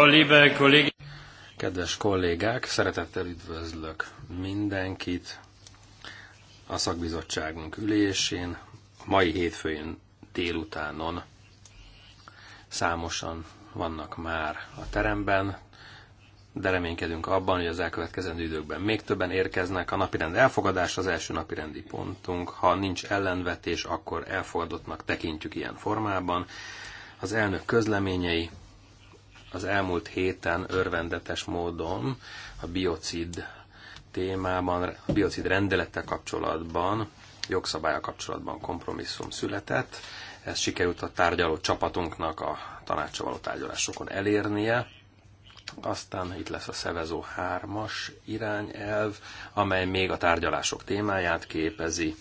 liebe Kedves kollégák, szeretettel üdvözlök mindenkit a szakbizottságunk ülésén, mai hétfőn délutánon. Számosan vannak már a teremben, de reménykedünk abban, hogy az elkövetkezendő időkben még többen érkeznek. A napirend elfogadás az első napirendi pontunk. Ha nincs ellenvetés, akkor elfogadottnak tekintjük ilyen formában. Az elnök közleményei az elmúlt héten örvendetes módon a biocid témában, a biocid rendelete kapcsolatban, jogszabálya kapcsolatban kompromisszum született. Ez sikerült a tárgyaló csapatunknak a tanácsa való tárgyalásokon elérnie. Aztán itt lesz a szevezó hármas irányelv, amely még a tárgyalások témáját képezi.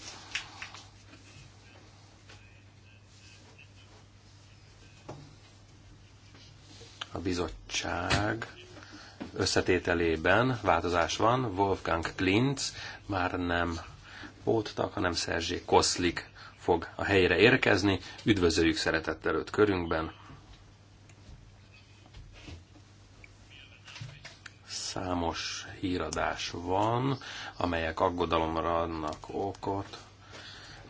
a bizottság összetételében változás van. Wolfgang Klintz már nem póttak, hanem Szerzsé Koszlik fog a helyre érkezni. Üdvözöljük szeretettel őt körünkben. Számos híradás van, amelyek aggodalomra adnak okot.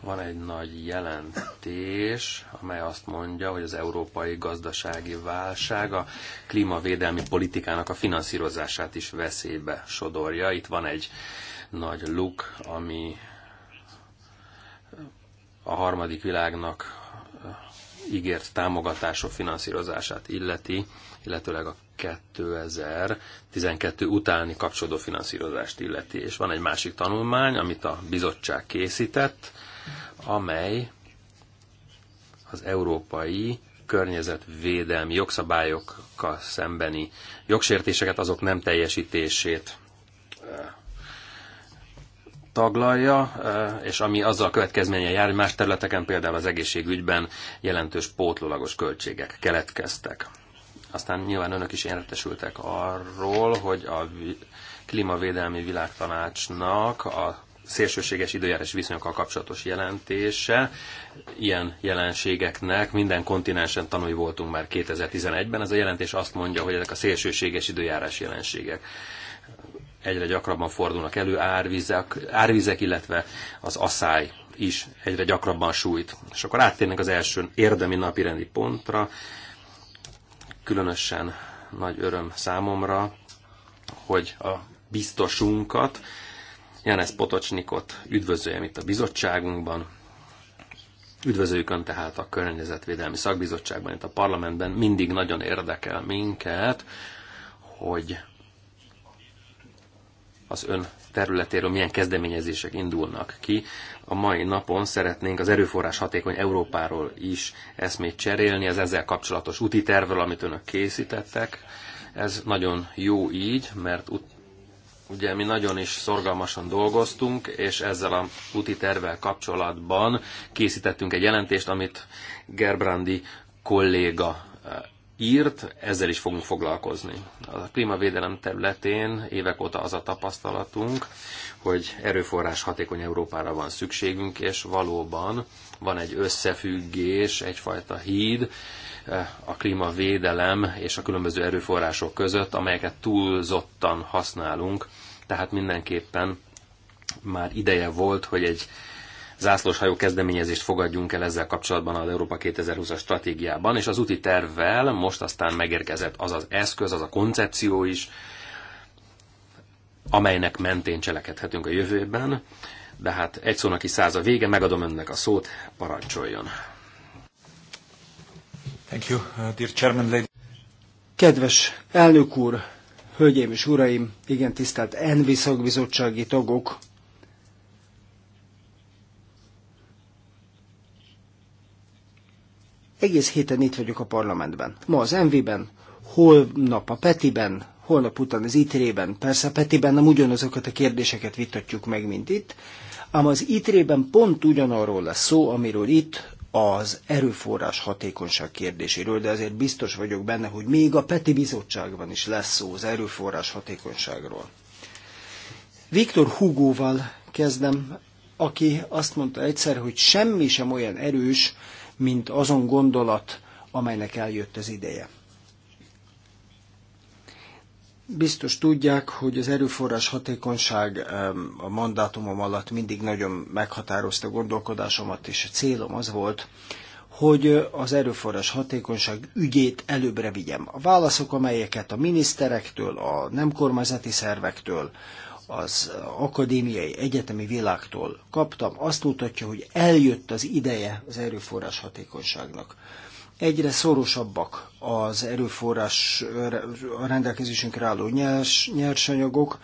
Van egy nagy jelentés, amely azt mondja, hogy az európai gazdasági válság a klímavédelmi politikának a finanszírozását is veszélybe sodorja. Itt van egy nagy luk, ami a harmadik világnak ígért támogatások finanszírozását illeti, illetőleg a 2012 utáni kapcsolódó finanszírozást illeti. És van egy másik tanulmány, amit a bizottság készített, amely az európai környezetvédelmi jogszabályokkal szembeni jogsértéseket, azok nem teljesítését eh, taglalja, eh, és ami azzal a következménye jár, hogy más területeken, például az egészségügyben jelentős pótlólagos költségek keletkeztek. Aztán nyilván önök is értesültek arról, hogy a klímavédelmi világtanácsnak a szélsőséges időjárás viszonyokkal kapcsolatos jelentése. Ilyen jelenségeknek minden kontinensen tanulj voltunk már 2011-ben. Ez a jelentés azt mondja, hogy ezek a szélsőséges időjárás jelenségek egyre gyakrabban fordulnak elő, árvizek, árvizek illetve az asszály is egyre gyakrabban sújt. És akkor áttérnek az első érdemi napirendi pontra, különösen nagy öröm számomra, hogy a biztosunkat, Janes Potocsnikot üdvözöljem itt a bizottságunkban. Üdvözöljük Ön tehát a Környezetvédelmi Szakbizottságban, itt a parlamentben. Mindig nagyon érdekel minket, hogy az Ön területéről milyen kezdeményezések indulnak ki. A mai napon szeretnénk az erőforrás hatékony Európáról is eszmét cserélni, az ezzel kapcsolatos úti tervről, amit Önök készítettek. Ez nagyon jó így, mert ut- Ugye mi nagyon is szorgalmasan dolgoztunk, és ezzel a úti tervvel kapcsolatban készítettünk egy jelentést, amit Gerbrandi kolléga e, írt, ezzel is fogunk foglalkozni. A klímavédelem területén évek óta az a tapasztalatunk, hogy erőforrás hatékony Európára van szükségünk, és valóban van egy összefüggés, egyfajta híd e, a klímavédelem és a különböző erőforrások között, amelyeket túlzottan használunk tehát mindenképpen már ideje volt, hogy egy zászlóshajó kezdeményezést fogadjunk el ezzel kapcsolatban az Európa 2020-as stratégiában, és az úti tervvel most aztán megérkezett az az eszköz, az a koncepció is, amelynek mentén cselekedhetünk a jövőben, de hát egy szónak is száz a vége, megadom önnek a szót, parancsoljon. Thank you, uh, dear chairman, lady. Kedves elnök úr, Hölgyeim és uraim, igen tisztelt ENVI szakbizottsági tagok, Egész héten itt vagyok a parlamentben. Ma az MV-ben, holnap a Petiben, holnap után az ITRE-ben. Persze a Petiben nem ugyanazokat a kérdéseket vitatjuk meg, mint itt, ám az ITRE-ben pont ugyanarról lesz szó, amiről itt az erőforrás hatékonyság kérdéséről, de azért biztos vagyok benne, hogy még a Peti Bizottságban is lesz szó az erőforrás hatékonyságról. Viktor Hugóval kezdem, aki azt mondta egyszer, hogy semmi sem olyan erős, mint azon gondolat, amelynek eljött az ideje. Biztos tudják, hogy az erőforrás hatékonyság a mandátumom alatt mindig nagyon meghatározta gondolkodásomat, és a célom az volt, hogy az erőforrás hatékonyság ügyét előbbre vigyem. A válaszok, amelyeket a miniszterektől, a nem kormányzati szervektől, az akadémiai egyetemi világtól kaptam, azt mutatja, hogy eljött az ideje az erőforrás hatékonyságnak. Egyre szorosabbak az erőforrás a rendelkezésünkre álló nyers, nyersanyagok,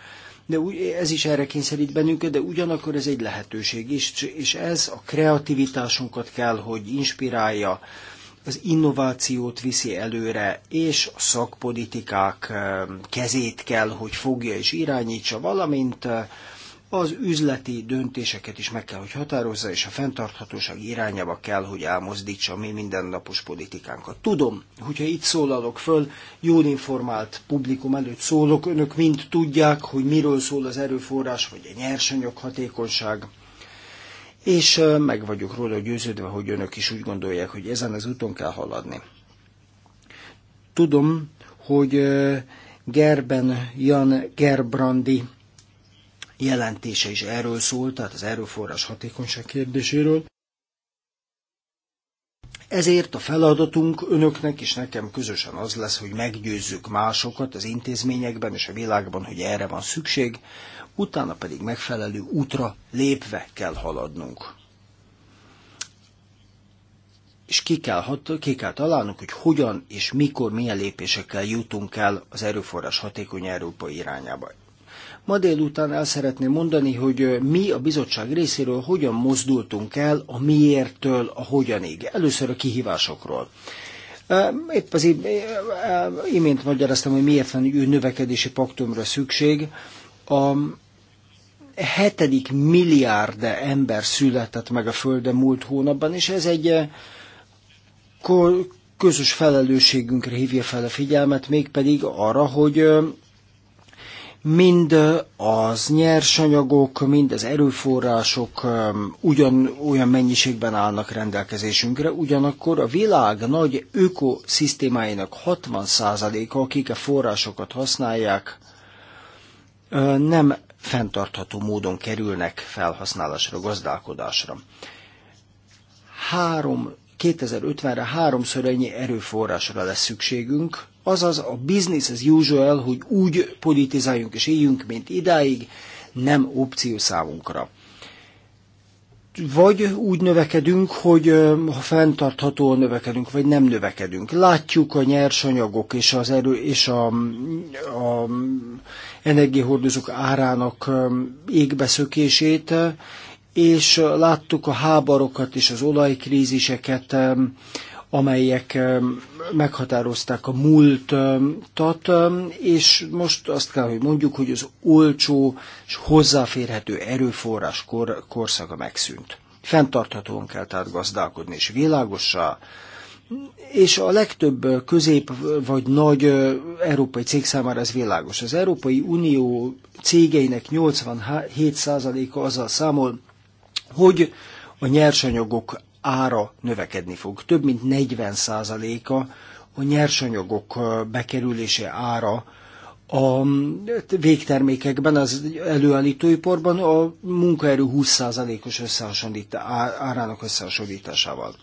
de ez is erre kényszerít bennünket, de ugyanakkor ez egy lehetőség is, és ez a kreativitásunkat kell, hogy inspirálja, az innovációt viszi előre, és a szakpolitikák eh, kezét kell, hogy fogja és irányítsa, valamint eh, az üzleti döntéseket is meg kell, hogy határozza, és a fenntarthatóság irányába kell, hogy elmozdítsa mi mindennapos politikánkat. Tudom, hogyha itt szólalok föl, jól informált publikum előtt szólok, önök mind tudják, hogy miről szól az erőforrás, vagy a nyersanyag hatékonyság, és meg vagyok róla győződve, hogy önök is úgy gondolják, hogy ezen az úton kell haladni. Tudom, hogy Gerben Jan Gerbrandi jelentése is erről szólt, tehát az erőforrás hatékonyság kérdéséről. Ezért a feladatunk önöknek és nekem közösen az lesz, hogy meggyőzzük másokat az intézményekben és a világban, hogy erre van szükség, utána pedig megfelelő útra lépve kell haladnunk. És ki kell, ki kell találnunk, hogy hogyan és mikor, milyen lépésekkel jutunk el az erőforrás hatékony Európa irányába. Ma délután el szeretném mondani, hogy mi a bizottság részéről hogyan mozdultunk el a miértől a hogyanig. Először a kihívásokról. Épp az imént magyaráztam, hogy miért van ő növekedési paktumra szükség. A hetedik milliárd ember született meg a Földön múlt hónapban, és ez egy közös felelősségünkre hívja fel a figyelmet, mégpedig arra, hogy mind az nyersanyagok, mind az erőforrások um, ugyan olyan mennyiségben állnak rendelkezésünkre, ugyanakkor a világ nagy ökoszisztémáinak 60%-a, akik a forrásokat használják, nem fenntartható módon kerülnek felhasználásra, gazdálkodásra. Három, 2050-re háromszor ennyi erőforrásra lesz szükségünk, Azaz a business as usual, hogy úgy politizáljunk és éljünk, mint idáig, nem opció számunkra vagy úgy növekedünk, hogy ha fenntarthatóan növekedünk, vagy nem növekedünk. Látjuk a nyersanyagok és az erő és a, a energiahordozók árának égbeszökését, és láttuk a háborokat és az olajkríziseket, amelyek meghatározták a múltat, és most azt kell, hogy mondjuk, hogy az olcsó és hozzáférhető erőforrás kor, korszaga megszűnt. Fentarthatóan kell tehát gazdálkodni, és világossá, és a legtöbb közép vagy nagy európai cég számára ez világos. Az Európai Unió cégeinek 87%-a azzal számol, hogy a nyersanyagok ára növekedni fog. Több mint 40%-a a nyersanyagok bekerülése ára a végtermékekben, az előállítóiparban a munkaerő 20%-os összehasonlít, árának összehasonlításával.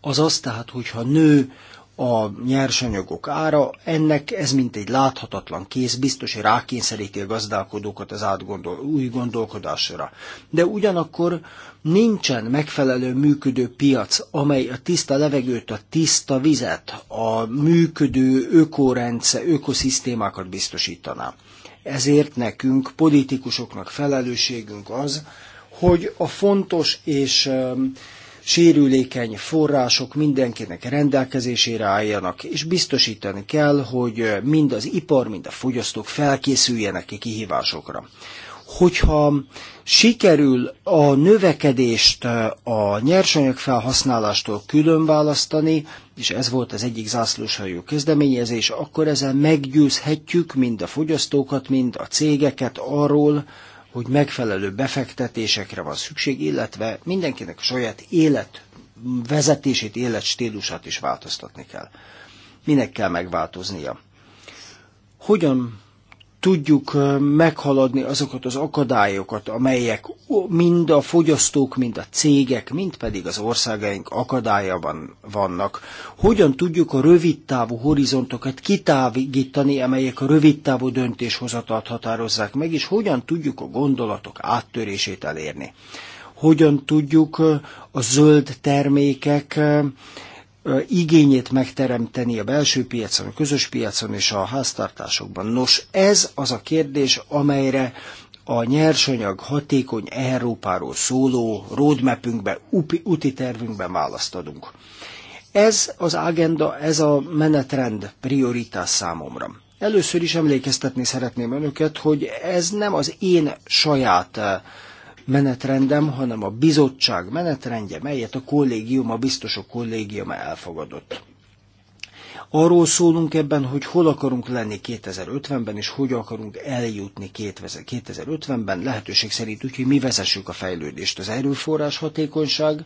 Azaz tehát, hogyha nő a nyersanyagok ára, ennek ez mint egy láthatatlan kész, biztos, hogy rákényszeríti a gazdálkodókat az átgondol, új gondolkodásra. De ugyanakkor nincsen megfelelő működő piac, amely a tiszta levegőt, a tiszta vizet, a működő ökorendszer, ökoszisztémákat biztosítaná. Ezért nekünk, politikusoknak felelősségünk az, hogy a fontos és sérülékeny források mindenkinek rendelkezésére álljanak, és biztosítani kell, hogy mind az ipar, mind a fogyasztók felkészüljenek a kihívásokra. Hogyha sikerül a növekedést a nyersanyag felhasználástól külön választani, és ez volt az egyik zászlóshajó kezdeményezés, akkor ezzel meggyőzhetjük mind a fogyasztókat, mind a cégeket arról, hogy megfelelő befektetésekre van szükség, illetve mindenkinek a saját élet vezetését, életstílusát is változtatni kell. Minek kell megváltoznia? Hogyan tudjuk meghaladni azokat az akadályokat, amelyek mind a fogyasztók, mind a cégek, mind pedig az országaink akadályában vannak. Hogyan tudjuk a rövidtávú horizontokat kitávigítani, amelyek a rövidtávú döntéshozatat határozzák meg, és hogyan tudjuk a gondolatok áttörését elérni. Hogyan tudjuk a zöld termékek igényét megteremteni a belső piacon, a közös piacon és a háztartásokban. Nos, ez az a kérdés, amelyre a nyersanyag hatékony Európáról szóló roadmapünkben, úti tervünkben választ adunk. Ez az agenda, ez a menetrend prioritás számomra. Először is emlékeztetni szeretném önöket, hogy ez nem az én saját uh, menetrendem, hanem a bizottság menetrendje, melyet a kollégium, a biztosok kollégiuma elfogadott. Arról szólunk ebben, hogy hol akarunk lenni 2050-ben, és hogy akarunk eljutni 2050-ben, lehetőség szerint úgy, hogy mi vezessük a fejlődést. Az erőforrás hatékonyság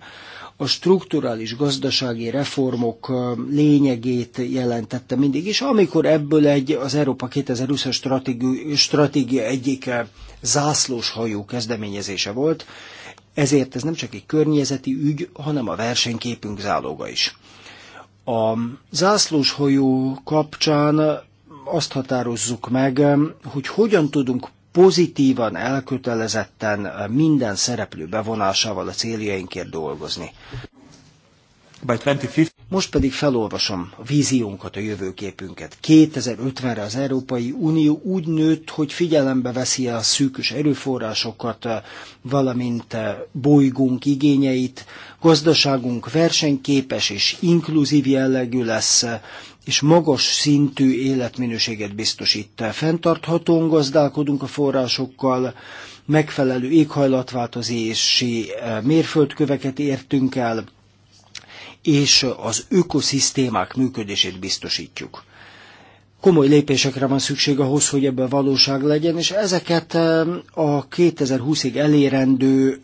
a strukturális gazdasági reformok lényegét jelentette mindig, és amikor ebből egy az Európa 2020-as stratégia, stratégia egyik zászlós hajó kezdeményezése volt, ezért ez nem csak egy környezeti ügy, hanem a versenyképünk záloga is. A zászlóshajó kapcsán azt határozzuk meg, hogy hogyan tudunk pozitívan, elkötelezetten minden szereplő bevonásával a céljainkért dolgozni. By 2050. Most pedig felolvasom a víziónkat, a jövőképünket. 2050-re az Európai Unió úgy nőtt, hogy figyelembe veszi a szűkös erőforrásokat, eh, valamint eh, bolygónk igényeit, gazdaságunk versenyképes és inkluzív jellegű lesz, eh, és magas szintű életminőséget biztosít. Fentarthatóan gazdálkodunk a forrásokkal, megfelelő éghajlatváltozási mérföldköveket értünk el, és az ökoszisztémák működését biztosítjuk. Komoly lépésekre van szükség ahhoz, hogy ebből valóság legyen, és ezeket a 2020-ig elérendő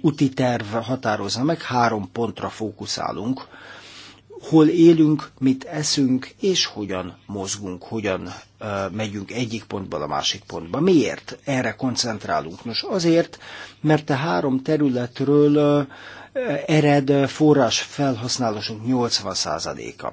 úti terv határozza meg, három pontra fókuszálunk. Hol élünk, mit eszünk, és hogyan mozgunk, hogyan megyünk egyik pontból a másik pontba. Miért erre koncentrálunk? Nos, azért, mert a három területről ered eh, forrás felhasználásunk 80%-a.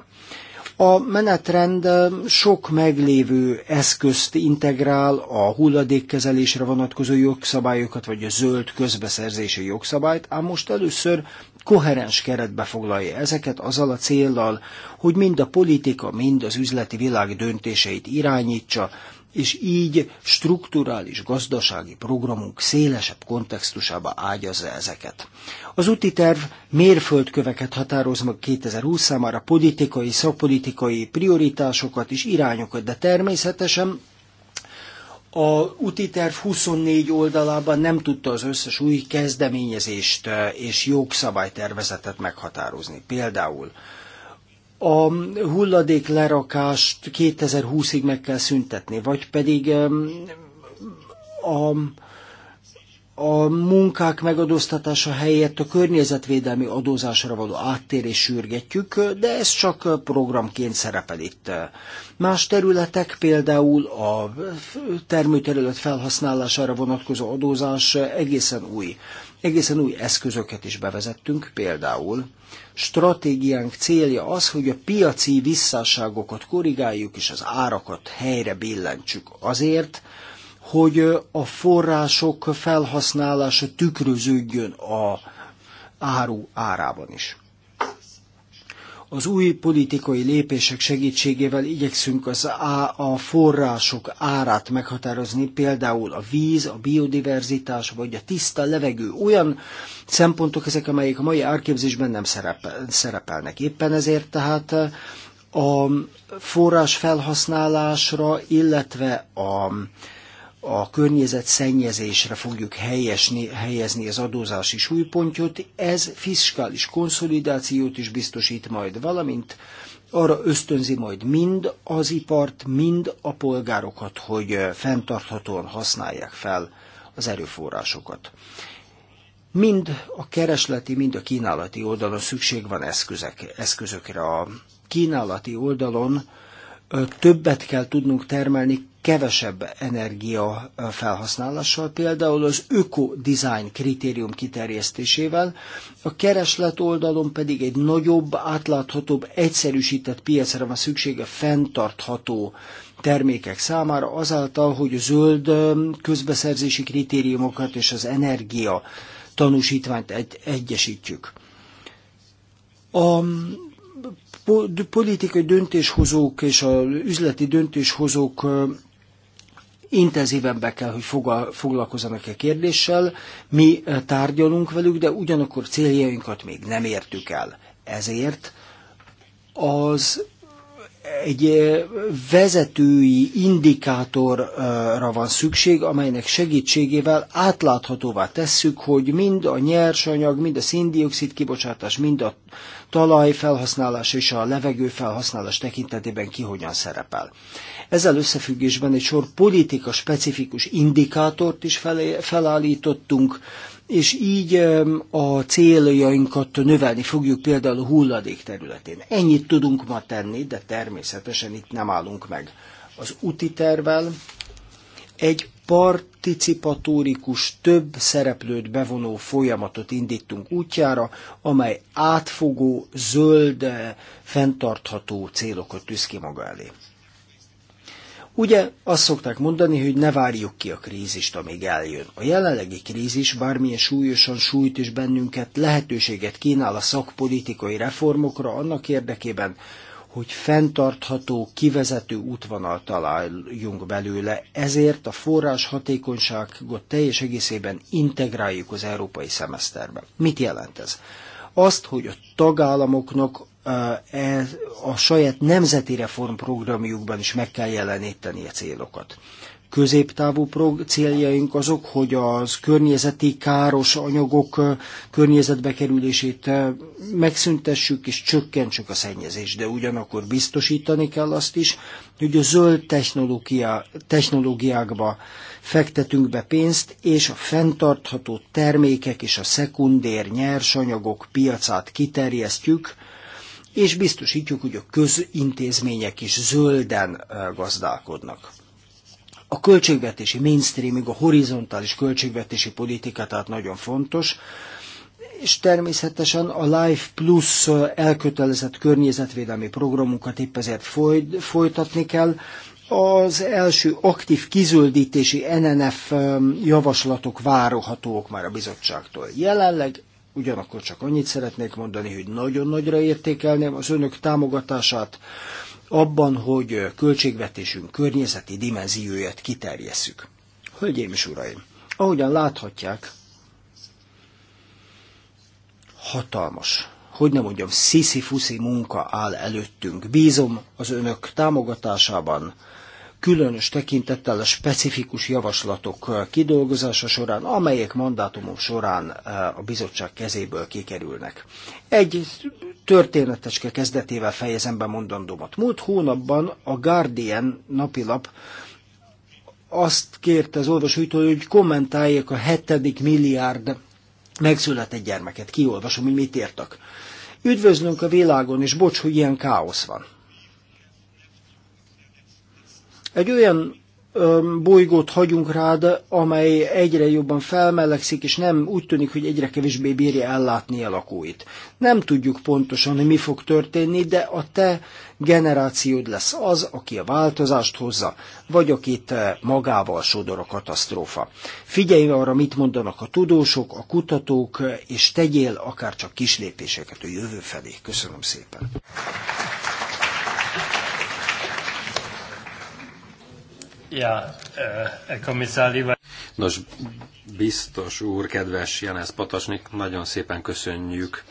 A menetrend eh, sok meglévő eszközt integrál, a hulladékkezelésre vonatkozó jogszabályokat, vagy a zöld közbeszerzési jogszabályt, ám most először koherens keretbe foglalja ezeket azzal a céllal, hogy mind a politika, mind az üzleti világ döntéseit irányítsa, és így strukturális gazdasági programunk szélesebb kontextusába ágyazza ezeket. Az úti terv mérföldköveket határoz meg 2020 számára politikai, szakpolitikai prioritásokat és irányokat, de természetesen a úti terv 24 oldalában nem tudta az összes új kezdeményezést eh, és jogszabálytervezetet meghatározni. Például a hulladék lerakást 2020-ig meg kell szüntetni, vagy pedig a, a munkák megadóztatása helyett a környezetvédelmi adózásra való áttérés sürgetjük, de ez csak programként szerepel itt. Más területek, például a termőterület felhasználására vonatkozó adózás egészen új. Egészen új eszközöket is bevezettünk, például stratégiánk célja az, hogy a piaci visszáságokat korrigáljuk, és az árakat helyre billentsük azért, hogy a források felhasználása tükröződjön a áru árában is. Az új politikai lépések segítségével igyekszünk az á, a források árát meghatározni, például a víz, a biodiverzitás, vagy a tiszta levegő. Olyan szempontok ezek, amelyek a mai árképzésben nem szerepel, szerepelnek. Éppen ezért tehát a forrás felhasználásra, illetve a a környezet szennyezésre fogjuk helyesni, helyezni az adózási súlypontjot, ez fiskális konszolidációt is biztosít majd, valamint arra ösztönzi majd mind az ipart, mind a polgárokat, hogy eh, fenntarthatóan használják fel az erőforrásokat. Mind a keresleti, mind a kínálati oldalon szükség van eszközek, eszközökre. A kínálati oldalon eh, többet kell tudnunk termelni kevesebb energia felhasználással, például az öko-design kritérium kiterjesztésével, a kereslet oldalon pedig egy nagyobb, átláthatóbb, egyszerűsített piacra van szüksége fenntartható termékek számára, azáltal, hogy a zöld közbeszerzési kritériumokat és az energia tanúsítványt egy- egyesítjük. A politikai döntéshozók és az üzleti döntéshozók intenzíven be kell, hogy foglalkozzanak a e kérdéssel. Mi e, tárgyalunk velük, de ugyanakkor céljainkat még nem értük el. Ezért az egy e, vezetői indikátorra van szükség, amelynek segítségével átláthatóvá tesszük, hogy mind a nyersanyag, mind a széndiokszid kibocsátás, mind a talaj felhasználás és a levegő felhasználás tekintetében ki hogyan szerepel. Ezzel összefüggésben egy sor politika specifikus indikátort is felállítottunk, és így a céljainkat növelni fogjuk például a hulladék területén. Ennyit tudunk ma tenni, de természetesen itt nem állunk meg. Az úti tervel egy participatórikus több szereplőt bevonó folyamatot indítunk útjára, amely átfogó, zöld, fenntartható célokat tűz ki maga elé. Ugye azt szokták mondani, hogy ne várjuk ki a krízist, amíg eljön. A jelenlegi krízis bármilyen súlyosan sújt is bennünket, lehetőséget kínál a szakpolitikai reformokra annak érdekében, hogy fenntartható, kivezető útvonal találjunk belőle, ezért a forrás hatékonyságot teljes egészében integráljuk az európai szemeszterbe. Mit jelent ez? Azt, hogy a tagállamoknak Eh, ez a saját nemzeti reformprogramjukban is meg kell jeleníteni a célokat. Középtávú céljaink azok, hogy az környezeti káros anyagok eh, környezetbe kerülését eh, megszüntessük és csökkentsük a szennyezést, de ugyanakkor biztosítani kell azt is, hogy a zöld technológia, technológiákba fektetünk be pénzt, és a fenntartható termékek és a szekundér nyersanyagok piacát kiterjesztjük, és biztosítjuk, hogy a közintézmények is zölden gazdálkodnak. A költségvetési mainstreaming, a horizontális költségvetési politika tehát nagyon fontos, és természetesen a Life Plus elkötelezett környezetvédelmi programunkat épp ezért folytatni kell. Az első aktív kizöldítési NNF javaslatok várhatók már a bizottságtól. Jelenleg Ugyanakkor csak annyit szeretnék mondani, hogy nagyon nagyra értékelném az önök támogatását abban, hogy költségvetésünk környezeti dimenzióját kiterjesszük. Hölgyeim és uraim, ahogyan láthatják, hatalmas, hogy nem mondjam, sziszi-fuszi munka áll előttünk. Bízom az önök támogatásában, különös tekintettel a specifikus javaslatok eh, kidolgozása során, amelyek mandátumom során eh, a bizottság kezéből kikerülnek. Egy történetecske kezdetével fejezem be mondandómat. Múlt hónapban a Guardian napilap azt kérte az orvosújtól, hogy kommentálják a hetedik milliárd megszületett gyermeket. Kiolvasom, hogy mit írtak. Üdvözlünk a világon, és bocs, hogy ilyen káosz van. Egy olyan bolygót hagyunk rád, amely egyre jobban felmelegszik, és nem úgy tűnik, hogy egyre kevésbé bírja ellátni a lakóit. Nem tudjuk pontosan, hogy mi fog történni, de a te generációd lesz az, aki a változást hozza, vagy akit magával sodor a katasztrófa. Figyelj arra, mit mondanak a tudósok, a kutatók, és tegyél akár csak kislépéseket a jövő felé. Köszönöm szépen! Ja, e eh, eh, komisszálival. Nos, biztos úr, kedves Janász Patasnik, nagyon szépen köszönjük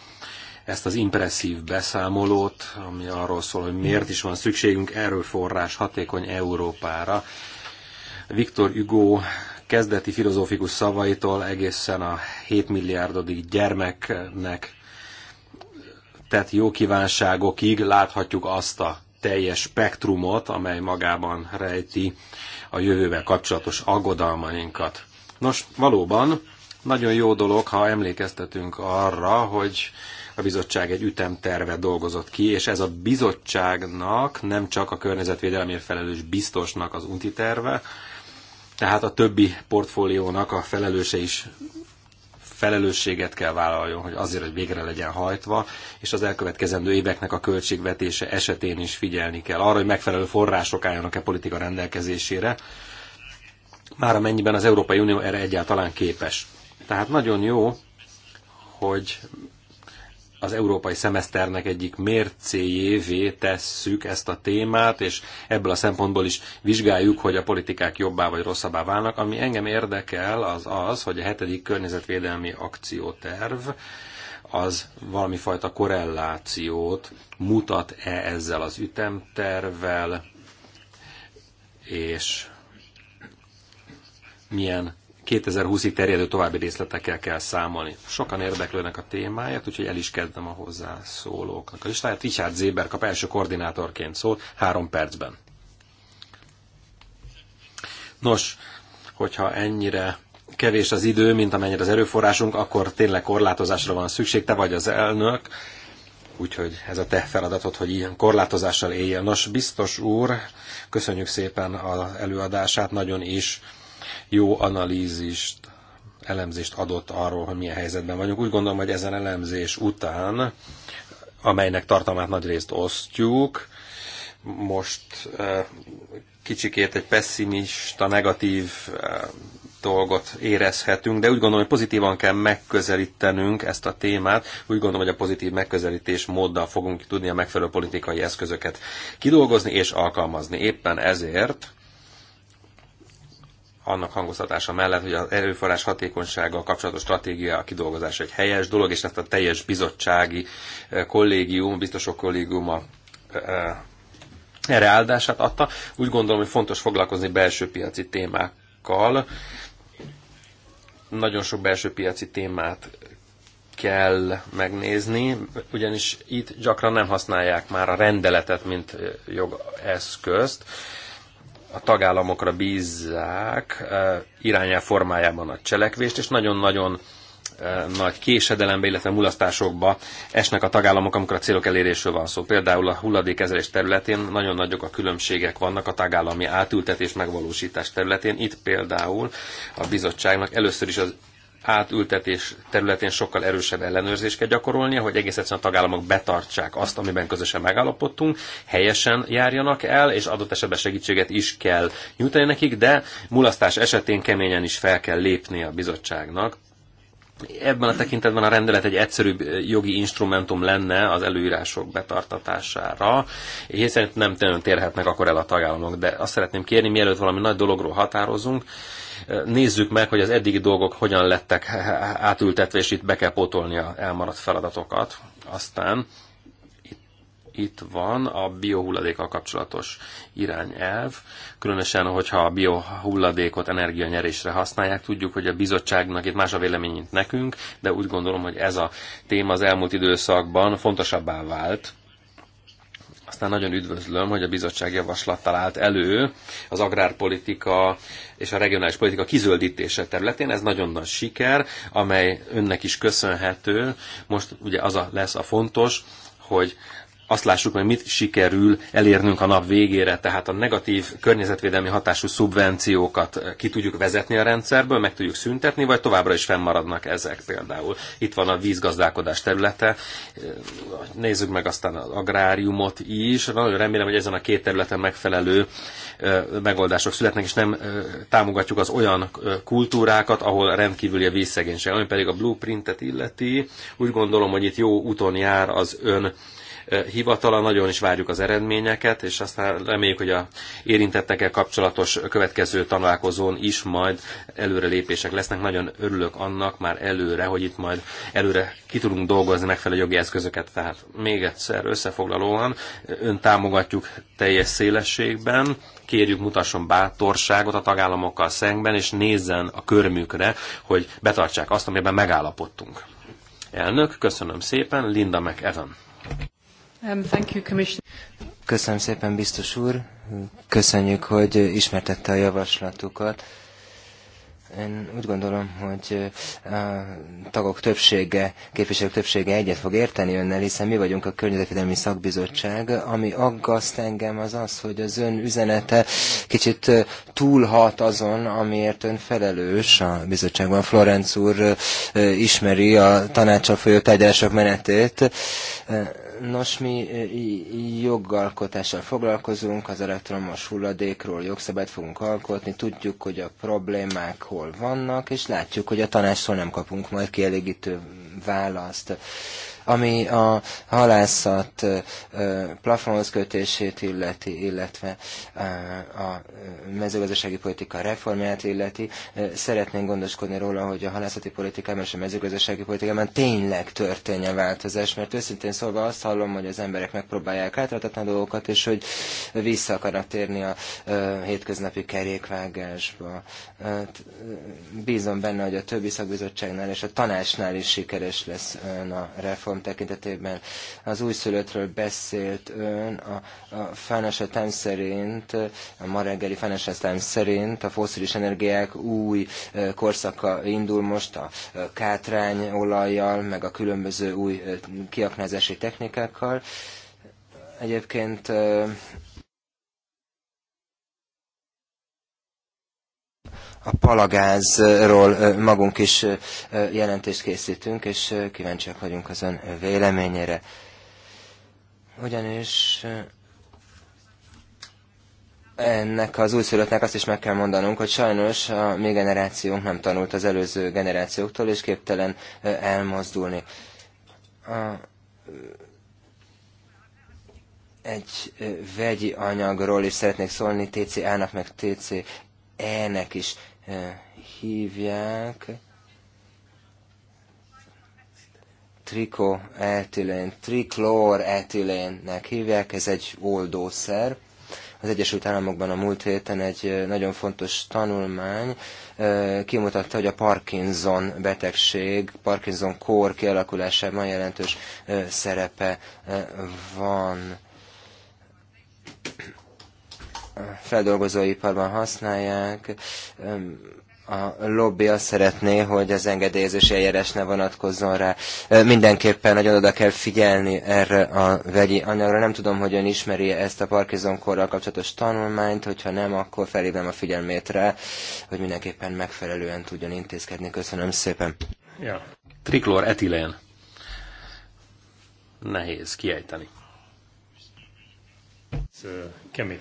ezt az impresszív beszámolót, ami arról szól, hogy miért is van szükségünk erőforrás hatékony Európára. Viktor Hugo kezdeti filozófikus szavaitól egészen a 7 milliárdodik gyermeknek tett jó kívánságokig láthatjuk azt a teljes spektrumot, amely magában rejti a jövővel kapcsolatos aggodalmainkat. Nos, valóban nagyon jó dolog, ha emlékeztetünk arra, hogy a bizottság egy ütemterve dolgozott ki, és ez a bizottságnak nem csak a környezetvédelemért felelős biztosnak az unti terve, tehát a többi portfóliónak a felelőse is felelősséget kell vállaljon, hogy azért, hogy végre legyen hajtva, és az elkövetkezendő éveknek a költségvetése esetén is figyelni kell arra, hogy megfelelő források álljanak-e politika rendelkezésére, már amennyiben az Európai Unió erre egyáltalán képes. Tehát nagyon jó, hogy az európai szemeszternek egyik mércéjévé tesszük ezt a témát, és ebből a szempontból is vizsgáljuk, hogy a politikák jobbá vagy rosszabbá válnak. Ami engem érdekel, az az, hogy a hetedik környezetvédelmi akcióterv az valami fajta korrelációt mutat-e ezzel az ütemtervel, és milyen 2020-ig terjedő további részletekkel kell számolni. Sokan érdeklődnek a témáját, úgyhogy el is kezdem a hozzászólóknak a listáját. Richard Zéber kap első koordinátorként szól, három percben. Nos, hogyha ennyire kevés az idő, mint amennyire az erőforrásunk, akkor tényleg korlátozásra van szükség. Te vagy az elnök, úgyhogy ez a te feladatod, hogy ilyen korlátozással éljél. Nos, biztos úr, köszönjük szépen az előadását, nagyon is jó analízist, elemzést adott arról, hogy milyen helyzetben vagyunk. Úgy gondolom, hogy ezen elemzés után, amelynek tartalmát nagy részt osztjuk, most kicsikét egy pessimista, negatív dolgot érezhetünk, de úgy gondolom, hogy pozitívan kell megközelítenünk ezt a témát. Úgy gondolom, hogy a pozitív megközelítés móddal fogunk tudni a megfelelő politikai eszközöket kidolgozni és alkalmazni. Éppen ezért annak hangoztatása mellett, hogy az erőforrás hatékonysággal kapcsolatos stratégia kidolgozás egy helyes dolog, és ezt a teljes bizottsági eh, kollégium, biztosok kollégiuma eh, erre áldását adta. Úgy gondolom, hogy fontos foglalkozni belső piaci témákkal. Nagyon sok belső piaci témát kell megnézni, ugyanis itt gyakran nem használják már a rendeletet, mint eh, jogeszközt a tagállamokra bízzák irányá formájában a cselekvést, és nagyon-nagyon nagy késedelembe, illetve mulasztásokba esnek a tagállamok, amikor a célok elérésről van szó. Például a hulladékezelés területén nagyon nagyok a különbségek vannak a tagállami átültetés megvalósítás területén. Itt például a bizottságnak először is az átültetés területén sokkal erősebb ellenőrzést kell gyakorolnia, hogy egész egyszerűen a tagállamok betartsák azt, amiben közösen megállapodtunk, helyesen járjanak el, és adott esetben segítséget is kell nyújtani nekik, de mulasztás esetén keményen is fel kell lépni a bizottságnak. Ebben a tekintetben a rendelet egy egyszerűbb jogi instrumentum lenne az előírások betartatására, hiszen nem térhetnek akkor el a tagállamok, de azt szeretném kérni, mielőtt valami nagy dologról határozunk, Nézzük meg, hogy az eddigi dolgok hogyan lettek átültetve, és itt be kell pótolni a elmaradt feladatokat. Aztán itt van a biohulladékkal kapcsolatos irányelv, különösen, hogyha a biohulladékot energianyerésre használják. Tudjuk, hogy a bizottságnak itt más a vélemény, mint nekünk, de úgy gondolom, hogy ez a téma az elmúlt időszakban fontosabbá vált, aztán nagyon üdvözlöm, hogy a bizottság javaslattal állt elő az agrárpolitika és a regionális politika kizöldítése területén. Ez nagyon nagy siker, amely önnek is köszönhető. Most ugye az a lesz a fontos, hogy azt lássuk, hogy mit sikerül elérnünk a nap végére, tehát a negatív környezetvédelmi hatású szubvenciókat eh, ki tudjuk vezetni a rendszerből, meg tudjuk szüntetni, vagy továbbra is fennmaradnak ezek például. Itt van a vízgazdálkodás területe, eh, nézzük meg aztán az agráriumot is, nagyon remélem, hogy ezen a két területen megfelelő eh, megoldások születnek, és nem támogatjuk az olyan kultúrákat, ahol rendkívüli a vízszegénység, ami pedig a blueprintet illeti. Úgy gondolom, hogy itt jó úton jár az ön Eh, hivatala, nagyon is várjuk az eredményeket, és aztán reméljük, hogy a érintettekkel kapcsolatos következő találkozón is majd előrelépések lesznek. Nagyon örülök annak már előre, hogy itt majd előre ki tudunk dolgozni megfelelő jogi eszközöket. Tehát még egyszer összefoglalóan ön támogatjuk teljes szélességben, kérjük mutasson bátorságot a tagállamokkal szemben, és nézzen a körmükre, hogy betartsák azt, amiben megállapodtunk. Elnök, köszönöm szépen, Linda McEvan. Um, Köszönöm szépen, biztos úr. Köszönjük, hogy ismertette a javaslatukat. Én úgy gondolom, hogy uh, a tagok többsége, képviselők többsége egyet fog érteni önnel, hiszen mi vagyunk a Környezetvédelmi Szakbizottság. Ami aggaszt engem az az, hogy az ön üzenete kicsit uh, túlhat azon, amiért ön felelős a bizottságban. Florenc úr uh, ismeri a tanácsal folyó tárgyalások menetét Nos, mi e, jogalkotással foglalkozunk, az elektromos hulladékról jogszabályt fogunk alkotni, tudjuk, hogy a problémák hol vannak, és látjuk, hogy a tanástól nem kapunk majd kielégítő választ. Ami a halászat plafonhoz kötését illeti, illetve a mezőgazdasági politika reformját illeti, szeretnénk gondoskodni róla, hogy a halászati politikában és a mezőgazdasági politikában tényleg történjen változás, mert őszintén szólva azt hallom, hogy az emberek megpróbálják átratatni a dolgokat, és hogy vissza akarnak térni a hétköznapi kerékvágásba. Bízom benne, hogy a többi szakbizottságnál és a tanácsnál is sikeres lesz a reform tartalom tekintetében. Az újszülöttről beszélt ön, a, a Financial Times szerint, a ma reggeli Financial Times szerint a foszilis energiák új korszaka indul most a kátrányolajjal, meg a különböző új kiaknázási technikákkal. Egyébként a palagázról magunk is jelentést készítünk, és kíváncsiak vagyunk az ön véleményére. Ugyanis ennek az újszülöttnek azt is meg kell mondanunk, hogy sajnos a mi generációnk nem tanult az előző generációktól, és képtelen elmozdulni. A, egy vegyi anyagról is szeretnék szólni, TCA-nak meg TC E-nek is e, hívják. trikoetilén, trikloretilénnek hívják, ez egy oldószer. Az Egyesült Államokban a múlt héten egy e, nagyon fontos tanulmány e, kimutatta, hogy a Parkinson betegség, Parkinson kór kialakulásában jelentős szerepe van feldolgozóiparban használják. A lobby azt szeretné, hogy az engedélyezés eljárás ne vonatkozzon rá. Mindenképpen nagyon oda kell figyelni erre a vegyi anyagra. Nem tudom, hogy ön ismeri ezt a Parkinson korral kapcsolatos tanulmányt, hogyha nem, akkor felhívnám a figyelmét rá, hogy mindenképpen megfelelően tudjon intézkedni. Köszönöm szépen. Ja. Triklor etilén. Nehéz kiejteni. Ez kemény.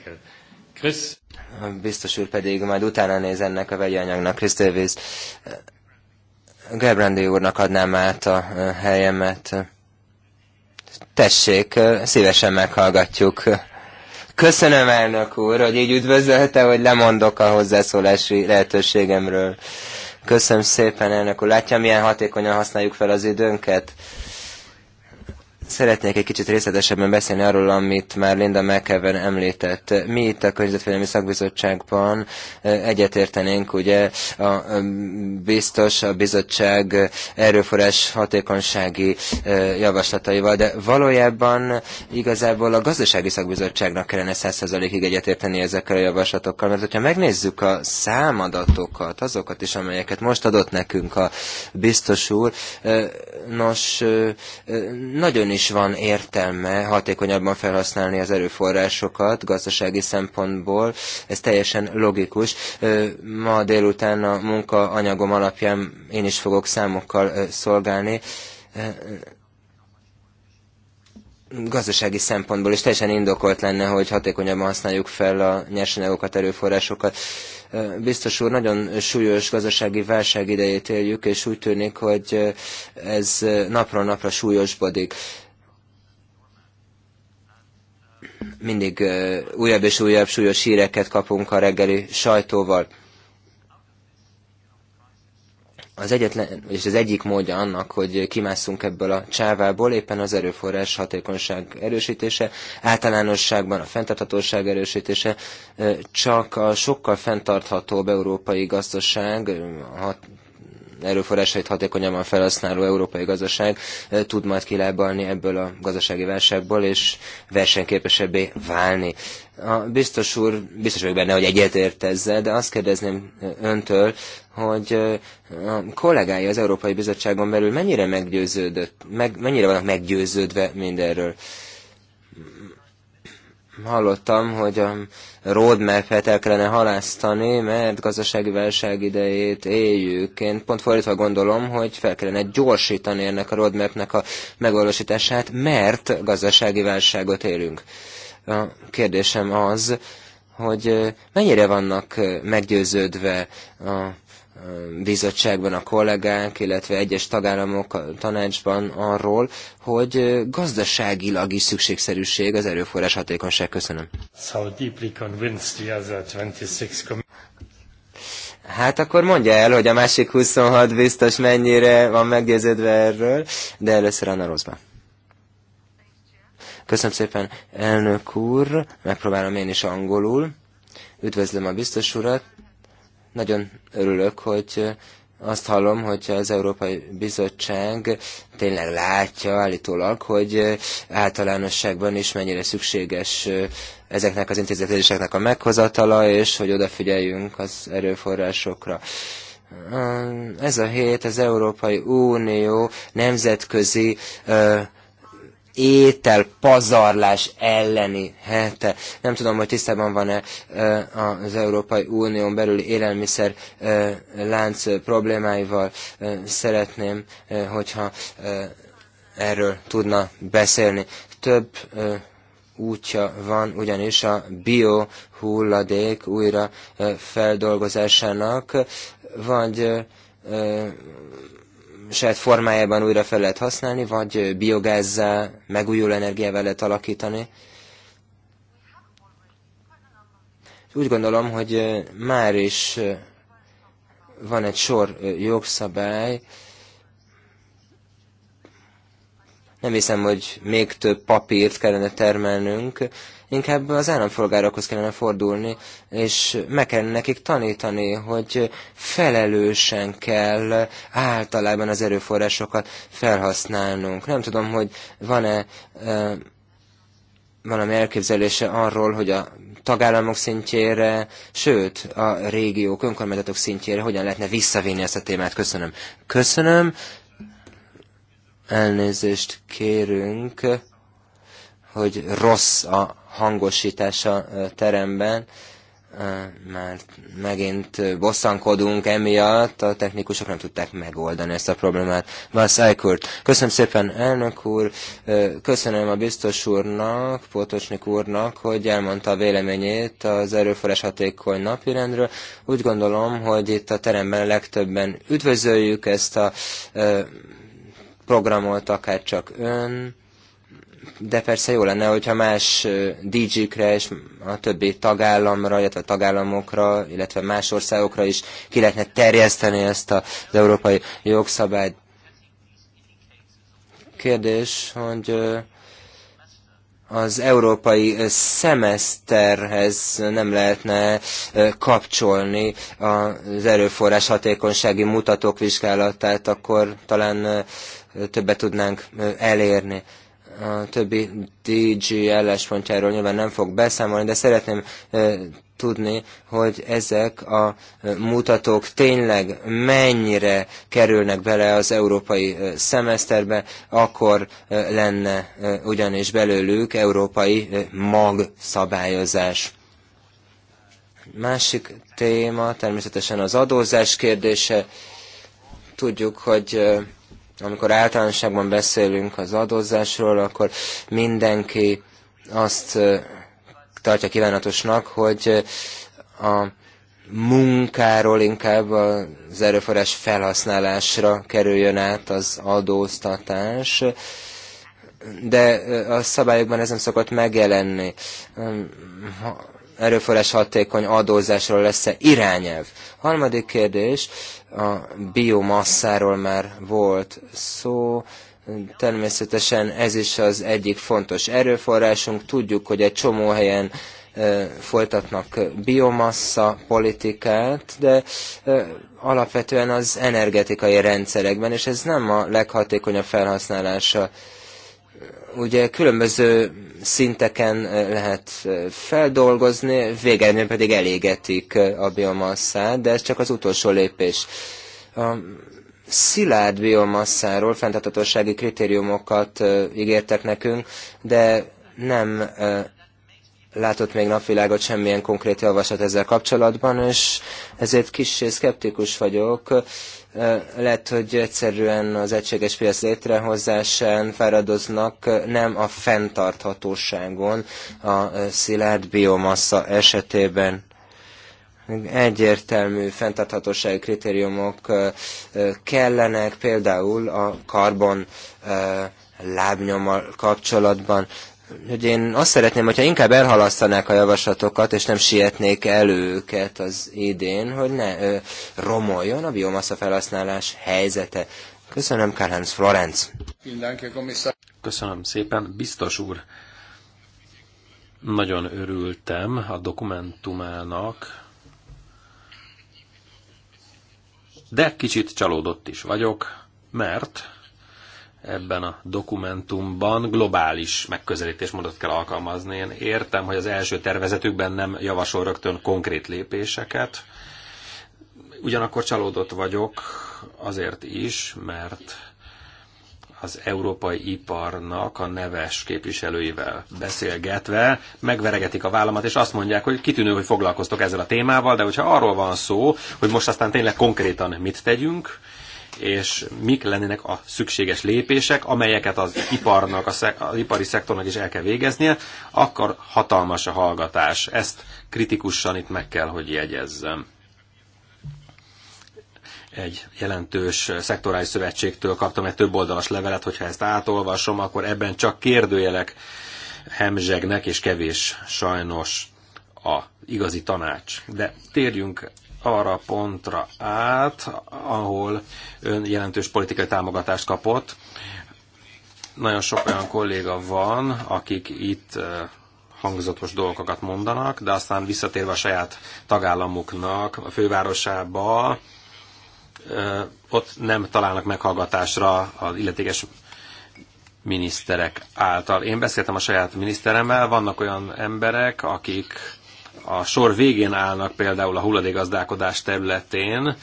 Krisz. Biztos úr pedig majd utána néz ennek a vegyi anyagnak. Chris Davis. Gebrandi úrnak adnám át a helyemet. Tessék, szívesen meghallgatjuk. Köszönöm, elnök úr, hogy így üdvözölte, hogy lemondok a hozzászólási lehetőségemről. Köszönöm szépen, elnök úr. Látja, milyen hatékonyan használjuk fel az időnket? Szeretnék egy kicsit részletesebben beszélni arról, amit már Linda McEwen említett. Mi itt a Környezetvédelmi Szakbizottságban e, egyetértenénk, ugye a e, biztos a bizottság erőforrás hatékonysági e, javaslataival, de valójában igazából a Gazdasági Szakbizottságnak kellene 100%-ig egyetérteni ezekkel a javaslatokkal, mert hogyha megnézzük a számadatokat, azokat is, amelyeket most adott nekünk a biztos úr, nos, nagyon is van értelme hatékonyabban felhasználni az erőforrásokat gazdasági szempontból. Ez teljesen logikus. Ma délután a munkaanyagom alapján én is fogok számokkal szolgálni gazdasági szempontból is teljesen indokolt lenne, hogy hatékonyabban használjuk fel a nyersanyagokat, erőforrásokat. Biztos úr, nagyon súlyos gazdasági válság idejét éljük, és úgy tűnik, hogy ez napról napra súlyosbodik. mindig újabb és újabb súlyos híreket kapunk a reggeli sajtóval. Az egyetlen, és az egyik módja annak, hogy kimásszunk ebből a csávából, éppen az erőforrás hatékonyság erősítése, általánosságban a fenntarthatóság erősítése, csak a sokkal fenntarthatóbb európai gazdaság, erőforrásait hatékonyabban felhasználó európai gazdaság eh, tud majd kilábalni ebből a gazdasági válságból, és versenyképesebbé válni. A biztos úr, biztos vagyok benne, hogy egyetért ezzel, de azt kérdezném eh, öntől, hogy eh, a kollégái az Európai Bizottságon belül mennyire meggyőződött, meg, mennyire vannak meggyőződve mindenről? hallottam, hogy a roadmap-et el kellene halásztani, mert gazdasági válság idejét éljük. Én pont fordítva gondolom, hogy fel kellene gyorsítani ennek a roadmap-nek a megvalósítását, mert gazdasági válságot élünk. A kérdésem az, hogy mennyire vannak meggyőződve a bizottságban a kollégák, illetve egyes tagállamok a tanácsban arról, hogy gazdaságilag is szükségszerűség az erőforrás hatékonyság. Köszönöm. Hát akkor mondja el, hogy a másik 26 biztos mennyire van meggyőződve erről, de először Anna Rozba. Köszönöm szépen, elnök úr, megpróbálom én is angolul. Üdvözlöm a biztos urat nagyon örülök, hogy azt hallom, hogy az Európai Bizottság tényleg látja állítólag, hogy általánosságban is mennyire szükséges ezeknek az intézkedéseknek a meghozatala, és hogy odafigyeljünk az erőforrásokra. Ez a hét az Európai Unió nemzetközi étel pazarlás elleni hete. Nem tudom, hogy tisztában van-e az Európai Unión belüli élelmiszer lánc problémáival. Szeretném, hogyha erről tudna beszélni. Több útja van, ugyanis a bio hulladék újra feldolgozásának, vagy saját formájában újra fel lehet használni, vagy biogázzá, megújuló energiával lehet alakítani. Úgy gondolom, hogy már is van egy sor jogszabály, nem hiszem, hogy még több papírt kellene termelnünk, inkább az állampolgárokhoz kellene fordulni, és meg kellene nekik tanítani, hogy felelősen kell általában az erőforrásokat felhasználnunk. Nem tudom, hogy van-e valami elképzelése arról, hogy a tagállamok szintjére, sőt, a régiók, önkormányzatok szintjére hogyan lehetne visszavinni ezt a témát. Köszönöm. Köszönöm. Elnézést kérünk hogy rossz a hangosítás a teremben, mert megint bosszankodunk emiatt, a technikusok nem tudták megoldani ezt a problémát. Vász Eichert, köszönöm szépen elnök úr, köszönöm a biztos úrnak, Potocsnik úrnak, hogy elmondta a véleményét az erőforrás hatékony napirendről. Úgy gondolom, hogy itt a teremben legtöbben üdvözöljük ezt a programot, akár csak ön, de persze jó lenne, hogyha más dj kre és a többi tagállamra, illetve tagállamokra, illetve más országokra is ki lehetne terjeszteni ezt az európai jogszabályt. Kérdés, hogy az európai szemeszterhez nem lehetne kapcsolni az erőforrás hatékonysági mutatók vizsgálatát, akkor talán többet tudnánk elérni a többi es pontjáról nyilván nem fog beszámolni, de szeretném tudni, hogy ezek a mutatók tényleg mennyire kerülnek bele az európai szemeszterbe, akkor lenne ugyanis belőlük európai magszabályozás. Másik téma természetesen az adózás kérdése. Tudjuk, hogy amikor általánosságban beszélünk az adózásról, akkor mindenki azt tartja kívánatosnak, hogy a munkáról inkább az erőforrás felhasználásra kerüljön át az adóztatás, de a szabályokban ez nem szokott megjelenni. Erőforrás hatékony adózásról lesz-e irányelv? Harmadik kérdés, a biomasszáról már volt szó, természetesen ez is az egyik fontos erőforrásunk. Tudjuk, hogy egy csomó helyen folytatnak biomassa politikát, de alapvetően az energetikai rendszerekben, és ez nem a leghatékonyabb felhasználása. Ugye különböző szinteken lehet feldolgozni, végeredményben pedig elégetik a biomasszát, de ez csak az utolsó lépés. A szilárd biomasszáról fenntartatósági kritériumokat ígértek nekünk, de nem látott még napvilágot semmilyen konkrét javaslat ezzel kapcsolatban, és ezért kis szkeptikus vagyok lehet, hogy egyszerűen az egységes piac létrehozásán fáradoznak, nem a fenntarthatóságon a szilárd biomassa esetében. Egyértelmű fenntarthatósági kritériumok kellenek, például a karbon lábnyommal kapcsolatban hogy én azt szeretném, hogyha inkább elhalasztanák a javaslatokat, és nem sietnék elő őket az idén, hogy ne ö, romoljon a biomasza felhasználás helyzete. Köszönöm, Karhánz Florenc. Köszönöm szépen, biztos úr. Nagyon örültem a dokumentumának, de kicsit csalódott is vagyok, mert ebben a dokumentumban globális megközelítésmódot kell alkalmazni. Én értem, hogy az első tervezetükben nem javasol rögtön konkrét lépéseket, ugyanakkor csalódott vagyok azért is, mert az európai iparnak a neves képviselőivel beszélgetve megveregetik a vállamat, és azt mondják, hogy kitűnő, hogy foglalkoztok ezzel a témával, de hogyha arról van szó, hogy most aztán tényleg konkrétan mit tegyünk, és mik lennének a szükséges lépések, amelyeket az iparnak, az ipari szektornak is el kell végeznie, akkor hatalmas a hallgatás. Ezt kritikusan itt meg kell, hogy jegyezzem. Egy jelentős szektorális szövetségtől kaptam egy több oldalas levelet, hogyha ezt átolvasom, akkor ebben csak kérdőjelek hemzsegnek, és kevés sajnos a igazi tanács. De térjünk arra a pontra át, ahol ön jelentős politikai támogatást kapott. Nagyon sok olyan kolléga van, akik itt hangzatos dolgokat mondanak, de aztán visszatérve a saját tagállamuknak, a fővárosába, ott nem találnak meghallgatásra az illetékes miniszterek által. Én beszéltem a saját miniszteremmel, vannak olyan emberek, akik a sor végén állnak például a hulladégazdálkodás területén,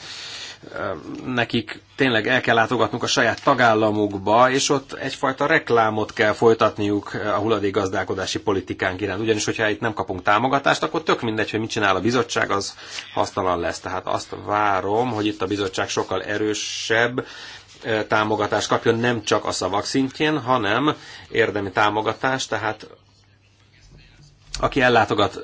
nekik tényleg el kell látogatnunk a saját tagállamukba, és ott egyfajta reklámot kell folytatniuk a hulladékgazdálkodási politikánk iránt. Ugyanis, hogyha itt nem kapunk támogatást, akkor tök mindegy, hogy mit csinál a bizottság, az hasztalan lesz. Tehát azt várom, hogy itt a bizottság sokkal erősebb támogatást kapjon, nem csak a szavak szintjén, hanem érdemi támogatást, tehát aki ellátogat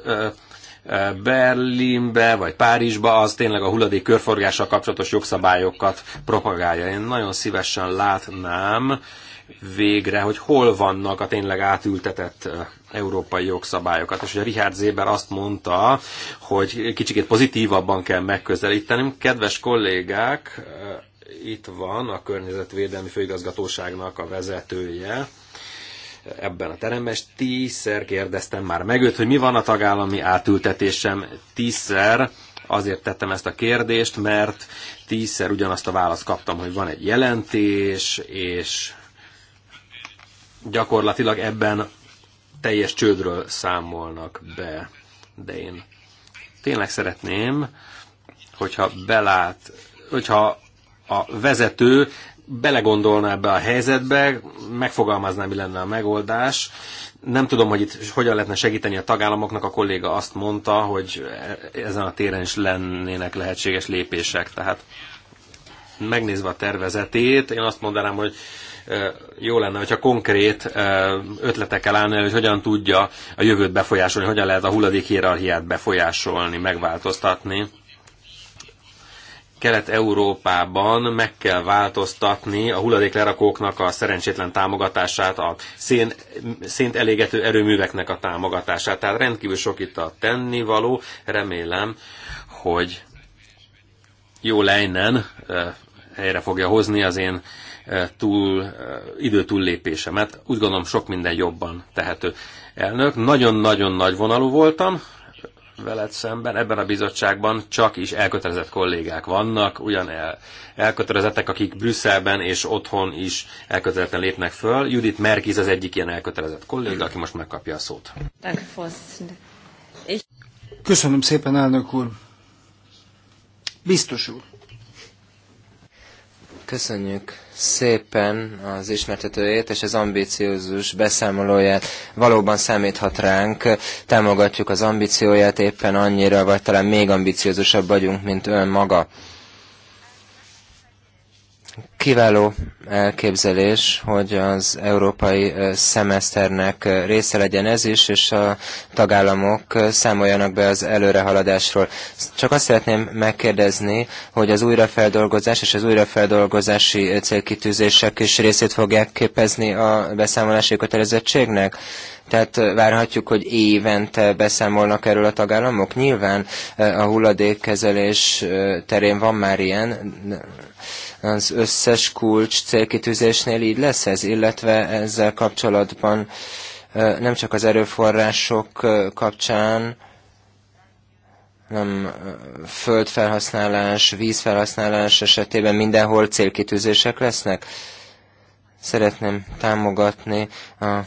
Berlinbe vagy Párizsba, az tényleg a hulladék körforgással kapcsolatos jogszabályokat propagálja. Én nagyon szívesen látnám végre, hogy hol vannak a tényleg átültetett európai jogszabályokat. És ugye Richard Zéber azt mondta, hogy kicsikét pozitívabban kell megközelítenünk. Kedves kollégák, itt van a Környezetvédelmi Főigazgatóságnak a vezetője, ebben a teremben, és tízszer kérdeztem már meg őt, hogy mi van a tagállami átültetésem. Tízszer azért tettem ezt a kérdést, mert tízszer ugyanazt a választ kaptam, hogy van egy jelentés, és gyakorlatilag ebben teljes csődről számolnak be, de én tényleg szeretném, hogyha belát, hogyha a vezető belegondolna ebbe a helyzetbe, megfogalmazná, mi lenne a megoldás. Nem tudom, hogy itt hogyan lehetne segíteni a tagállamoknak. A kolléga azt mondta, hogy ezen a téren is lennének lehetséges lépések. Tehát megnézve a tervezetét, én azt mondanám, hogy jó lenne, hogyha konkrét ötletekkel állna hogy hogyan tudja a jövőt befolyásolni, hogyan lehet a hulladék hierarchiát befolyásolni, megváltoztatni Kelet-Európában meg kell változtatni a hulladéklerakóknak a szerencsétlen támogatását, a szén, szént elégető erőműveknek a támogatását. Tehát rendkívül sok itt a tennivaló. Remélem, hogy jó lejnen helyre fogja hozni az én túl, idő túllépésemet. Úgy gondolom, sok minden jobban tehető elnök. Nagyon-nagyon nagy vonalú voltam, veled szemben, ebben a bizottságban csak is elkötelezett kollégák vannak, ugyan el, elkötelezettek, akik Brüsszelben és otthon is elkötelezetten lépnek föl. Judit Merkiz az egyik ilyen elkötelezett kolléga, aki most megkapja a szót. Köszönöm szépen, elnök úr. Biztos úr. Köszönjük szépen az ismertetőjét és az ambíciózus beszámolóját. Valóban számíthat ránk, támogatjuk az ambícióját éppen annyira, vagy talán még ambíciózusabb vagyunk, mint ön maga. Kiváló elképzelés, hogy az európai szemeszternek része legyen ez is, és a tagállamok számoljanak be az előrehaladásról. Csak azt szeretném megkérdezni, hogy az újrafeldolgozás és az újrafeldolgozási célkitűzések is részét fogják képezni a beszámolási kötelezettségnek? Tehát várhatjuk, hogy évente beszámolnak erről a tagállamok? Nyilván a hulladékkezelés terén van már ilyen, az összes kulcs célkitűzésnél így lesz ez, illetve ezzel kapcsolatban nem csak az erőforrások kapcsán, nem földfelhasználás, vízfelhasználás esetében mindenhol célkitűzések lesznek. Szeretném támogatni a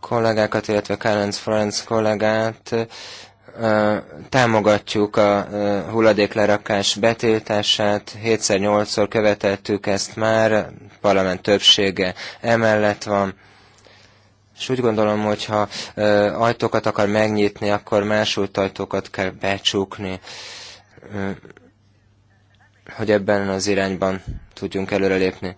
kollégákat, illetve Kárenc Florenc kollégát támogatjuk a hulladéklerakás betiltását, 7-8-szor követettük ezt már, parlament többsége emellett van, és úgy gondolom, hogy ha ajtókat akar megnyitni, akkor másult ajtókat kell becsukni, hogy ebben az irányban tudjunk előrelépni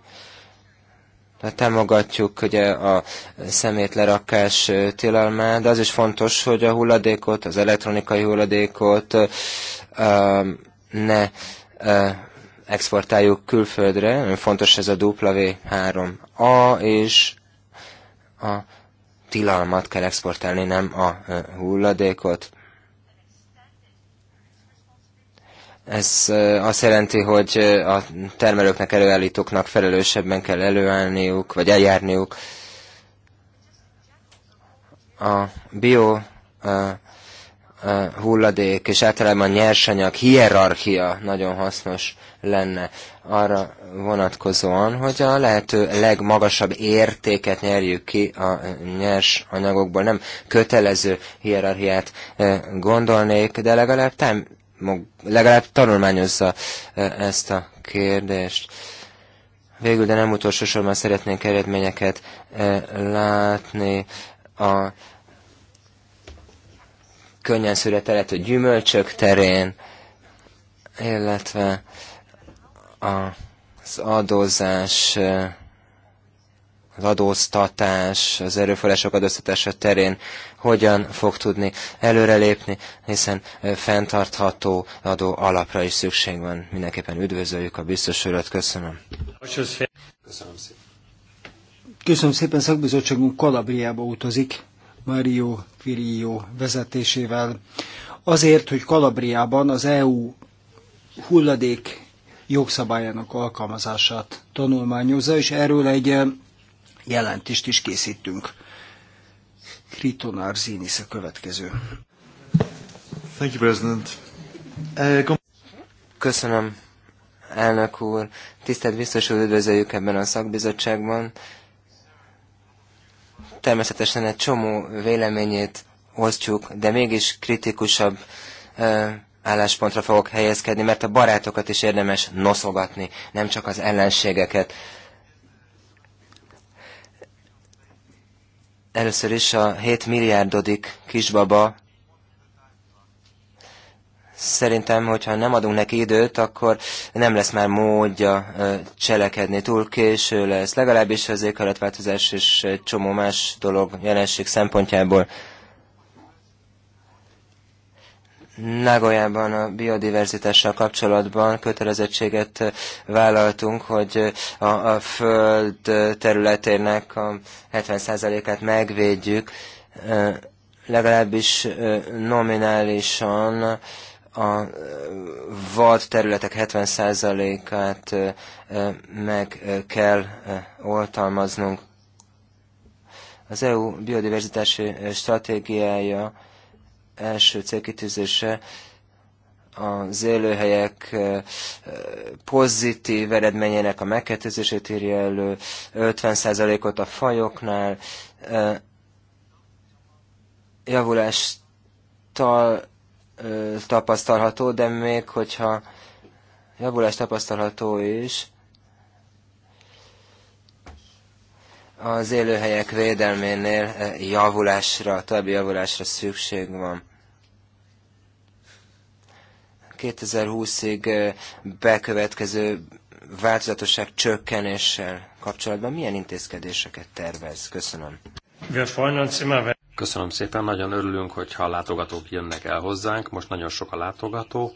támogatjuk ugye a szemétlerakás tilalmát, de az is fontos, hogy a hulladékot, az elektronikai hulladékot ne exportáljuk külföldre. fontos ez a W3A, és a tilalmat kell exportálni, nem a hulladékot. Ez eh, azt jelenti, hogy eh, a termelőknek, előállítóknak felelősebben kell előállniuk, vagy eljárniuk. A bio a, eh, a hulladék és általában nyersanyag hierarchia nagyon hasznos lenne arra vonatkozóan, hogy a lehető legmagasabb értéket nyerjük ki a nyers anyagokból. Nem kötelező hierarchiát gondolnék, de legalább legalább tanulmányozza e, ezt a kérdést. Végül, de nem utolsó sorban szeretnénk eredményeket e, látni a könnyen születelető gyümölcsök terén, illetve az adózás e, az adóztatás, az erőforrások adóztatása terén hogyan fog tudni előrelépni, hiszen fenntartható adó alapra is szükség van. Mindenképpen üdvözöljük a biztos urat, köszönöm. Köszönöm szépen. Köszönöm szépen, szakbizottságunk Kalabriába utazik, Mario Firillo vezetésével, azért, hogy Kalabriában az EU hulladék jogszabályának alkalmazását tanulmányozza, és erről egy jelentést is készítünk. Kriton Arzinis a következő. Thank you, President. Eh, Köszönöm, elnök úr. Tisztelt biztos úr, üdvözöljük ebben a szakbizottságban. Természetesen egy csomó véleményét osztjuk, de mégis kritikusabb eh, álláspontra fogok helyezkedni, mert a barátokat is érdemes noszogatni, nem csak az ellenségeket. Először is a 7 milliárdodik kisbaba szerintem, hogyha nem adunk neki időt, akkor nem lesz már módja cselekedni. Túl késő lesz, legalábbis az éghajlatváltozás és egy csomó más dolog jelenség szempontjából. Nagoyában a biodiverzitással kapcsolatban kötelezettséget eh, vállaltunk, hogy eh, a, a föld eh, területének a 70%-át megvédjük, legalábbis nominálisan a vad területek 70%-át meg kell oltalmaznunk. Az EU biodiverzitási stratégiája első célkitűzése az élőhelyek pozitív eredményének a megkettőzését írja elő, 50%-ot a fajoknál, javulástal tapasztalható, de még hogyha javulást tapasztalható is, az élőhelyek védelménél eh, javulásra, további javulásra szükség van. 2020-ig eh, bekövetkező változatosság csökkenéssel kapcsolatban milyen intézkedéseket tervez? Köszönöm. Köszönöm szépen, nagyon örülünk, hogyha a látogatók jönnek el hozzánk. Most nagyon sok a látogató.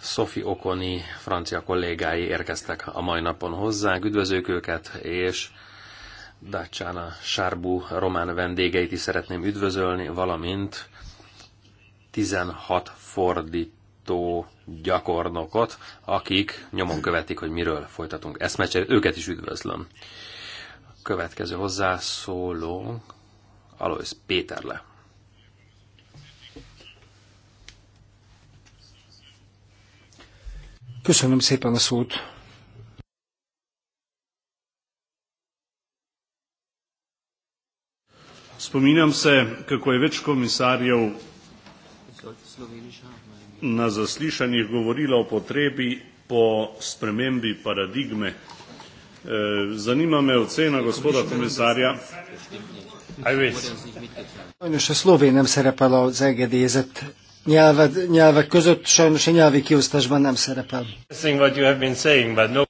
Szofi Okoni francia kollégái érkeztek a mai napon hozzánk, üdvözlők őket, és a Sárbú román vendégeit is szeretném üdvözölni, valamint 16 fordító gyakornokot, akik nyomon követik, hogy miről folytatunk eszmecserét. Őket is üdvözlöm. Következő hozzászóló Alois Péterle. Köszönöm szépen a szót. Spominjam se, kako je več komisarjev na zaslišanjih govorilo o potrebi po spremembi paradigme. Eh, zanima me ocena gospoda komisarja. Sajnos a szlovénem szerepel az engedélyezett nyelved, nyelvek között, sajnos a nyelvi kiosztásban nem szerepel.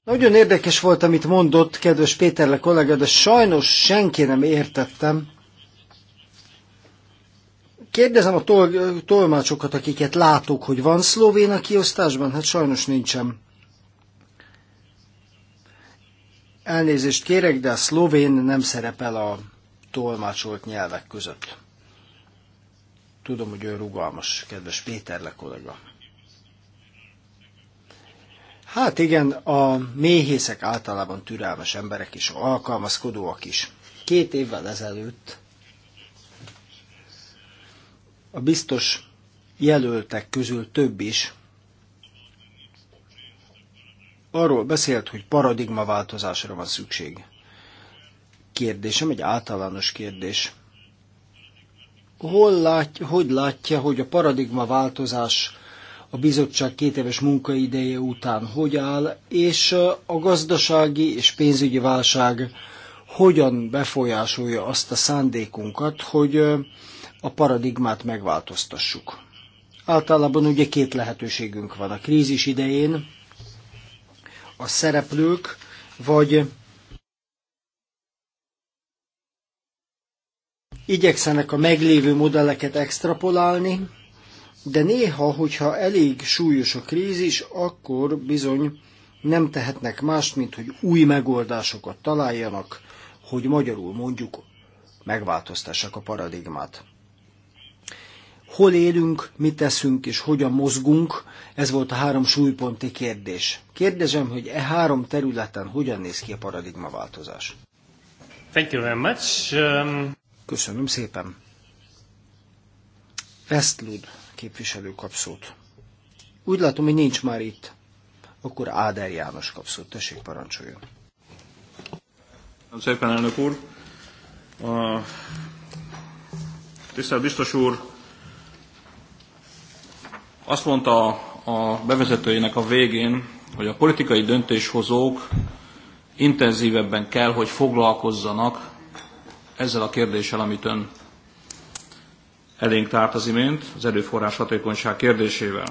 Nagyon érdekes volt, amit mondott kedves Péterle kollega, de sajnos senki nem értettem. Kérdezem a tol- tolmácsokat, akiket látok, hogy van szlovén a kiosztásban? Hát sajnos nincsen. Elnézést kérek, de a szlovén nem szerepel a tolmácsolt nyelvek között. Tudom, hogy ő rugalmas, kedves Péterle kollega. Hát igen, a méhészek általában türelmes emberek is, alkalmazkodóak is. Két évvel ezelőtt a biztos jelöltek közül több is arról beszélt, hogy paradigmaváltozásra van szükség. Kérdésem egy általános kérdés. Hol lát, hogy látja, hogy a paradigmaváltozás a bizottság két éves munkaideje után hogy áll, és a gazdasági és pénzügyi válság hogyan befolyásolja azt a szándékunkat, hogy a paradigmát megváltoztassuk. Általában ugye két lehetőségünk van. A krízis idején a szereplők, vagy igyekszenek a meglévő modelleket extrapolálni, de néha, hogyha elég súlyos a krízis, akkor bizony nem tehetnek más, mint hogy új megoldásokat találjanak, hogy magyarul mondjuk megváltoztassák a paradigmát hol élünk, mit teszünk és hogyan mozgunk, ez volt a három súlyponti kérdés. Kérdezem, hogy e három területen hogyan néz ki a paradigmaváltozás? Thank you very much. Um... Köszönöm szépen. Westlud képviselő kapszót. Úgy látom, hogy nincs már itt. Akkor Áder János kapszót. Tessék, parancsoljon. szépen, elnök úr. A... Tisztelt biztos úr, azt mondta a bevezetőjének a végén, hogy a politikai döntéshozók intenzívebben kell, hogy foglalkozzanak ezzel a kérdéssel, amit ön elénk tárt az imént, az erőforrás hatékonyság kérdésével.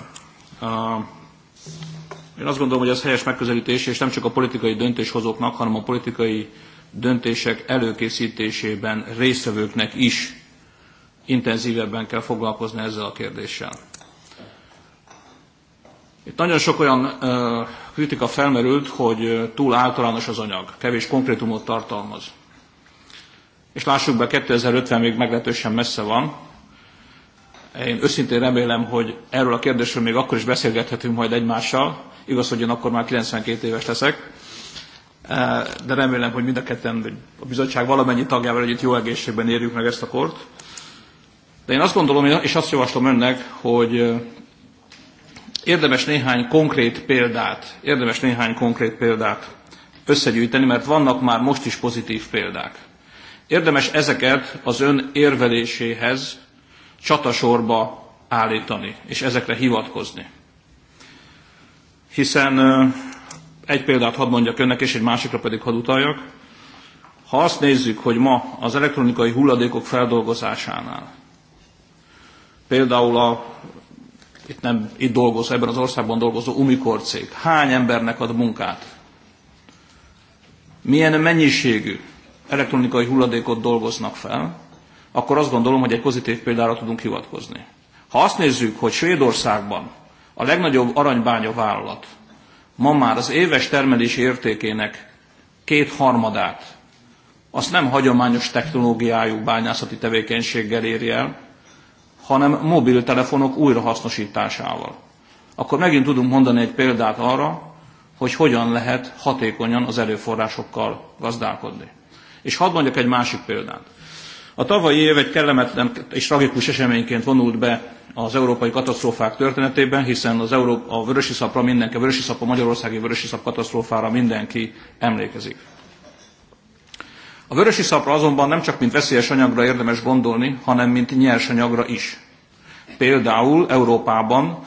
Én azt gondolom, hogy ez helyes megközelítés, és nem csak a politikai döntéshozóknak, hanem a politikai döntések előkészítésében résztvevőknek is intenzívebben kell foglalkozni ezzel a kérdéssel. Itt nagyon sok olyan ö, kritika felmerült, hogy túl általános az anyag, kevés konkrétumot tartalmaz. És lássuk be, 2050 még meglehetősen messze van. Én őszintén remélem, hogy erről a kérdésről még akkor is beszélgethetünk majd egymással. Igaz, hogy én akkor már 92 éves leszek, de remélem, hogy mind a ketten a bizottság valamennyi tagjával együtt jó egészségben érjük meg ezt a kort. De én azt gondolom, és azt javaslom önnek, hogy Érdemes néhány konkrét példát, érdemes néhány konkrét példát összegyűjteni, mert vannak már most is pozitív példák. Érdemes ezeket az ön érveléséhez csatasorba állítani, és ezekre hivatkozni. Hiszen egy példát hadd mondjak önnek, és egy másikra pedig hadd utaljak. Ha azt nézzük, hogy ma az elektronikai hulladékok feldolgozásánál, például a itt, nem, itt dolgozó, ebben az országban dolgozó Umikor cég hány embernek ad munkát? Milyen mennyiségű elektronikai hulladékot dolgoznak fel, akkor azt gondolom, hogy egy pozitív példára tudunk hivatkozni. Ha azt nézzük, hogy Svédországban a legnagyobb aranybánya vállalat ma már az éves termelési értékének két harmadát, azt nem hagyományos technológiájú bányászati tevékenységgel éri el, hanem mobiltelefonok újrahasznosításával. Akkor megint tudunk mondani egy példát arra, hogy hogyan lehet hatékonyan az erőforrásokkal gazdálkodni. És hadd mondjak egy másik példát. A tavalyi év egy kellemetlen és tragikus eseményként vonult be az európai katasztrófák történetében, hiszen az Európa, a vörösiszapra mindenki, a vörösiszap, a magyarországi vörösiszap katasztrófára mindenki emlékezik. A vörös iszapra azonban nem csak mint veszélyes anyagra érdemes gondolni, hanem mint nyers anyagra is. Például Európában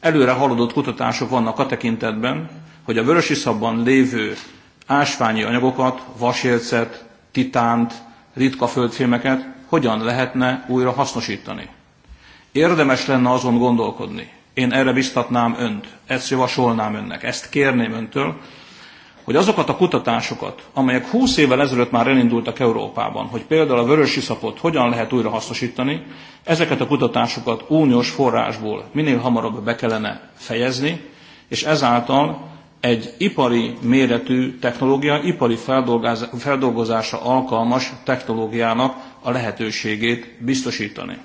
előre haladott kutatások vannak a tekintetben, hogy a vörös iszapban lévő ásványi anyagokat, vasércet, titánt, ritka földfémeket hogyan lehetne újra hasznosítani. Érdemes lenne azon gondolkodni. Én erre biztatnám önt, ezt javasolnám önnek, ezt kérném öntől, hogy azokat a kutatásokat, amelyek 20 évvel ezelőtt már elindultak Európában, hogy például a vörös iszapot hogyan lehet újra hasznosítani, ezeket a kutatásokat uniós forrásból minél hamarabb be kellene fejezni, és ezáltal egy ipari méretű technológia, ipari feldolgozása alkalmas technológiának a lehetőségét biztosítani.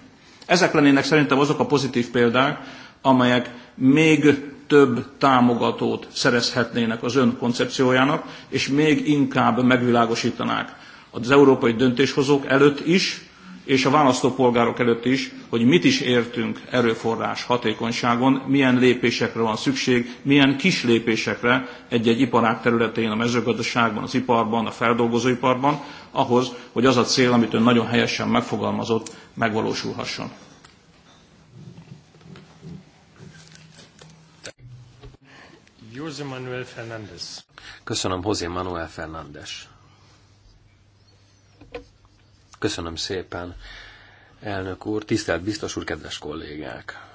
Ezek lennének szerintem azok a pozitív példák, amelyek még több támogatót szerezhetnének az ön koncepciójának, és még inkább megvilágosítanák az európai döntéshozók előtt is, és a választópolgárok előtt is, hogy mit is értünk erőforrás hatékonyságon, milyen lépésekre van szükség, milyen kis lépésekre egy-egy iparág területén, a mezőgazdaságban, az iparban, a feldolgozóiparban, ahhoz, hogy az a cél, amit ön nagyon helyesen megfogalmazott, megvalósulhasson. José Manuel Fernández. Köszönöm, José Manuel Fernández. Köszönöm szépen, elnök úr, tisztelt biztos úr, kedves kollégák!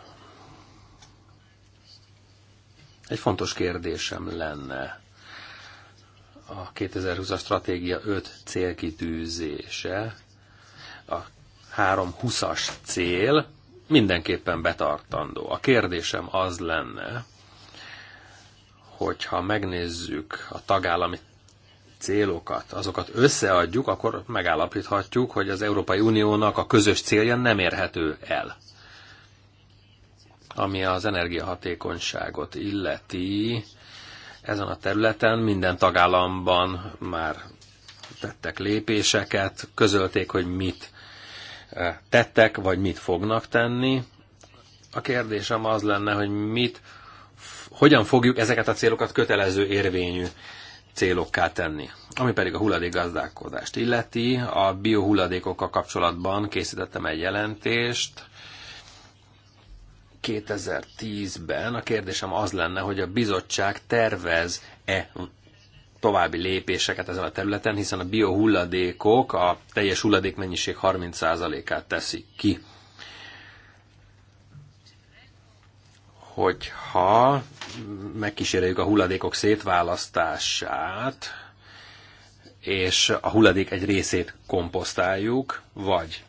Egy fontos kérdésem lenne a 2020-as stratégia 5 célkitűzése, a 320-as cél mindenképpen betartandó. A kérdésem az lenne, hogyha megnézzük a tagállami célokat, azokat összeadjuk, akkor megállapíthatjuk, hogy az Európai Uniónak a közös célja nem érhető el. Ami az energiahatékonyságot illeti, ezen a területen minden tagállamban már tettek lépéseket, közölték, hogy mit eh, tettek, vagy mit fognak tenni. A kérdésem az lenne, hogy mit hogyan fogjuk ezeket a célokat kötelező érvényű célokká tenni. Ami pedig a hulladékgazdálkodást illeti, a biohulladékokkal kapcsolatban készítettem egy jelentést, 2010-ben a kérdésem az lenne, hogy a bizottság tervez-e további lépéseket ezen a területen, hiszen a biohulladékok a teljes hulladékmennyiség 30%-át teszik ki. hogyha megkíséreljük a hulladékok szétválasztását, és a hulladék egy részét komposztáljuk, vagy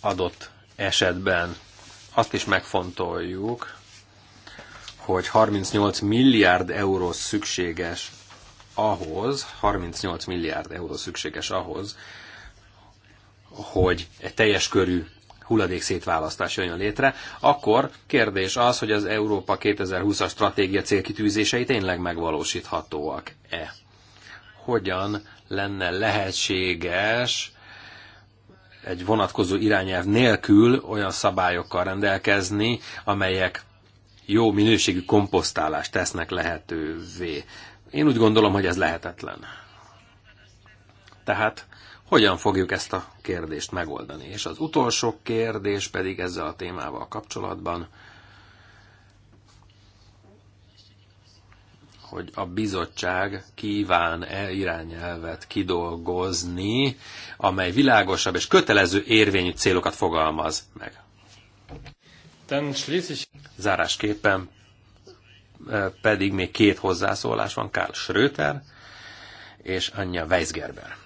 adott esetben azt is megfontoljuk, hogy 38 milliárd euró szükséges ahhoz, 38 milliárd euró szükséges ahhoz, hogy egy teljes körű hulladék szétválasztás jön létre, akkor kérdés az, hogy az Európa 2020-as stratégia célkitűzései tényleg megvalósíthatóak-e. Hogyan lenne lehetséges egy vonatkozó irányelv nélkül olyan szabályokkal rendelkezni, amelyek jó minőségű komposztálást tesznek lehetővé. Én úgy gondolom, hogy ez lehetetlen. Tehát hogyan fogjuk ezt a kérdést megoldani. És az utolsó kérdés pedig ezzel a témával kapcsolatban, hogy a bizottság kíván-e irányelvet kidolgozni, amely világosabb és kötelező érvényű célokat fogalmaz meg. Zárásképpen eh, pedig még két hozzászólás van, Karl Schröter és Anja Weisgerber.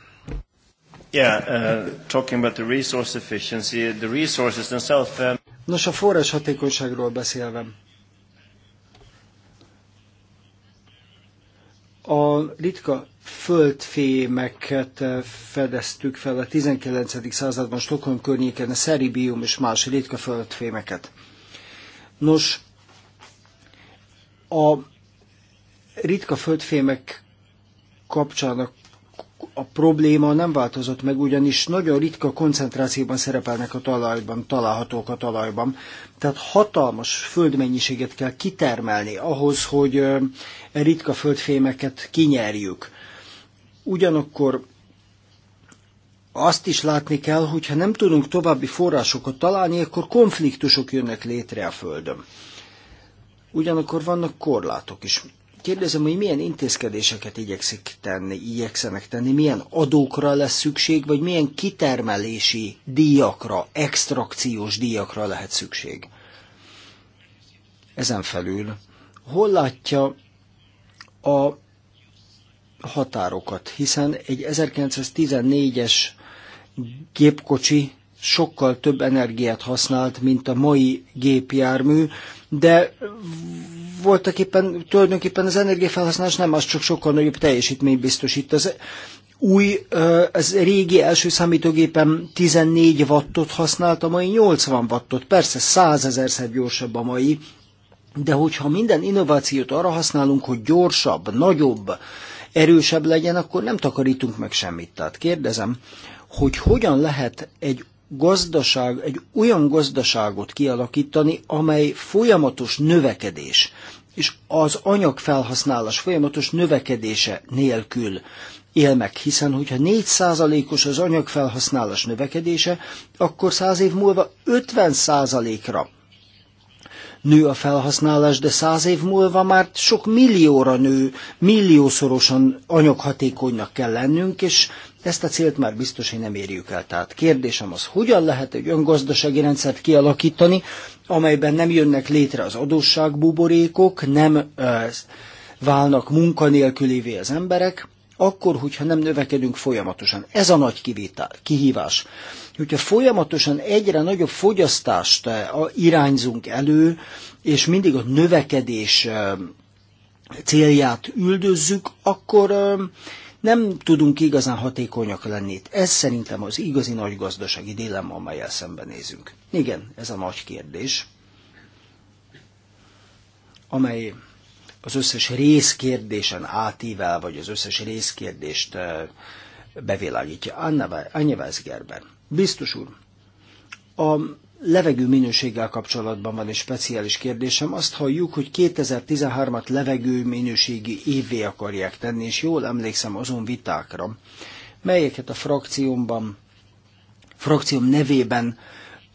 Nos, a forrás hatékonyságról beszélve. A ritka földfémeket uh, fedeztük fel a 19. században Stockholm környéken, a szeribium és más ritka földfémeket. Nos, a ritka földfémek kapcsának a probléma nem változott meg, ugyanis nagyon ritka koncentrációban szerepelnek a talajban, találhatók a talajban. Tehát hatalmas földmennyiséget kell kitermelni ahhoz, hogy ritka földfémeket kinyerjük. Ugyanakkor azt is látni kell, hogy ha nem tudunk további forrásokat találni, akkor konfliktusok jönnek létre a Földön. Ugyanakkor vannak korlátok is. Kérdezem, hogy milyen intézkedéseket igyekszik tenni, igyekszenek tenni, milyen adókra lesz szükség, vagy milyen kitermelési díjakra, extrakciós díjakra lehet szükség. Ezen felül, hol látja a határokat, hiszen egy 1914-es gépkocsi sokkal több energiát használt, mint a mai gépjármű, de voltak éppen, tulajdonképpen az energiafelhasználás nem az, csak sokkal nagyobb teljesítmény biztosít. Az új, az régi első számítógépen 14 wattot használt, a mai 80 wattot. Persze százezerszer gyorsabb a mai, de hogyha minden innovációt arra használunk, hogy gyorsabb, nagyobb, erősebb legyen, akkor nem takarítunk meg semmit. Tehát kérdezem, hogy hogyan lehet egy gazdaság, egy olyan gazdaságot kialakítani, amely folyamatos növekedés, és az anyagfelhasználás folyamatos növekedése nélkül él meg, hiszen hogyha 4%-os az anyagfelhasználás növekedése, akkor száz év múlva 50%-ra nő a felhasználás, de száz év múlva már sok millióra nő, milliószorosan anyaghatékonynak kell lennünk, és ezt a célt már biztos, hogy nem érjük el. Tehát kérdésem az, hogyan lehet egy öngazdasági rendszert kialakítani, amelyben nem jönnek létre az adósságbuborékok, nem ö, válnak munkanélkülévé az emberek, akkor, hogyha nem növekedünk folyamatosan. Ez a nagy kivétel, kihívás. Hogyha folyamatosan egyre nagyobb fogyasztást eh, irányzunk elő, és mindig a növekedés eh, célját üldözzük, akkor eh, nem tudunk igazán hatékonyak lenni. Ez szerintem az igazi nagy gazdasági dilemma, amelyel szembenézünk. Igen, ez a nagy kérdés, amely az összes részkérdésen átível, vagy az összes részkérdést bevilágítja. Anna Weisgerben. Biztos úr, a levegő minőséggel kapcsolatban van egy speciális kérdésem. Azt halljuk, hogy 2013-at levegő minőségi évvé akarják tenni, és jól emlékszem azon vitákra, melyeket a frakciómban, frakcióm nevében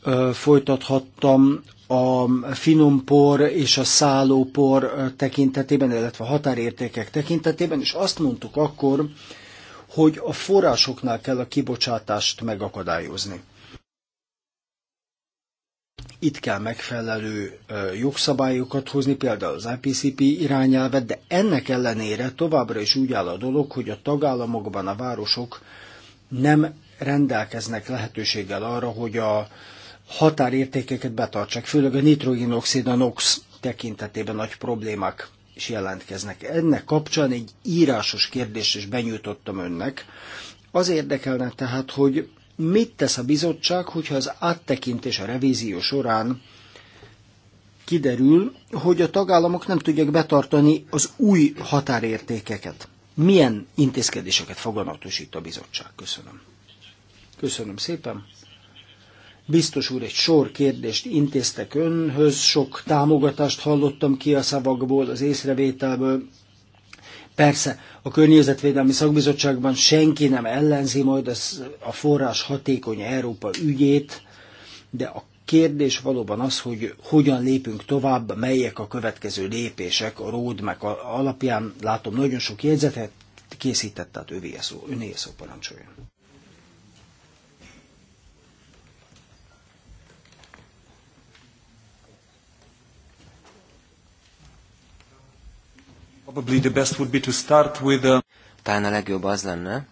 ö, folytathattam a finom por és a szállópor tekintetében, illetve a határértékek tekintetében, és azt mondtuk akkor, hogy a forrásoknál kell a kibocsátást megakadályozni. Itt kell megfelelő jogszabályokat hozni, például az IPCP irányelvet, de ennek ellenére továbbra is úgy áll a dolog, hogy a tagállamokban a városok nem rendelkeznek lehetőséggel arra, hogy a határértékeket betartsák, főleg a nitrogénoxid, a NOx tekintetében nagy problémák is jelentkeznek. Ennek kapcsán egy írásos kérdést is benyújtottam önnek. Az érdekelne tehát, hogy mit tesz a bizottság, hogyha az áttekintés a revízió során kiderül, hogy a tagállamok nem tudják betartani az új határértékeket. Milyen intézkedéseket foganatosít a bizottság? Köszönöm. Köszönöm szépen. Biztos úr, egy sor kérdést intéztek önhöz, sok támogatást hallottam ki a szavakból, az észrevételből. Persze, a Környezetvédelmi Szakbizottságban senki nem ellenzi majd az, a forrás hatékony Európa ügyét, de a kérdés valóban az, hogy hogyan lépünk tovább, melyek a következő lépések a roadmap alapján. Látom, nagyon sok jegyzetet készített, tehát övé szó, öné szó parancsoljon. a... Uh, Talán a legjobb az lenne,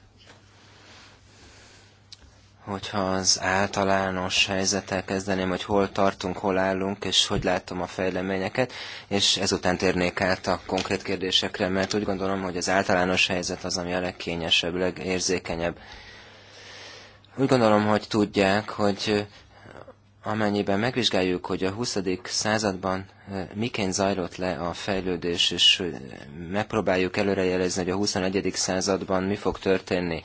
hogyha az általános helyzettel kezdeném, hogy hol tartunk, hol állunk, és hogy látom a fejleményeket, és ezután térnék át a konkrét kérdésekre, mert úgy gondolom, hogy az általános helyzet az, ami a legkényesebb, legérzékenyebb. Úgy gondolom, hogy tudják, hogy amennyiben megvizsgáljuk, hogy a 20. században eh, miként zajlott le a fejlődés, és eh, megpróbáljuk előrejelezni, hogy a 21. században mi fog történni,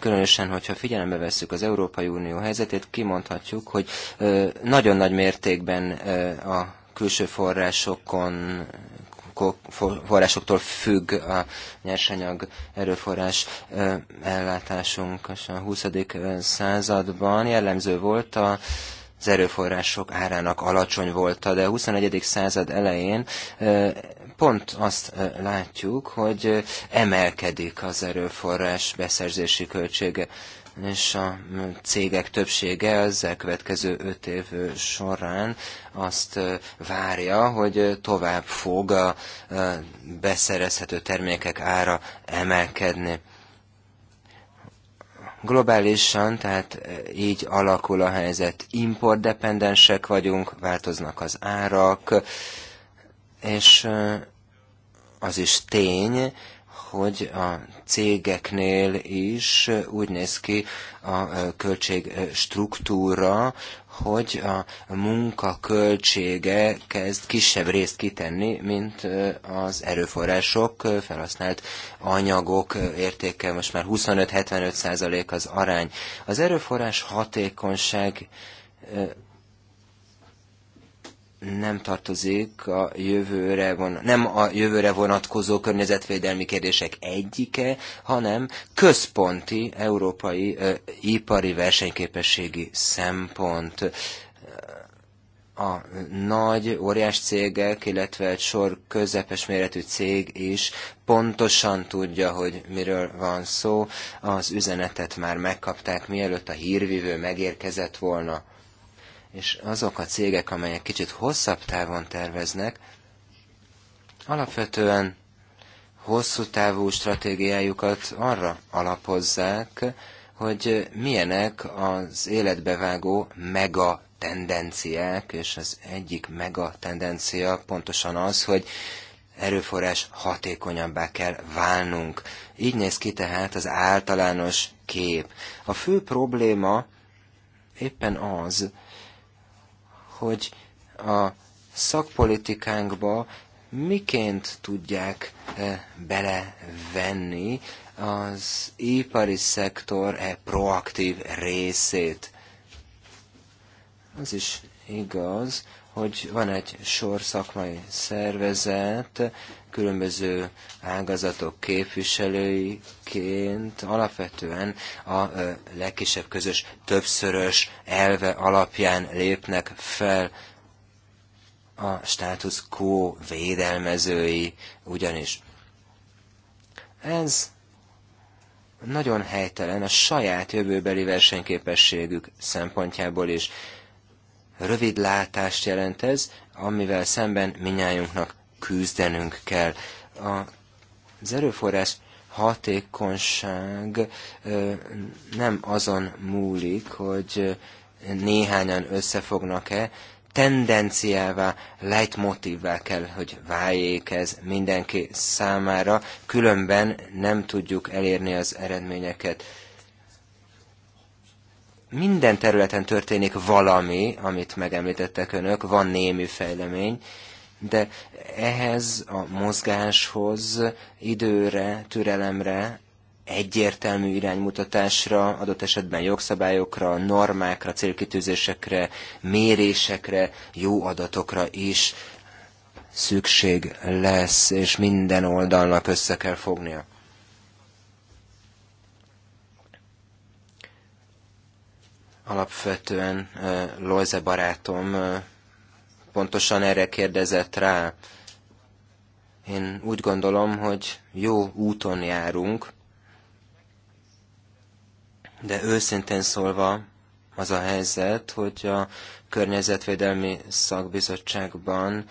különösen, hogyha figyelembe vesszük az Európai Unió helyzetét, kimondhatjuk, hogy eh, nagyon nagy mértékben a külső forrásokon forrásoktól függ a nyersanyag erőforrás ellátásunk. És a 20. században jellemző volt a az erőforrások árának alacsony volt, de a 21. század elején pont azt látjuk, hogy emelkedik az erőforrás beszerzési költsége és a cégek többsége az elkövetkező öt év során azt várja, hogy tovább fog a beszerezhető termékek ára emelkedni. Globálisan, tehát e, így alakul a helyzet. Importdependensek vagyunk, változnak az árak, és e, az is tény, hogy a cégeknél is úgy néz ki a e, költség struktúra, hogy a munka költsége kezd kisebb részt kitenni, mint az erőforrások felhasznált anyagok értéke, most már 25-75 százalék az arány. Az erőforrás hatékonyság nem tartozik a jövőre, von, nem a jövőre vonatkozó környezetvédelmi kérdések egyike, hanem központi európai ö, ipari versenyképességi szempont. A nagy, óriás cégek, illetve egy sor közepes méretű cég is pontosan tudja, hogy miről van szó. Az üzenetet már megkapták, mielőtt a hírvívő megérkezett volna és azok a cégek, amelyek kicsit hosszabb távon terveznek, alapvetően hosszú távú stratégiájukat arra alapozzák, hogy milyenek az életbevágó mega tendenciák, és az egyik mega tendencia pontosan az, hogy erőforrás hatékonyabbá kell válnunk. Így néz ki tehát az általános kép. A fő probléma éppen az, hogy a szakpolitikánkba miként tudják eh, belevenni az ipari szektor e proaktív részét. Az is igaz, hogy van egy sor szakmai szervezet, különböző ágazatok képviselőiként alapvetően a legkisebb közös többszörös elve alapján lépnek fel a status quo védelmezői ugyanis. Ez nagyon helytelen a saját jövőbeli versenyképességük szempontjából is rövidlátást jelent ez, amivel szemben minnyájunknak küzdenünk kell. A, az erőforrás hatékonyság nem azon múlik, hogy néhányan összefognak-e, tendenciává, leitmotívvá kell, hogy váljék ez mindenki számára, különben nem tudjuk elérni az eredményeket minden területen történik valami, amit megemlítettek önök, van némi fejlemény, de ehhez a mozgáshoz időre, türelemre, egyértelmű iránymutatásra, adott esetben jogszabályokra, normákra, célkitűzésekre, mérésekre, jó adatokra is szükség lesz, és minden oldalnak össze kell fognia. Alapvetően Lojze barátom pontosan erre kérdezett rá. Én úgy gondolom, hogy jó úton járunk, de őszintén szólva az a helyzet, hogy a Környezetvédelmi Szakbizottságban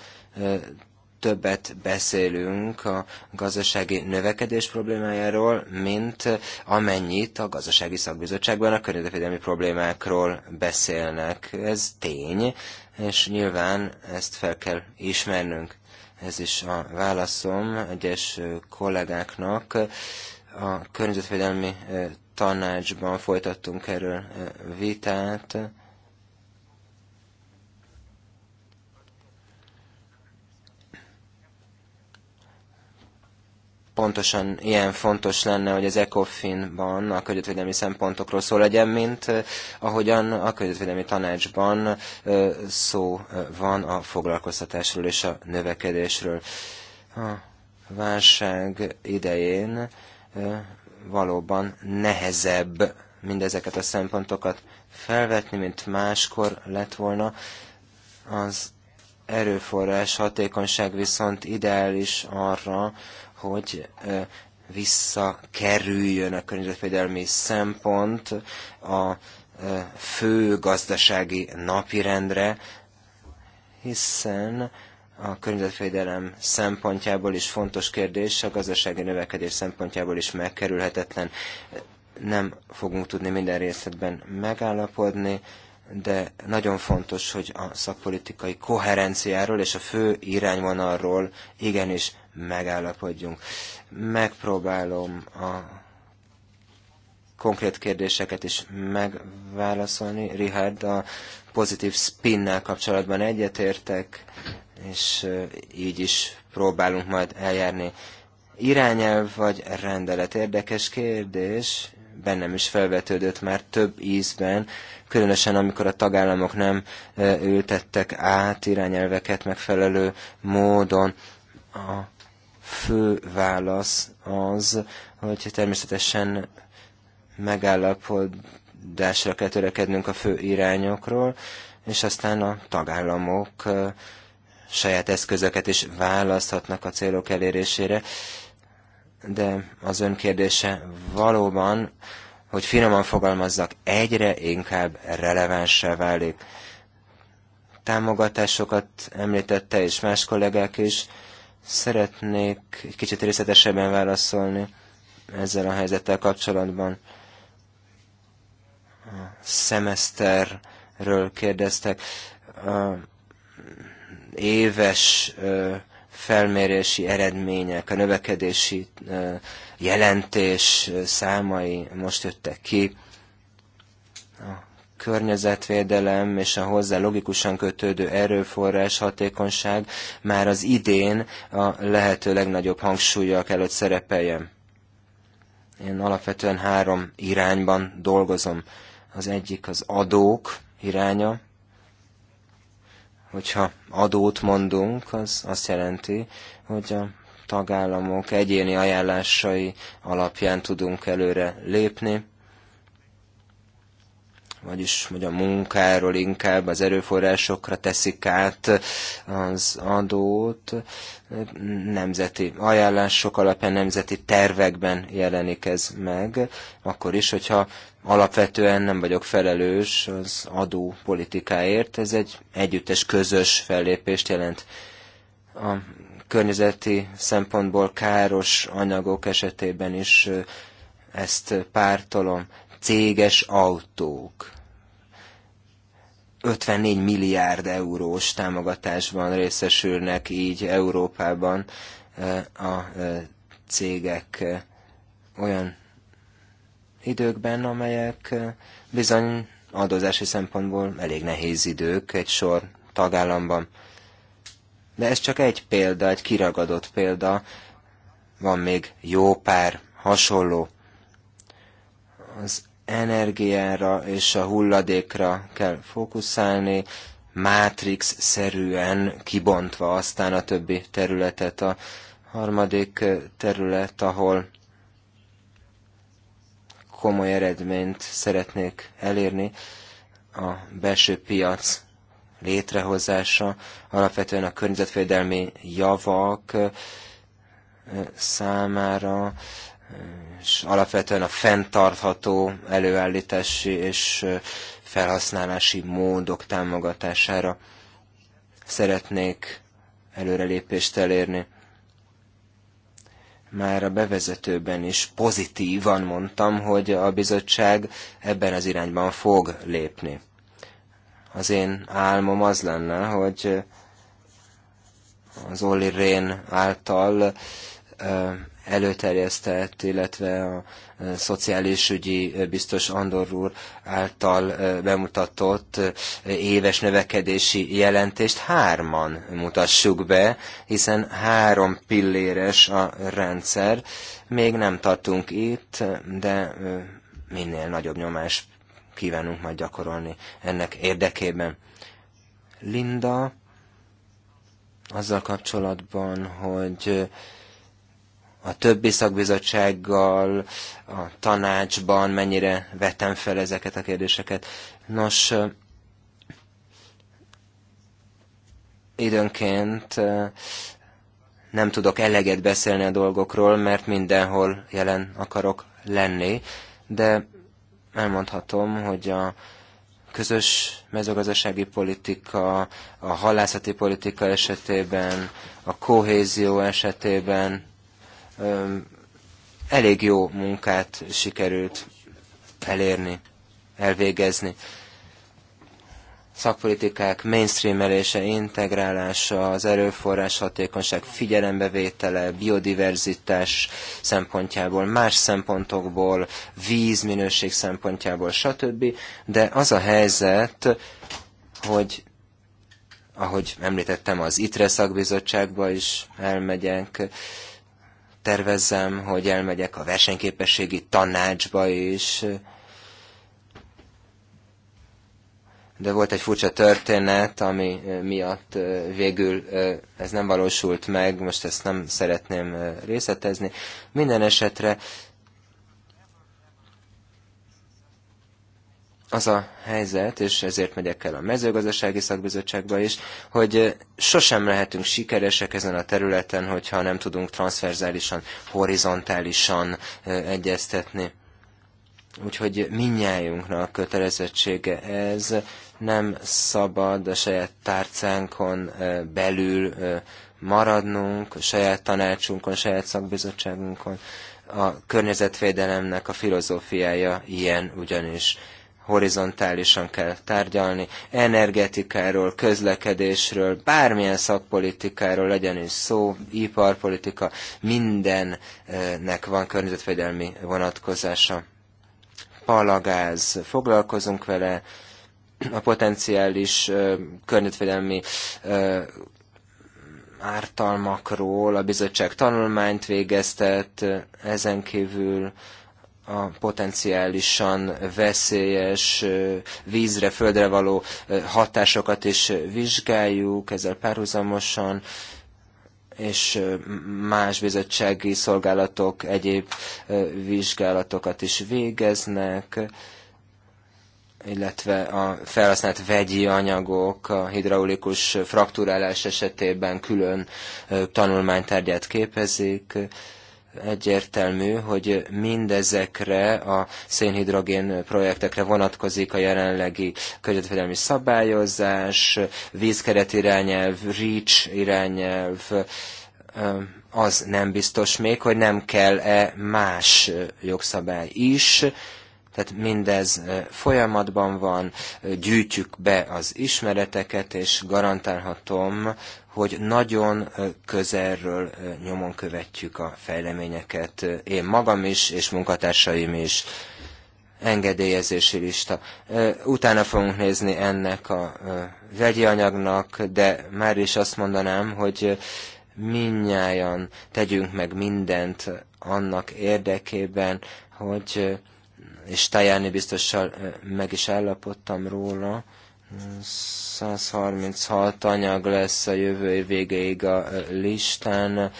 többet beszélünk a gazdasági növekedés problémájáról, mint amennyit a gazdasági szakbizottságban a környezetvédelmi problémákról beszélnek. Ez tény, és nyilván ezt fel kell ismernünk. Ez is a válaszom egyes kollégáknak. A környezetvédelmi eh, tanácsban folytattunk erről eh, vitát, pontosan ilyen fontos lenne, hogy az ECOFIN-ban a környezetvédelmi szempontokról szó legyen, mint ahogyan a környezetvédelmi tanácsban szó van a foglalkoztatásról és a növekedésről. A válság idején valóban nehezebb mindezeket a szempontokat felvetni, mint máskor lett volna. Az erőforrás hatékonyság viszont ideális arra, hogy visszakerüljön a környezetvédelmi szempont a fő gazdasági napirendre, hiszen a környezetvédelem szempontjából is fontos kérdés, a gazdasági növekedés szempontjából is megkerülhetetlen. Nem fogunk tudni minden részletben megállapodni, de nagyon fontos, hogy a szakpolitikai koherenciáról és a fő irányvonalról igenis megállapodjunk. Megpróbálom a konkrét kérdéseket is megválaszolni. Richard, a pozitív spinnel kapcsolatban egyetértek, és így is próbálunk majd eljárni. Irányelv vagy rendelet? Érdekes kérdés, bennem is felvetődött már több ízben, különösen amikor a tagállamok nem ültettek át irányelveket megfelelő módon. A fő válasz az, hogy természetesen megállapodásra kell törekednünk a fő irányokról, és aztán a tagállamok saját eszközöket is választhatnak a célok elérésére. De az önkérdése valóban, hogy finoman fogalmazzak, egyre inkább relevánssá válik. Támogatásokat említette, és más kollégák is, Szeretnék egy kicsit részletesebben válaszolni ezzel a helyzettel kapcsolatban. A szemeszterről kérdeztek. A éves felmérési eredmények, a növekedési jelentés számai most jöttek ki környezetvédelem és a hozzá logikusan kötődő erőforrás hatékonyság már az idén a lehető legnagyobb hangsúlyjal előtt szerepeljen. Én alapvetően három irányban dolgozom. Az egyik az adók iránya, hogyha adót mondunk, az azt jelenti, hogy a tagállamok egyéni ajánlásai alapján tudunk előre lépni vagyis hogy a munkáról inkább az erőforrásokra teszik át az adót, nemzeti ajánlások alapján, nemzeti tervekben jelenik ez meg, akkor is, hogyha alapvetően nem vagyok felelős az politikáért, ez egy együttes, közös fellépést jelent. A környezeti szempontból káros anyagok esetében is ezt pártolom. Céges autók. 54 milliárd eurós támogatásban részesülnek így Európában a cégek olyan időkben, amelyek bizony adózási szempontból elég nehéz idők egy sor tagállamban. De ez csak egy példa, egy kiragadott példa, van még jó pár hasonló. Az energiára és a hulladékra kell fókuszálni, mátrix-szerűen kibontva aztán a többi területet. A harmadik terület, ahol komoly eredményt szeretnék elérni, a belső piac létrehozása, alapvetően a környezetvédelmi javak számára és alapvetően a fenntartható előállítási és felhasználási módok támogatására szeretnék előrelépést elérni. Már a bevezetőben is pozitívan mondtam, hogy a bizottság ebben az irányban fog lépni. Az én álmom az lenne, hogy az Olli Rén által előterjesztett, illetve a szociális ügyi biztos Andor úr által bemutatott éves növekedési jelentést hárman mutassuk be, hiszen három pilléres a rendszer. Még nem tartunk itt, de minél nagyobb nyomás kívánunk majd gyakorolni ennek érdekében. Linda, azzal kapcsolatban, hogy a többi szakbizottsággal, a tanácsban mennyire vettem fel ezeket a kérdéseket. Nos, időnként nem tudok eleget beszélni a dolgokról, mert mindenhol jelen akarok lenni, de elmondhatom, hogy a közös mezőgazdasági politika, a halászati politika esetében, a kohézió esetében, elég jó munkát sikerült elérni, elvégezni. Szakpolitikák mainstreamelése, integrálása, az erőforrás hatékonyság figyelembevétele, biodiverzitás szempontjából, más szempontokból, vízminőség szempontjából, stb. De az a helyzet, hogy ahogy említettem, az ITRE szakbizottságba is elmegyek, tervezzem, hogy elmegyek a versenyképességi tanácsba is. De volt egy furcsa történet, ami miatt végül ez nem valósult meg, most ezt nem szeretném részletezni. Minden esetre az a helyzet, és ezért megyek el a mezőgazdasági szakbizottságba is, hogy sosem lehetünk sikeresek ezen a területen, hogyha nem tudunk transferzálisan, horizontálisan egyeztetni. Úgyhogy minnyájunknak kötelezettsége ez, nem szabad a saját tárcánkon belül maradnunk, a saját tanácsunkon, a saját szakbizottságunkon. A környezetvédelemnek a filozófiája ilyen ugyanis horizontálisan kell tárgyalni, energetikáról, közlekedésről, bármilyen szakpolitikáról legyen is szó, iparpolitika, mindennek van környezetvédelmi vonatkozása. Palagáz, foglalkozunk vele, a potenciális környezetvédelmi ártalmakról a bizottság tanulmányt végeztet, ezen kívül a potenciálisan veszélyes vízre, földre való hatásokat is vizsgáljuk, ezzel párhuzamosan és más bizottsági szolgálatok egyéb vizsgálatokat is végeznek, illetve a felhasznált vegyi anyagok a hidraulikus frakturálás esetében külön tanulmánytárgyát képezik egyértelmű, hogy mindezekre a szénhidrogén projektekre vonatkozik a jelenlegi környezetvédelmi szabályozás, vízkeret irányelv, REACH irányelv, az nem biztos még, hogy nem kell-e más jogszabály is, tehát mindez folyamatban van, gyűjtjük be az ismereteket, és garantálhatom, hogy nagyon közelről nyomon követjük a fejleményeket. Én magam is, és munkatársaim is engedélyezési lista. Utána fogunk nézni ennek a vegyi anyagnak, de már is azt mondanám, hogy minnyáján tegyünk meg mindent annak érdekében, hogy és Tajáni biztosan meg is állapodtam róla, 136 anyag lesz a jövő év végéig a listán.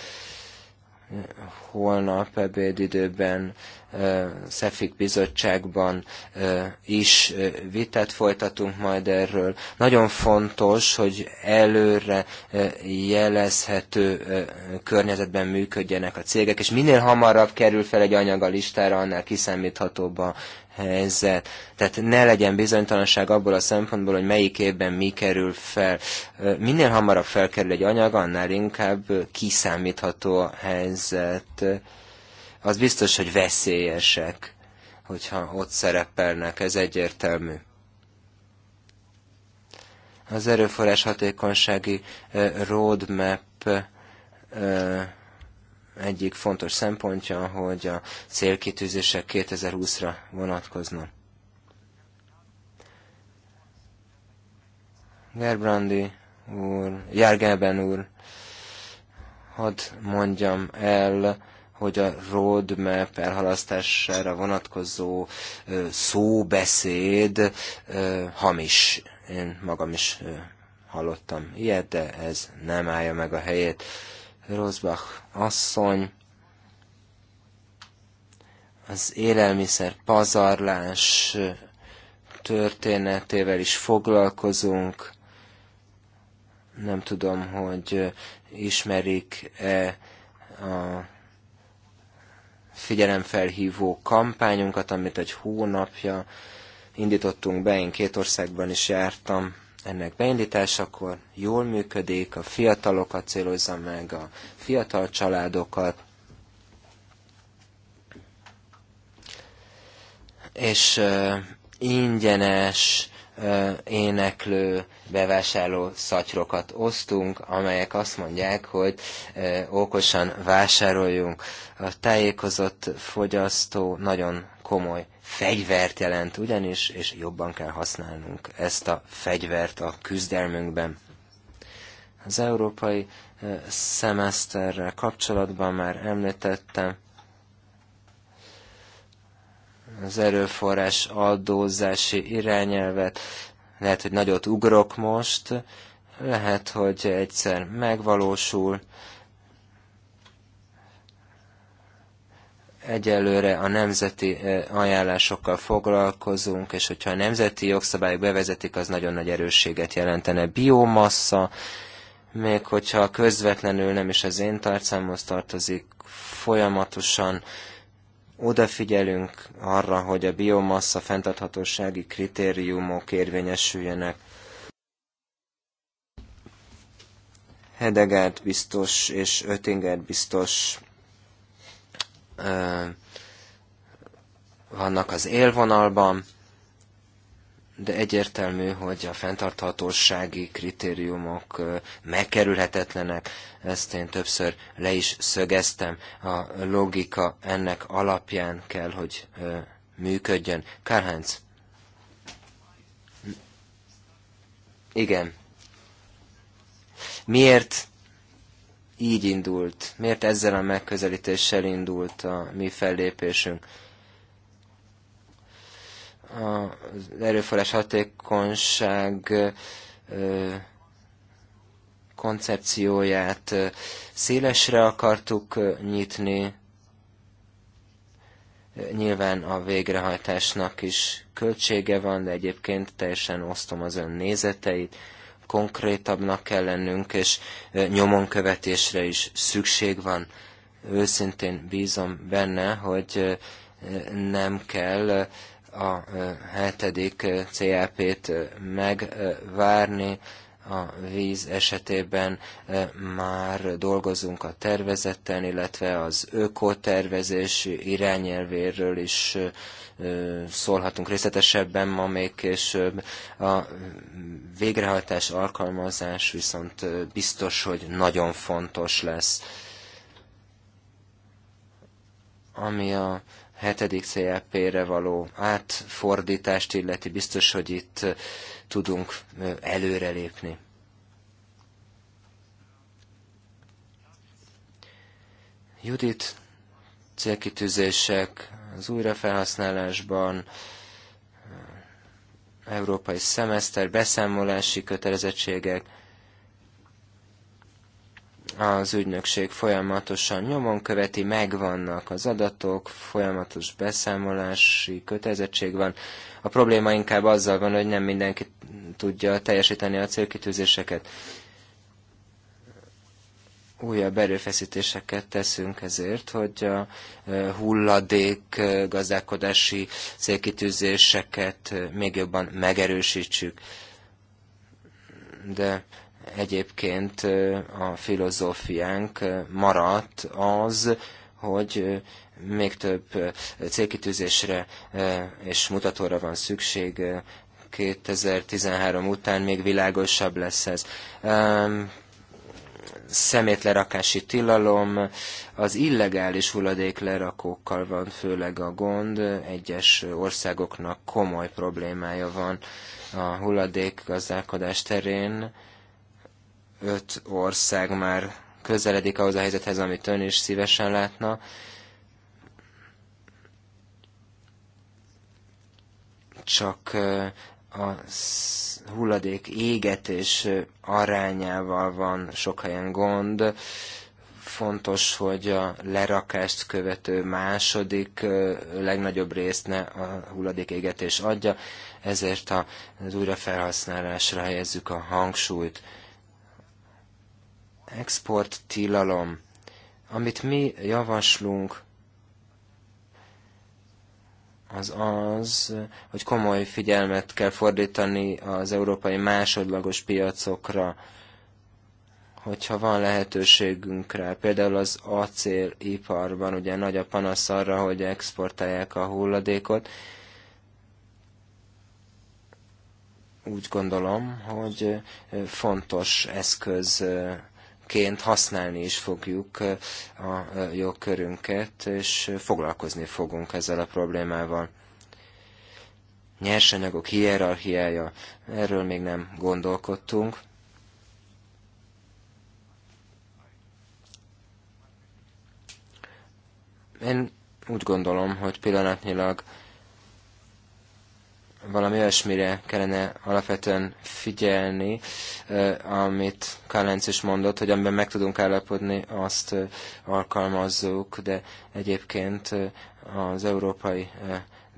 Holnap ebédidőben Szefik bizottságban is vitát folytatunk majd erről. Nagyon fontos, hogy előre jelezhető környezetben működjenek a cégek, és minél hamarabb kerül fel egy anyag a listára, annál kiszámíthatóbb a helyzet. Tehát ne legyen bizonytalanság abból a szempontból, hogy melyik évben mi kerül fel. Minél hamarabb felkerül egy anyag, annál inkább kiszámítható a helyzet. Az biztos, hogy veszélyesek, hogyha ott szerepelnek, ez egyértelmű az erőforrás hatékonysági roadmap egyik fontos szempontja, hogy a célkitűzések 2020-ra vonatkoznak. Gerbrandi úr, Járgelben úr, hadd mondjam el, hogy a roadmap elhalasztására vonatkozó ö, szóbeszéd ö, hamis. Én magam is ö, hallottam ilyet, de ez nem állja meg a helyét. Rosbach asszony, az élelmiszer pazarlás történetével is foglalkozunk. Nem tudom, hogy ismerik-e a figyelemfelhívó kampányunkat, amit egy hónapja indítottunk be, én két országban is jártam ennek beindításakor, jól működik, a fiatalokat célozza meg, a fiatal családokat, és ingyenes éneklő, bevásárló szatyrokat osztunk, amelyek azt mondják, hogy okosan vásároljunk. A tájékozott fogyasztó nagyon komoly fegyvert jelent ugyanis, és jobban kell használnunk ezt a fegyvert a küzdelmünkben. Az Európai szemeszterrel kapcsolatban már említettem, az erőforrás adózási irányelvet, lehet, hogy nagyot ugrok most, lehet, hogy egyszer megvalósul, egyelőre a nemzeti ajánlásokkal foglalkozunk, és hogyha a nemzeti jogszabályok bevezetik, az nagyon nagy erősséget jelentene. Biomassa, még hogyha közvetlenül nem is az én tárcámhoz tartozik, folyamatosan odafigyelünk arra, hogy a biomassa fenntarthatósági kritériumok érvényesüljenek. Hedegárt biztos és Öttinger biztos ö, vannak az élvonalban de egyértelmű, hogy a fenntarthatósági kritériumok megkerülhetetlenek, ezt én többször le is szögeztem. A logika ennek alapján kell, hogy működjön. Karhánc. Igen. Miért így indult? Miért ezzel a megközelítéssel indult a mi fellépésünk? az erőforrás hatékonyság koncepcióját szélesre akartuk nyitni, Nyilván a végrehajtásnak is költsége van, de egyébként teljesen osztom az ön nézeteit, konkrétabbnak kell lennünk, és nyomonkövetésre is szükség van. Őszintén bízom benne, hogy nem kell a hetedik CLP-t megvárni, a víz esetében már dolgozunk a tervezetten, illetve az ökotervezés irányelvéről is szólhatunk részletesebben ma még később. A végrehajtás, alkalmazás viszont biztos, hogy nagyon fontos lesz. Ami a hetedik CLP-re való átfordítást illeti, biztos, hogy itt tudunk előrelépni. Judit célkitűzések az újrafelhasználásban, európai szemeszter, beszámolási kötelezettségek, az ügynökség folyamatosan nyomon követi, megvannak az adatok, folyamatos beszámolási kötelezettség van. A probléma inkább azzal van, hogy nem mindenki tudja teljesíteni a célkitűzéseket. Újabb erőfeszítéseket teszünk ezért, hogy a e, hulladék e, gazdálkodási célkitűzéseket e, még jobban megerősítsük. De egyébként a filozófiánk maradt az, hogy még több célkitűzésre és mutatóra van szükség 2013 után még világosabb lesz ez. Szemétlerakási tilalom, az illegális hulladéklerakókkal van főleg a gond, egyes országoknak komoly problémája van a hulladék gazdálkodás terén, öt ország már közeledik ahhoz a helyzethez, amit ön is szívesen látna. Csak a hulladék égetés arányával van sok helyen gond. Fontos, hogy a lerakást követő második legnagyobb részt ne a hulladék égetés adja, ezért az újrafelhasználásra helyezzük a hangsúlyt export tilalom, amit mi javaslunk, az az, hogy komoly figyelmet kell fordítani az európai másodlagos piacokra, hogyha van lehetőségünk rá. Például az acéliparban ugye nagy a panasz arra, hogy exportálják a hulladékot. Úgy gondolom, hogy fontos eszköz ként használni is fogjuk a jogkörünket, és foglalkozni fogunk ezzel a problémával. Nyersanyagok hierarchiája, erről még nem gondolkodtunk. Én úgy gondolom, hogy pillanatnyilag valami olyasmire kellene alapvetően figyelni, amit Kalenc is mondott, hogy amiben meg tudunk állapodni, azt alkalmazzuk, de egyébként az Európai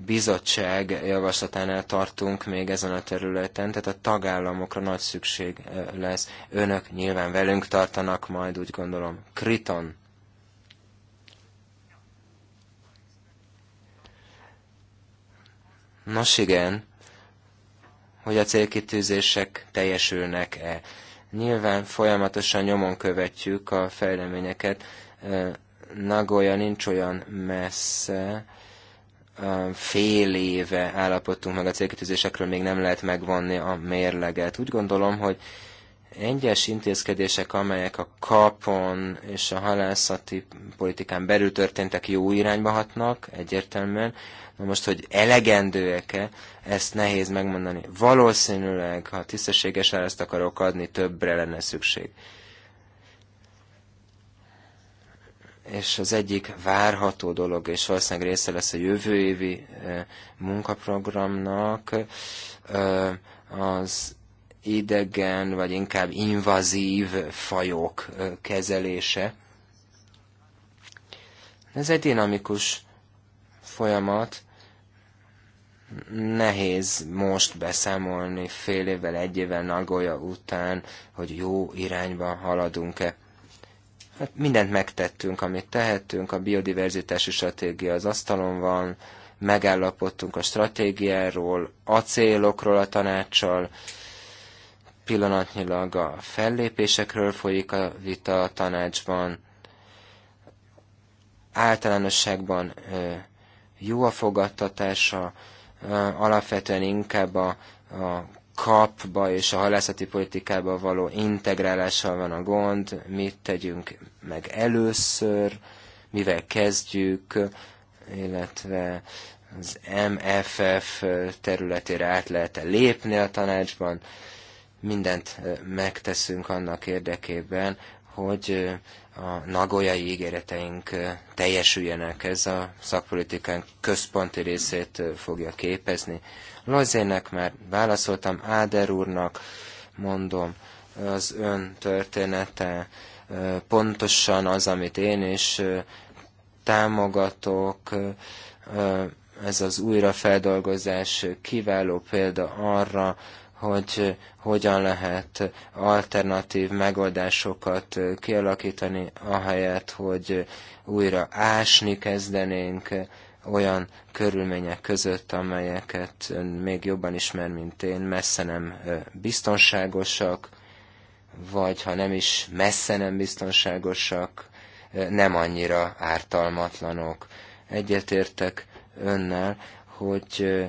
Bizottság javaslatánál tartunk még ezen a területen, tehát a tagállamokra nagy szükség lesz. Önök nyilván velünk tartanak majd, úgy gondolom. Kriton. Nos igen, hogy a célkitűzések teljesülnek-e. Nyilván folyamatosan nyomon követjük a fejleményeket. Nagoya nincs olyan messze, fél éve állapodtunk meg a célkitűzésekről, még nem lehet megvonni a mérleget. Úgy gondolom, hogy egyes intézkedések, amelyek a kapon és a halászati politikán belül történtek, jó irányba hatnak egyértelműen, Na most, hogy elegendőek-e, ezt nehéz megmondani. Valószínűleg, ha tisztességes árazt akarok adni, többre lenne szükség. És az egyik várható dolog, és valószínűleg része lesz a jövő évi eh, munkaprogramnak, eh, az idegen, vagy inkább invazív fajok eh, kezelése. Ez egy dinamikus folyamat, nehéz most beszámolni fél évvel, egy évvel Nagoya után, hogy jó irányban haladunk-e. Hát mindent megtettünk, amit tehettünk, a biodiverzitási stratégia az asztalon van, megállapodtunk a stratégiáról, a célokról a tanácssal, pillanatnyilag a fellépésekről folyik a vita a tanácsban, általánosságban jó a fogadtatása, alapvetően inkább a, a kapba és a halászati politikába való integrálással van a gond, mit tegyünk meg először, mivel kezdjük, illetve az MFF területére át lehet -e lépni a tanácsban. Mindent megteszünk annak érdekében, hogy a nagolyai ígéreteink teljesüljenek. Ez a szakpolitikánk központi részét fogja képezni. Lozének már válaszoltam, Áder úrnak mondom, az ön története pontosan az, amit én is támogatok, ez az újrafeldolgozás kiváló példa arra, hogy eh, hogyan lehet alternatív megoldásokat eh, kialakítani, ahelyett, hogy eh, újra ásni kezdenénk olyan körülmények között, amelyeket ön még jobban ismer, mint én, messze nem biztonságosak, vagy ha nem is messze nem biztonságosak, nem annyira ártalmatlanok. Egyetértek önnel, hogy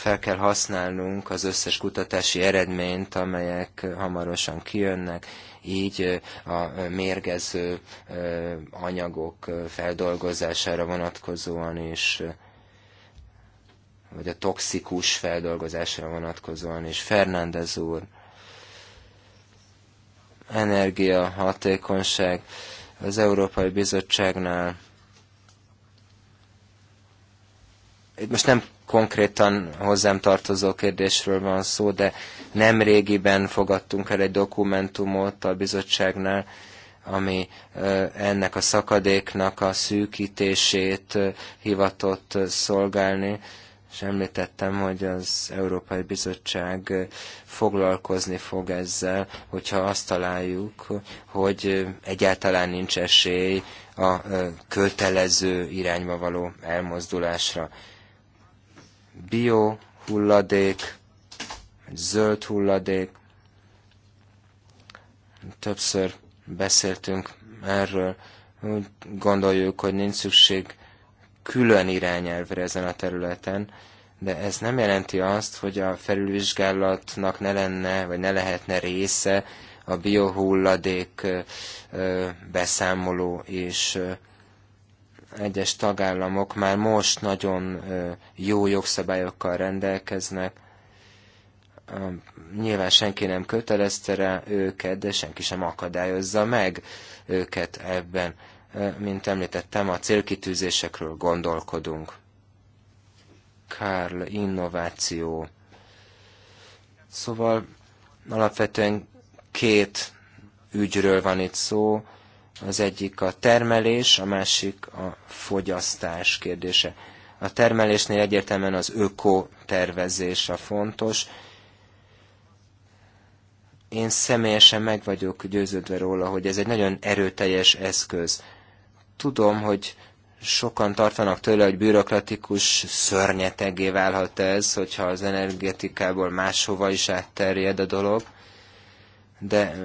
fel kell használnunk az összes kutatási eredményt, amelyek hamarosan kijönnek, így a mérgező anyagok feldolgozására vonatkozóan is vagy a toxikus feldolgozásra vonatkozóan is. Fernández úr, energia, hatékonyság az Európai Bizottságnál. Itt most nem konkrétan hozzám tartozó kérdésről van szó, de nem régiben fogadtunk el egy dokumentumot a bizottságnál, ami ennek a szakadéknak a szűkítését hivatott szolgálni, és említettem, hogy az Európai Bizottság foglalkozni fog ezzel, hogyha azt találjuk, hogy egyáltalán nincs esély a kötelező irányba való elmozdulásra bio hulladék, vagy zöld hulladék. Többször beszéltünk erről, úgy gondoljuk, hogy nincs szükség külön irányelvre ezen a területen, de ez nem jelenti azt, hogy a felülvizsgálatnak ne lenne, vagy ne lehetne része a biohulladék beszámoló és egyes tagállamok már most nagyon jó jogszabályokkal rendelkeznek. Nyilván senki nem kötelezte rá őket, de senki sem akadályozza meg őket ebben. Mint említettem, a célkitűzésekről gondolkodunk. Karl, innováció. Szóval alapvetően két ügyről van itt szó, az egyik a termelés, a másik a fogyasztás kérdése. A termelésnél egyértelműen az öko tervezés a fontos. Én személyesen meg vagyok győződve róla, hogy ez egy nagyon erőteljes eszköz. Tudom, hogy sokan tartanak tőle, hogy bürokratikus szörnyetegé válhat ez, hogyha az energetikából máshova is átterjed a dolog, de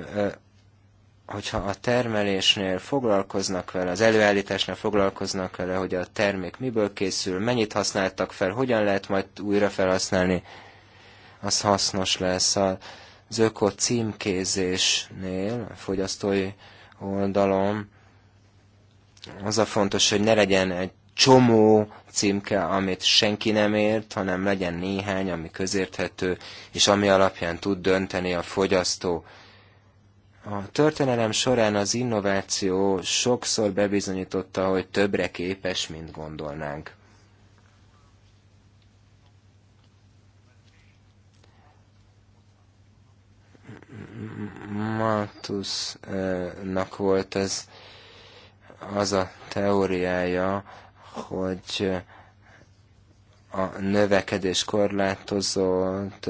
hogyha a termelésnél foglalkoznak vele, az előállításnál foglalkoznak vele, hogy a termék miből készül, mennyit használtak fel, hogyan lehet majd újra felhasználni, az hasznos lesz. Az öko címkézésnél, a fogyasztói oldalon, az a fontos, hogy ne legyen egy csomó címke, amit senki nem ért, hanem legyen néhány, ami közérthető, és ami alapján tud dönteni a fogyasztó a történelem során az innováció sokszor bebizonyította, hogy többre képes, mint gondolnánk. Matusnak volt ez az a teóriája, hogy a növekedés korlátozott,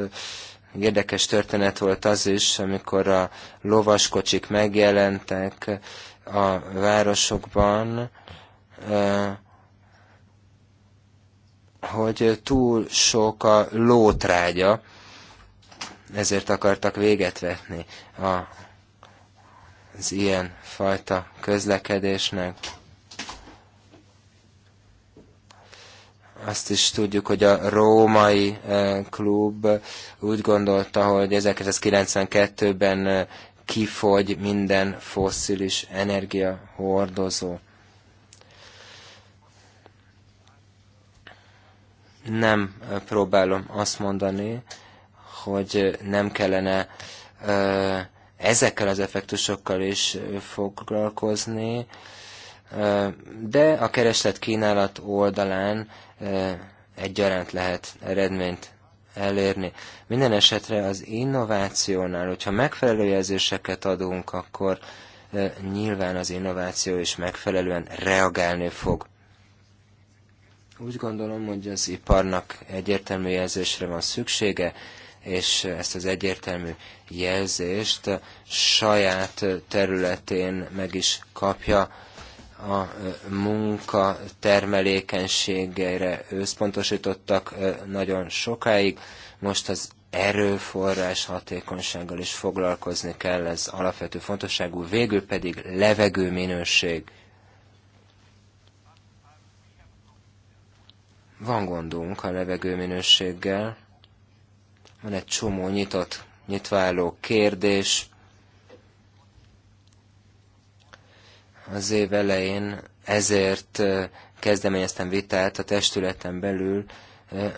Érdekes történet volt az is, amikor a lovaskocsik megjelentek a városokban, hogy túl sok a lótrágya, ezért akartak véget vetni az ilyen fajta közlekedésnek. Azt is tudjuk, hogy a római eh, klub úgy gondolta, hogy 1992-ben eh, kifogy minden fosszilis energiahordozó. Nem eh, próbálom azt mondani, hogy nem kellene ezekkel az effektusokkal is foglalkozni, de a kereslet kínálat oldalán E, egyaránt lehet eredményt elérni. Minden esetre az innovációnál, hogyha megfelelő jelzéseket adunk, akkor e, nyilván az innováció is megfelelően reagálni fog. Úgy gondolom, hogy az iparnak egyértelmű jelzésre van szüksége, és ezt az egyértelmű jelzést saját területén meg is kapja a e, munka termelékenységére összpontosítottak e, nagyon sokáig, most az erőforrás hatékonysággal is foglalkozni kell, ez alapvető fontosságú, végül pedig levegő minőség. Van gondunk a levegő minőséggel, van egy csomó nyitott, nyitváló kérdés, az év elején ezért kezdeményeztem vitát a testületen belül,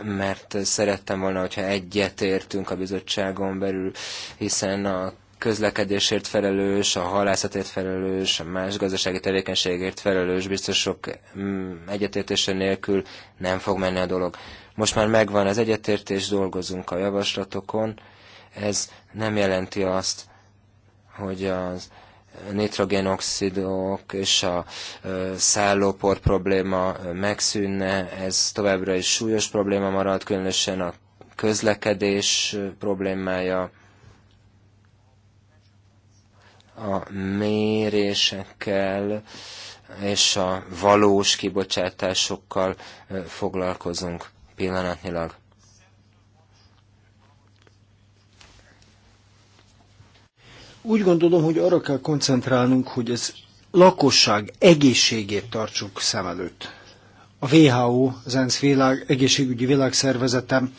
mert szerettem volna, hogyha egyet értünk a bizottságon belül, hiszen a közlekedésért felelős, a halászatért felelős, a más gazdasági tevékenységért felelős, biztos sok mm, egyetértése nélkül nem fog menni a dolog. Most már megvan az egyetértés, dolgozunk a javaslatokon. Ez nem jelenti azt, hogy az nitrogénoxidok és a szállópor probléma megszűnne, ez továbbra is súlyos probléma marad, különösen a közlekedés problémája, a mérésekkel és a valós kibocsátásokkal foglalkozunk pillanatnyilag. Úgy gondolom, hogy arra kell koncentrálnunk, hogy ez lakosság egészségét tartsuk szem előtt. A WHO, az ENSZ világ, egészségügyi világszervezetem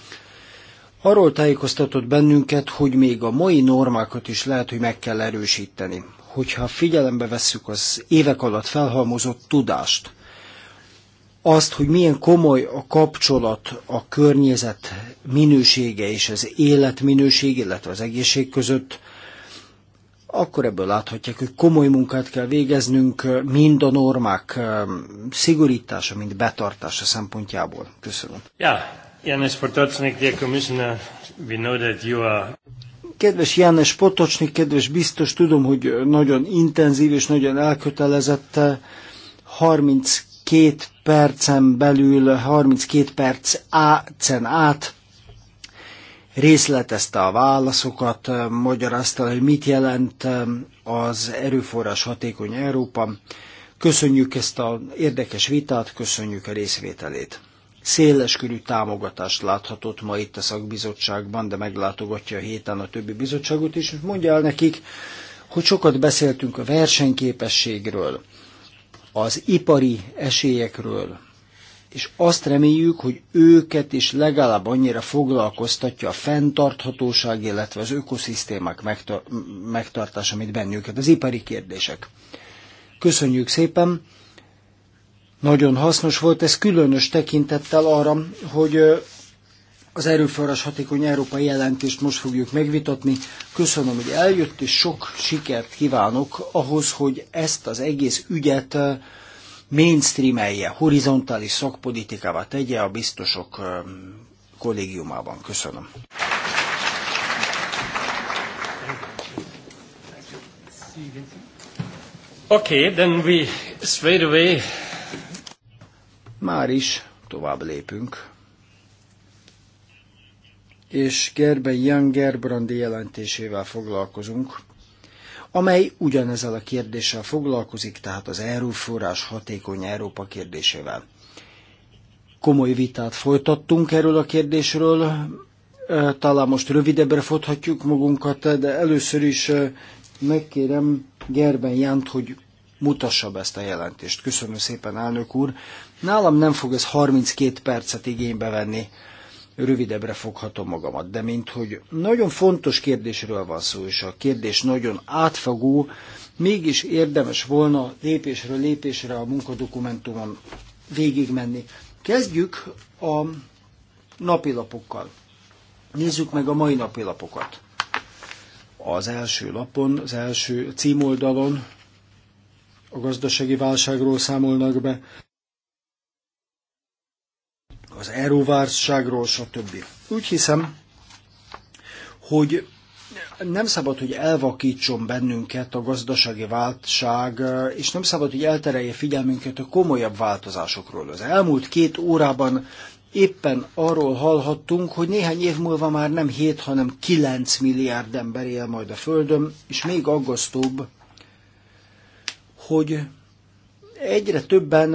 arról tájékoztatott bennünket, hogy még a mai normákat is lehet, hogy meg kell erősíteni. Hogyha figyelembe vesszük az évek alatt felhalmozott tudást, azt, hogy milyen komoly a kapcsolat a környezet minősége és az élet minőség, illetve az egészség között, akkor ebből láthatják, hogy komoly munkát kell végeznünk mind a normák szigorítása, mind betartása szempontjából. Köszönöm. Ja, Janes Potocnik, dear Commissioner, we know that you are... Kedves János Potocnik, kedves biztos, tudom, hogy nagyon intenzív és nagyon elkötelezett 32 percen belül, 32 perc á, át részletezte a válaszokat, magyarázta, hogy mit jelent az erőforrás hatékony Európa. Köszönjük ezt a érdekes vitát, köszönjük a részvételét. Széles körű támogatást láthatott ma itt a szakbizottságban, de meglátogatja a héten a többi bizottságot is, és mondja el nekik, hogy sokat beszéltünk a versenyképességről, az ipari esélyekről, és azt reméljük, hogy őket is legalább annyira foglalkoztatja a fenntarthatóság, illetve az ökoszisztémák megtar- megtartása, amit bennünket, az ipari kérdések. Köszönjük szépen! Nagyon hasznos volt ez, különös tekintettel arra, hogy az erőforrás hatékony európai jelentést most fogjuk megvitatni. Köszönöm, hogy eljött, és sok sikert kívánok ahhoz, hogy ezt az egész ügyet mainstreamelje, horizontális szakpolitikával tegye a biztosok kollégiumában. Köszönöm. Okay, then we straight away. Már is tovább lépünk. És Gerben Jan Gerbrandi jelentésével foglalkozunk amely ugyanezzel a kérdéssel foglalkozik, tehát az erőforrás hatékony Európa kérdésével. Komoly vitát folytattunk erről a kérdésről, talán most rövidebbre fothatjuk magunkat, de először is megkérem Gerben Jánt, hogy mutassa be ezt a jelentést. Köszönöm szépen, elnök úr. Nálam nem fog ez 32 percet igénybe venni rövidebbre foghatom magamat. De mint hogy nagyon fontos kérdésről van szó, és a kérdés nagyon átfogó, mégis érdemes volna lépésről lépésre a munkadokumentumon végigmenni. Kezdjük a napilapokkal. Nézzük meg a mai napilapokat. Az első lapon, az első címoldalon a gazdasági válságról számolnak be az euróvárságról, stb. Úgy hiszem, hogy nem szabad, hogy elvakítson bennünket a gazdasági váltság, és nem szabad, hogy elterelje figyelmünket a komolyabb változásokról. Az elmúlt két órában éppen arról hallhattunk, hogy néhány év múlva már nem 7, hanem 9 milliárd ember él majd a Földön, és még aggasztóbb, hogy egyre többen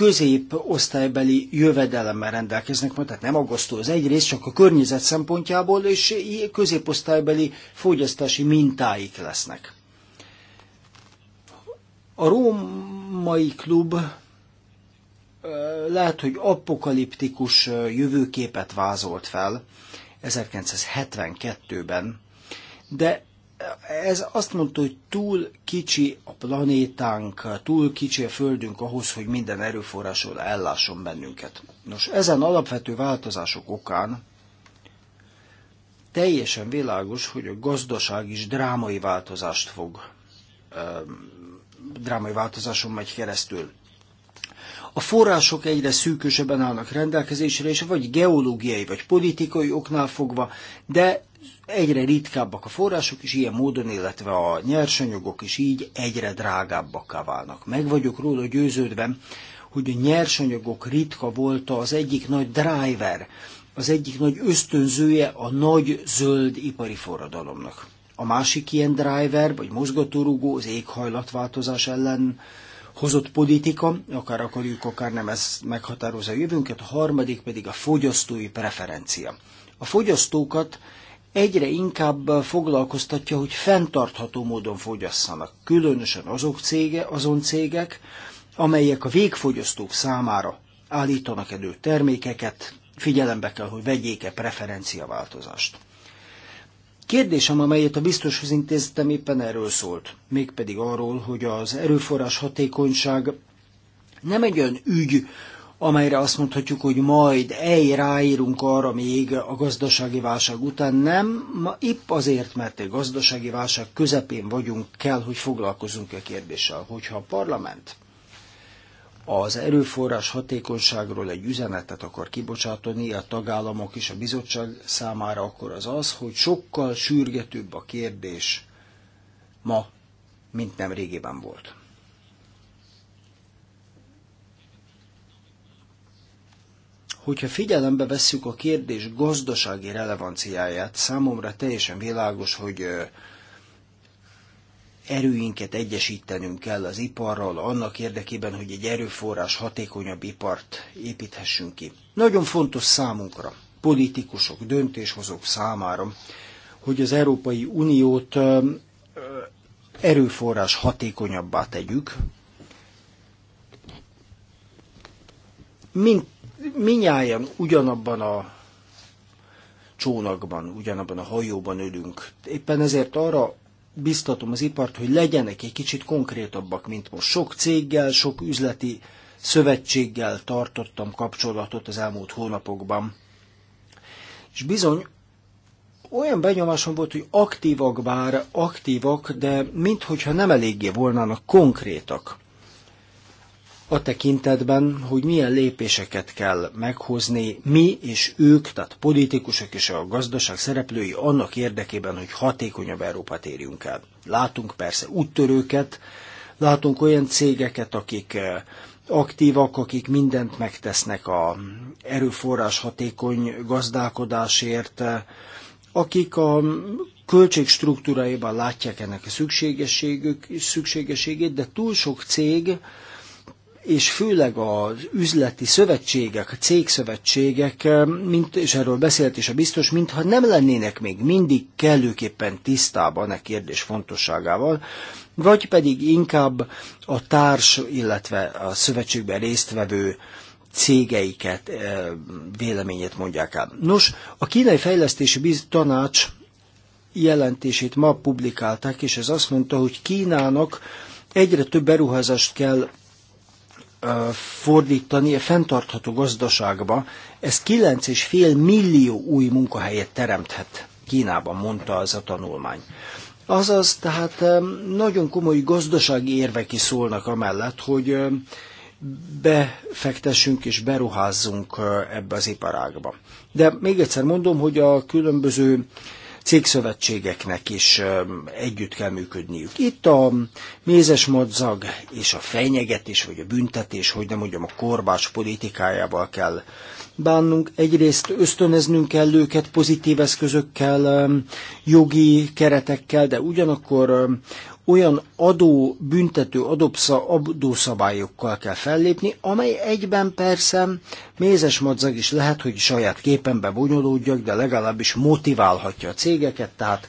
középosztálybeli jövedelemmel rendelkeznek, majd tehát nem aggasztó az egyrészt, csak a környezet szempontjából, és középosztálybeli fogyasztási mintáik lesznek. A római klub lehet, hogy apokaliptikus jövőképet vázolt fel 1972-ben, de ez azt mondta, hogy túl kicsi a planétánk, túl kicsi a földünk ahhoz, hogy minden erőforrásról ellásson bennünket. Nos, ezen alapvető változások okán teljesen világos, hogy a gazdaság is drámai változást fog, drámai változáson megy keresztül. A források egyre szűkösebben állnak rendelkezésre, és vagy geológiai, vagy politikai oknál fogva, de egyre ritkábbak a források, és ilyen módon, illetve a nyersanyagok is így egyre drágábbakká válnak. Meg vagyok róla győződve, hogy a nyersanyagok ritka volt az egyik nagy driver, az egyik nagy ösztönzője a nagy zöld ipari forradalomnak. A másik ilyen driver, vagy mozgatórugó az éghajlatváltozás ellen hozott politika, akár akarjuk, akár nem, ez meghatározza a jövőnket, a harmadik pedig a fogyasztói preferencia. A fogyasztókat egyre inkább foglalkoztatja, hogy fenntartható módon fogyasszanak, különösen azok cége, azon cégek, amelyek a végfogyasztók számára állítanak elő termékeket, figyelembe kell, hogy vegyék-e preferenciaváltozást. Kérdésem, amelyet a biztoshoz intéztem, éppen erről szólt, mégpedig arról, hogy az erőforrás hatékonyság nem egy olyan ügy, amelyre azt mondhatjuk, hogy majd egy ráírunk arra még a gazdasági válság után. Nem, ma épp azért, mert egy gazdasági válság közepén vagyunk, kell, hogy foglalkozunk a kérdéssel. Hogyha a parlament az erőforrás hatékonyságról egy üzenetet akar kibocsátani a tagállamok és a bizottság számára, akkor az az, hogy sokkal sürgetőbb a kérdés ma, mint nem régében volt. Hogyha figyelembe vesszük a kérdés gazdasági relevanciáját, számomra teljesen világos, hogy erőinket egyesítenünk kell az iparral, annak érdekében, hogy egy erőforrás hatékonyabb ipart építhessünk ki. Nagyon fontos számunkra, politikusok, döntéshozók számára, hogy az Európai Uniót erőforrás hatékonyabbá tegyük, mint minnyáján ugyanabban a csónakban, ugyanabban a hajóban ülünk. Éppen ezért arra biztatom az ipart, hogy legyenek egy kicsit konkrétabbak, mint most. Sok céggel, sok üzleti szövetséggel tartottam kapcsolatot az elmúlt hónapokban. És bizony olyan benyomásom volt, hogy aktívak bár aktívak, de minthogyha nem eléggé volnának konkrétak a tekintetben, hogy milyen lépéseket kell meghozni mi és ők, tehát politikusok és a gazdaság szereplői annak érdekében, hogy hatékonyabb Európát érjünk el. Látunk persze úttörőket, látunk olyan cégeket, akik eh, aktívak, akik mindent megtesznek a erőforrás hatékony gazdálkodásért, eh, akik a költségstruktúraiban látják ennek a szükségességét, de túl sok cég és főleg az üzleti szövetségek, a cégszövetségek, eh, mint, és erről beszélt is a biztos, mintha nem lennének még mindig kellőképpen tisztában a e kérdés fontosságával, vagy pedig inkább a társ, illetve a szövetségben résztvevő cégeiket, eh, véleményét mondják el. Nos, a Kínai Fejlesztési Biz Tanács jelentését ma publikálták, és ez azt mondta, hogy Kínának egyre több beruházást kell fordítani a fenntartható gazdaságba, ez 9,5 millió új munkahelyet teremthet Kínában, mondta ez a tanulmány. Azaz, tehát nagyon komoly gazdasági érvek is szólnak amellett, hogy befektessünk és beruházzunk ebbe az iparágba. De még egyszer mondom, hogy a különböző cégszövetségeknek is együtt kell működniük. Itt a mézes madzag és a fenyegetés, vagy a büntetés, hogy nem mondjam, a korbács politikájával kell bánnunk. Egyrészt ösztönöznünk kell őket pozitív eszközökkel, jogi keretekkel, de ugyanakkor olyan adó büntető adopsza adószabályokkal kell fellépni, amely egyben persze mézes madzag is lehet, hogy saját képenbe bonyolódjak, de legalábbis motiválhatja a cégeket, tehát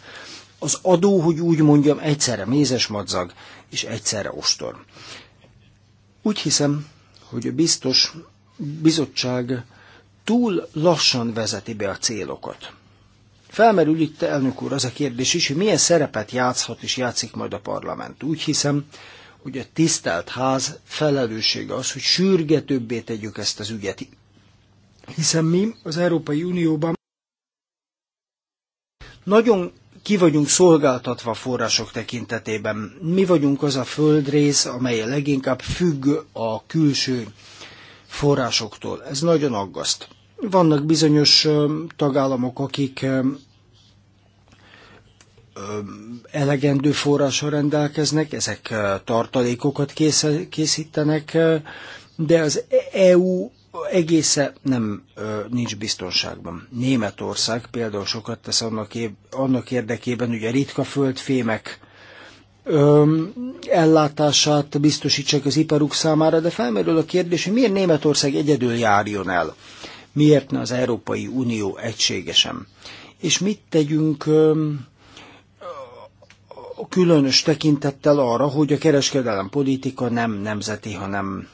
az adó, hogy úgy mondjam, egyszerre mézes madzag és egyszerre ostor. Úgy hiszem, hogy a biztos bizottság túl lassan vezeti be a célokat. Felmerül itt, elnök úr, az a kérdés is, hogy milyen szerepet játszhat és játszik majd a parlament. Úgy hiszem, hogy a tisztelt ház felelőssége az, hogy sürgetőbbé tegyük ezt az ügyet. Hiszen mi az Európai Unióban nagyon ki vagyunk szolgáltatva források tekintetében. Mi vagyunk az a földrész, amely leginkább függ a külső forrásoktól. Ez nagyon aggaszt. Vannak bizonyos tagállamok, akik elegendő forrásra rendelkeznek, ezek tartalékokat készítenek, de az EU egésze nem nincs biztonságban. Németország például sokat tesz annak, annak érdekében, hogy a ritka földfémek ellátását biztosítsák az iparuk számára, de felmerül a kérdés, hogy miért Németország egyedül járjon el miért ne az Európai Unió egységesen. És mit tegyünk különös tekintettel arra, hogy a kereskedelem politika nem nemzeti, hanem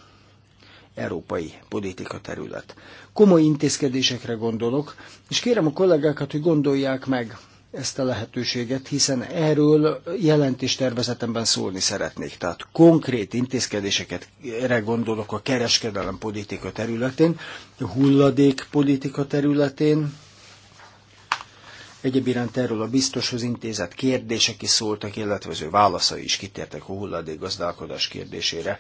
európai politika terület. Komoly intézkedésekre gondolok, és kérem a kollégákat, hogy gondolják meg, ezt a lehetőséget, hiszen erről jelentéstervezetemben szólni szeretnék. Tehát konkrét intézkedéseket erre gondolok a kereskedelem politika területén, a hulladék politika területén, Egyéb iránt erről a biztoshoz intézett kérdések is szóltak, illetve az ő válaszai is kitértek a hulladékgazdálkodás kérdésére.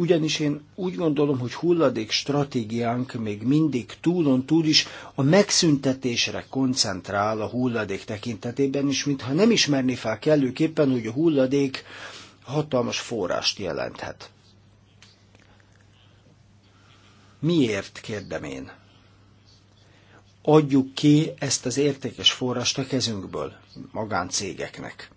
Ugyanis én úgy gondolom, hogy hulladék stratégiánk még mindig túlon túl is a megszüntetésre koncentrál a hulladék tekintetében, és mintha nem ismerni fel kellőképpen, hogy a hulladék hatalmas forrást jelenthet. Miért, kérdem én? Adjuk ki ezt az értékes forrást a kezünkből magáncégeknek.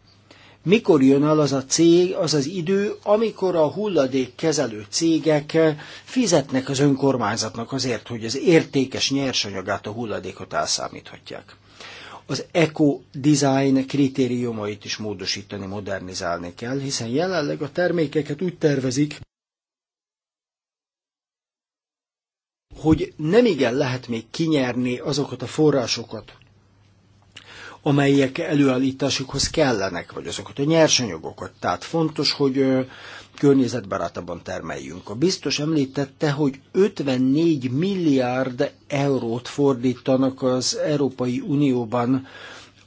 Mikor jön el az a cég, az az idő, amikor a hulladékkezelő cégek fizetnek az önkormányzatnak azért, hogy az értékes nyersanyagát, a hulladékot elszámíthatják. Az eco-design kritériumait is módosítani, modernizálni kell, hiszen jelenleg a termékeket úgy tervezik, hogy nem igen lehet még kinyerni azokat a forrásokat, amelyek előállításukhoz kellenek, vagy azokat a nyersanyagokat. Tehát fontos, hogy környezetbarátabban termeljünk. A biztos említette, hogy 54 milliárd eurót fordítanak az Európai Unióban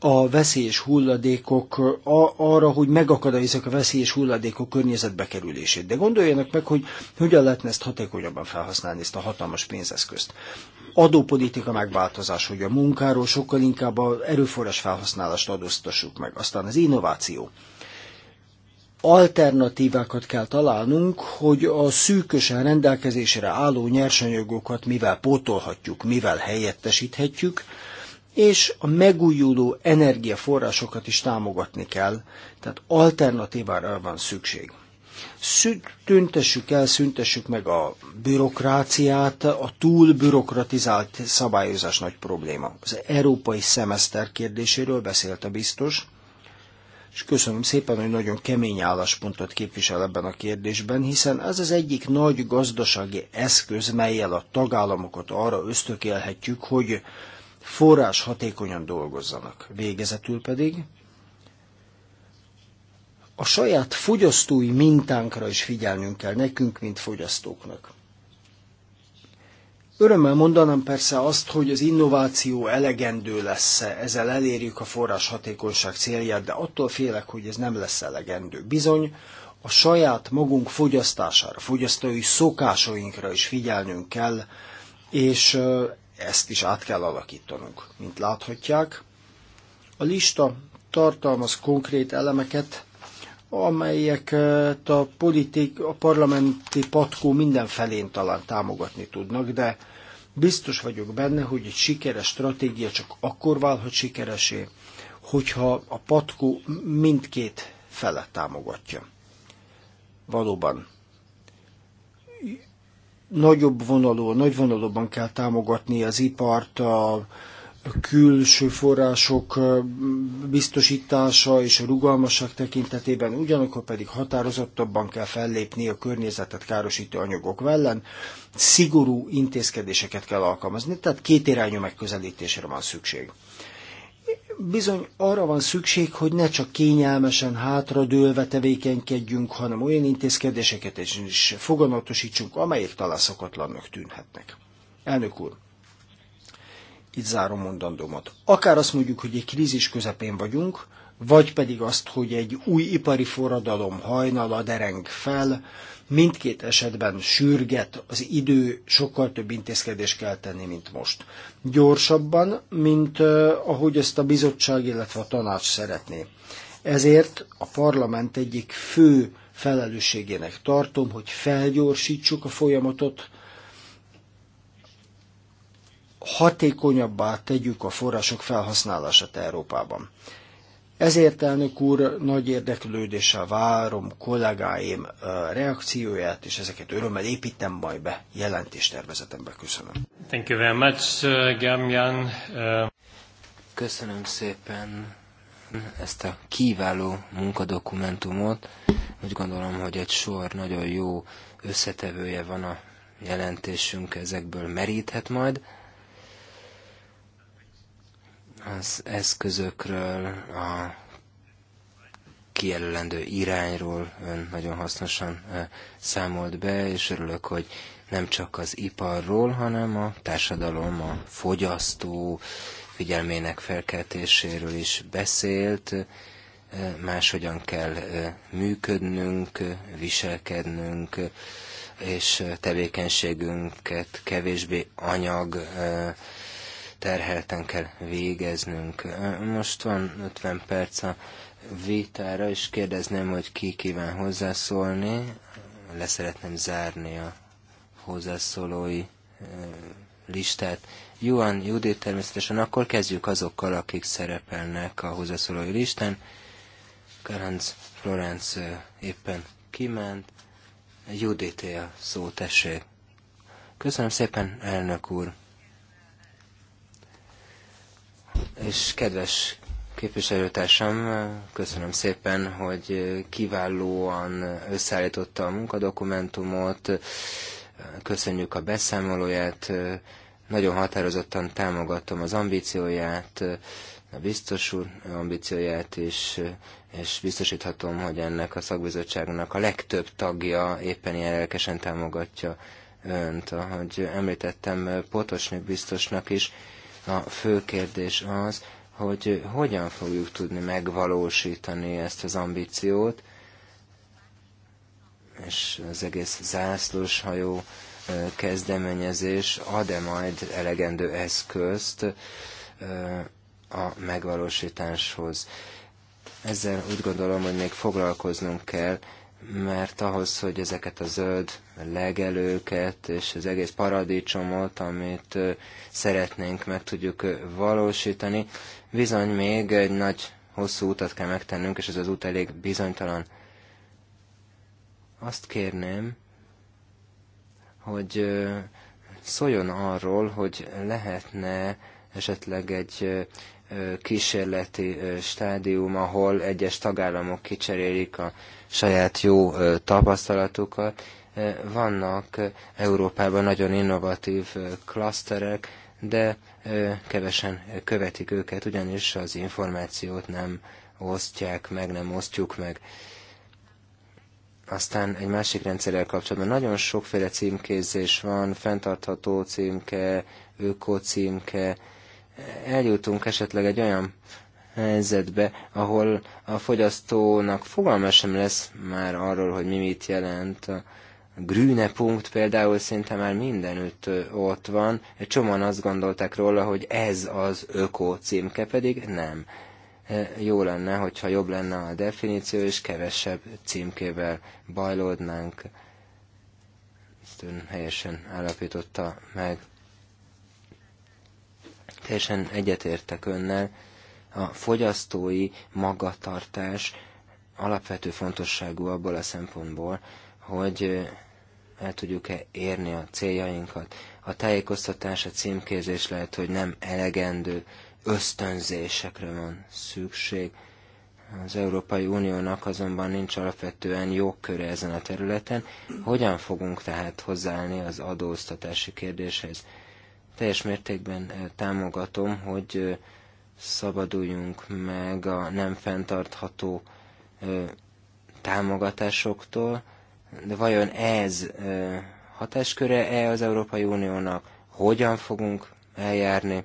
a veszélyes hulladékok, a, arra, hogy megakadályozzák a veszélyes hulladékok környezetbe kerülését. De gondoljanak meg, hogy hogyan lehetne ezt hatékonyabban felhasználni, ezt a hatalmas pénzeszközt adópolitika megváltozás, hogy a munkáról sokkal inkább a erőforrás felhasználást adóztassuk meg. Aztán az innováció. Alternatívákat kell találnunk, hogy a szűkösen rendelkezésre álló nyersanyagokat mivel pótolhatjuk, mivel helyettesíthetjük, és a megújuló energiaforrásokat is támogatni kell, tehát alternatívára van szükség tüntessük el, szüntessük meg a bürokráciát, a túl bürokratizált szabályozás nagy probléma. Az európai szemeszter kérdéséről beszélt a biztos, és köszönöm szépen, hogy nagyon kemény álláspontot képvisel ebben a kérdésben, hiszen ez az egyik nagy gazdasági eszköz, melyel a tagállamokat arra ösztökélhetjük, hogy forrás hatékonyan dolgozzanak. Végezetül pedig a saját fogyasztói mintánkra is figyelnünk kell nekünk, mint fogyasztóknak. Örömmel mondanám persze azt, hogy az innováció elegendő lesz, -e, ezzel elérjük a forrás hatékonyság célját, de attól félek, hogy ez nem lesz elegendő. Bizony, a saját magunk fogyasztására, fogyasztói szokásainkra is figyelnünk kell, és ezt is át kell alakítanunk. Mint láthatják, a lista tartalmaz konkrét elemeket, amelyeket a, politik, a parlamenti patkó mindenfelén talán támogatni tudnak, de biztos vagyok benne, hogy egy sikeres stratégia csak akkor válhat sikeresé, hogyha a patkó mindkét fele támogatja. Valóban nagyobb vonalú, nagy vonalúban kell támogatni az ipart, a külső források biztosítása és a rugalmasság tekintetében, ugyanakkor pedig határozottabban kell fellépni a környezetet károsító anyagok ellen, szigorú intézkedéseket kell alkalmazni, tehát kétirányú megközelítésre van szükség. Bizony arra van szükség, hogy ne csak kényelmesen hátradőlve tevékenykedjünk, hanem olyan intézkedéseket is foganatosítsunk, amelyek talán szokatlannak tűnhetnek. Elnök úr, itt zárom mondandómat. Akár azt mondjuk, hogy egy krízis közepén vagyunk, vagy pedig azt, hogy egy új ipari forradalom hajnala dereng fel, mindkét esetben sürget, az idő sokkal több intézkedést kell tenni, mint most. Gyorsabban, mint uh, ahogy ezt a bizottság, illetve a tanács szeretné. Ezért a parlament egyik fő felelősségének tartom, hogy felgyorsítsuk a folyamatot, hatékonyabbá tegyük a források felhasználását Európában. Ezért, elnök úr, nagy érdeklődéssel várom kollégáim reakcióját, és ezeket örömmel építem majd be jelentéstervezetembe. Köszönöm. Thank you very much, Gamjan. Köszönöm szépen ezt a kiváló munkadokumentumot. Úgy gondolom, hogy egy sor nagyon jó összetevője van a jelentésünk, ezekből meríthet majd az eszközökről, a kijelölendő irányról ön nagyon hasznosan számolt be, és örülök, hogy nem csak az iparról, hanem a társadalom, a fogyasztó figyelmének felkeltéséről is beszélt, máshogyan kell működnünk, viselkednünk, és tevékenységünket kevésbé anyag terhelten kell végeznünk. Most van 50 perc a vitára, és kérdezném, hogy ki kíván hozzászólni. Leszeretném zárni a hozzászólói listát. Juan, Judit természetesen, akkor kezdjük azokkal, akik szerepelnek a hozzászólói listán. Karanc Florenc éppen kiment. Judit, a szó, tessék. Köszönöm szépen, elnök úr. És kedves képviselőtársam, köszönöm szépen, hogy kiválóan összeállította a munkadokumentumot, köszönjük a beszámolóját, nagyon határozottan támogatom az ambícióját, a biztos úr ambícióját is, és biztosíthatom, hogy ennek a szakbizottságnak a legtöbb tagja éppen ilyen lelkesen támogatja önt. Ahogy említettem, Potosnik biztosnak is a fő kérdés az, hogy hogyan fogjuk tudni megvalósítani ezt az ambíciót, és az egész zászlós hajó kezdeményezés ad-e majd elegendő eszközt a megvalósításhoz. Ezzel úgy gondolom, hogy még foglalkoznunk kell, mert ahhoz, hogy ezeket a zöld legelőket és az egész paradicsomot, amit szeretnénk, meg tudjuk valósítani, bizony még egy nagy hosszú utat kell megtennünk, és ez az út elég bizonytalan. Azt kérném, hogy szóljon arról, hogy lehetne esetleg egy kísérleti stádium, ahol egyes tagállamok kicserélik a saját jó tapasztalatukat. Vannak Európában nagyon innovatív klaszterek, de kevesen követik őket, ugyanis az információt nem osztják meg, nem osztjuk meg. Aztán egy másik rendszerrel kapcsolatban nagyon sokféle címkézés van, fenntartható címke, öko címke. Eljutunk esetleg egy olyan helyzetbe, ahol a fogyasztónak fogalma sem lesz már arról, hogy mi mit jelent. A Grüne punkt például szinte már mindenütt ott van. Egy csomóan azt gondolták róla, hogy ez az öko címke, pedig nem. Jó lenne, hogyha jobb lenne a definíció, és kevesebb címkével bajlódnánk. Ezt ön helyesen állapította meg. Teljesen egyetértek önnel a fogyasztói magatartás alapvető fontosságú abból a szempontból, hogy el tudjuk-e érni a céljainkat. A tájékoztatás, a címkézés lehet, hogy nem elegendő ösztönzésekre van szükség. Az Európai Uniónak azonban nincs alapvetően jogköre ezen a területen. Hogyan fogunk tehát hozzáállni az adóztatási kérdéshez? Teljes mértékben támogatom, hogy szabaduljunk meg a nem fenntartható támogatásoktól, de vajon ez hatásköre-e az Európai Uniónak? Hogyan fogunk eljárni?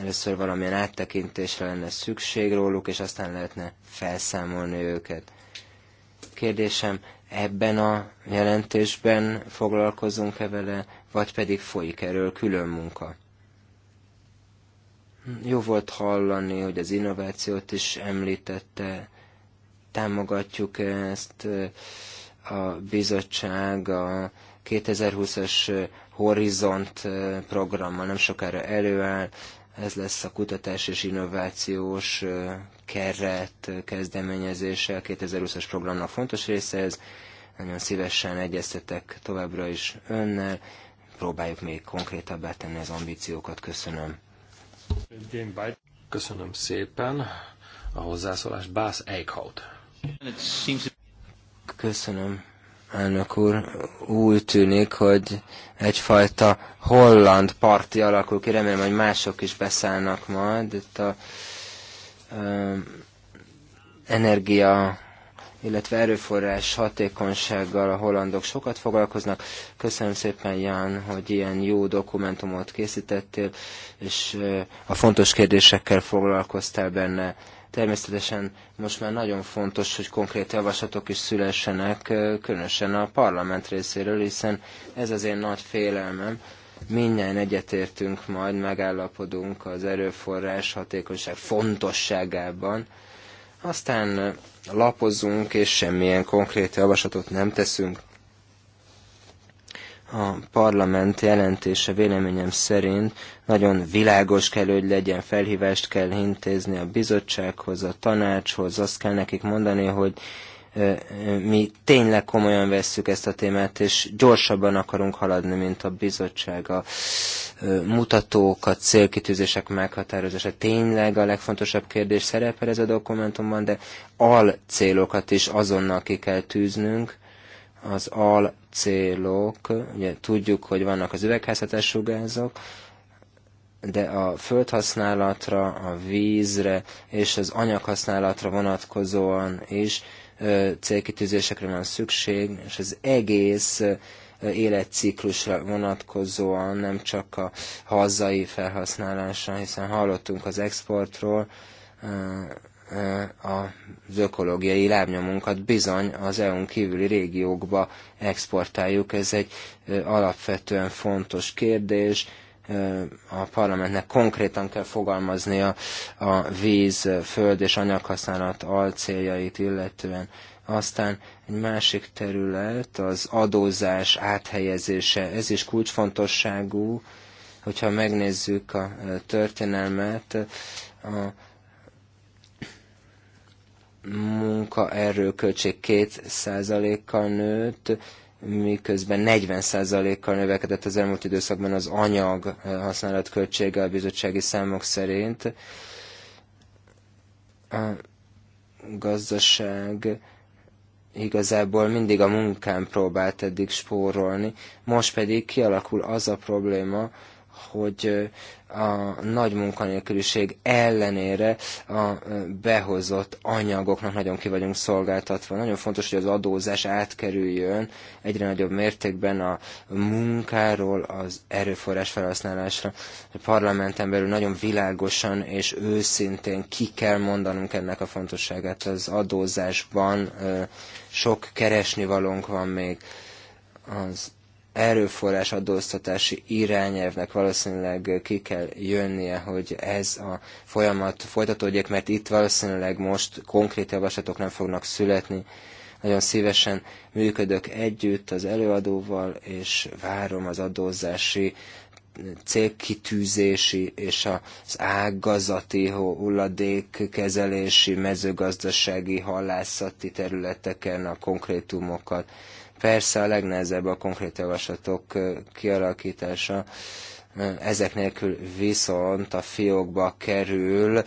Először valamilyen áttekintésre lenne szükség róluk, és aztán lehetne felszámolni őket. Kérdésem, ebben a jelentésben foglalkozunk-e vele, vagy pedig folyik erről külön munka? Jó volt hallani, hogy az innovációt is említette, támogatjuk ezt, a bizottság a 2020-as Horizont programmal nem sokára előáll, ez lesz a kutatás és innovációs keret kezdeményezése, a 2020-as programnak fontos része ez, nagyon szívesen egyeztetek továbbra is önnel, próbáljuk még konkrétabbá tenni az ambíciókat, köszönöm. Köszönöm szépen a hozzászólást. Bász Eichhout. Köszönöm, elnök úr. Úgy tűnik, hogy egyfajta holland parti alakul ki. Remélem, hogy mások is beszállnak majd. Itt a um, energia illetve erőforrás hatékonysággal a hollandok sokat foglalkoznak. Köszönöm szépen, Ján, hogy ilyen jó dokumentumot készítettél, és eh, a fontos kérdésekkel foglalkoztál benne. Természetesen most már nagyon fontos, hogy konkrét javaslatok is szülessenek, eh, különösen a parlament részéről, hiszen ez az én nagy félelmem, Minden egyetértünk majd, megállapodunk az erőforrás hatékonyság fontosságában, aztán eh, lapozunk, és semmilyen konkrét javaslatot nem teszünk. A parlament jelentése véleményem szerint nagyon világos kell, hogy legyen, felhívást kell intézni a bizottsághoz, a tanácshoz, azt kell nekik mondani, hogy mi tényleg komolyan vesszük ezt a témát, és gyorsabban akarunk haladni, mint a bizottság. A mutatók, a célkitűzések meghatározása tényleg a legfontosabb kérdés szerepel ez a dokumentumban, de al célokat is azonnal ki kell tűznünk. Az al célok, ugye tudjuk, hogy vannak az üvegházhatású gázok, de a földhasználatra, a vízre és az anyaghasználatra vonatkozóan is célkitűzésekre van szükség, és az egész életciklusra vonatkozóan, nem csak a hazai felhasználásra, hiszen hallottunk az exportról, az ökológiai lábnyomunkat bizony az EU-n kívüli régiókba exportáljuk. Ez egy alapvetően fontos kérdés, a parlamentnek konkrétan kell fogalmaznia a víz, föld és anyaghasználat alcéljait illetően. Aztán egy másik terület az adózás áthelyezése. Ez is kulcsfontosságú, hogyha megnézzük a történelmet, a munkaerőköltség 2%-kal nőtt, miközben 40%-kal növekedett az elmúlt időszakban az anyag eh, használat költsége a bizottsági számok szerint. A gazdaság igazából mindig a munkán próbált eddig spórolni, most pedig kialakul az a probléma, hogy eh, a nagy munkanélküliség ellenére a behozott anyagoknak nagyon ki vagyunk szolgáltatva. Nagyon fontos, hogy az adózás átkerüljön egyre nagyobb mértékben a munkáról az erőforrás felhasználásra. A parlamenten belül nagyon világosan és őszintén ki kell mondanunk ennek a fontosságát. Az adózásban sok keresnivalónk van még az erőforrás adóztatási irányelvnek valószínűleg ki kell jönnie, hogy ez a folyamat folytatódjék, mert itt valószínűleg most konkrét javaslatok nem fognak születni. Nagyon szívesen működök együtt az előadóval, és várom az adózási célkitűzési és az ágazati hulladékkezelési, mezőgazdasági, halászati területeken a konkrétumokat. Persze a legnehezebb a konkrét javaslatok kialakítása, ezek nélkül viszont a fiókba kerül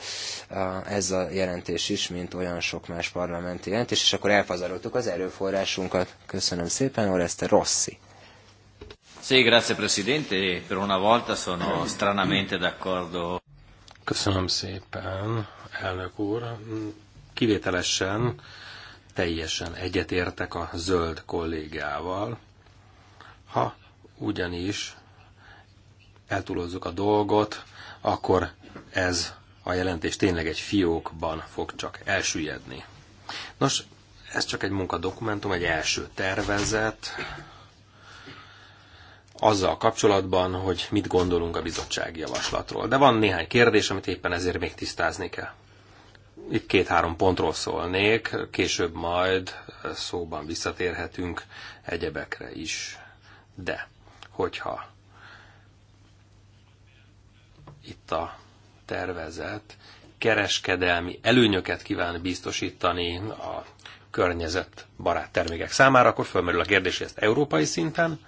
ez a jelentés is, mint olyan sok más parlamenti jelentés, és akkor elfazaroltuk az erőforrásunkat. Köszönöm szépen, Oreste Rossi. Sì, grazie Presidente, per una volta sono stranamente d'accordo. Köszönöm szépen, elnök úr. Kivételesen teljesen egyetértek a zöld kollégával, ha ugyanis eltúlozzuk a dolgot, akkor ez a jelentés tényleg egy fiókban fog csak elsüllyedni. Nos, ez csak egy munkadokumentum, egy első tervezet, azzal kapcsolatban, hogy mit gondolunk a bizottsági javaslatról. De van néhány kérdés, amit éppen ezért még tisztázni kell itt két-három pontról szólnék, később majd szóban visszatérhetünk egyebekre is. De, hogyha itt a tervezet kereskedelmi előnyöket kíván biztosítani a környezetbarát termékek számára, akkor fölmerül a kérdés, hogy ezt európai szinten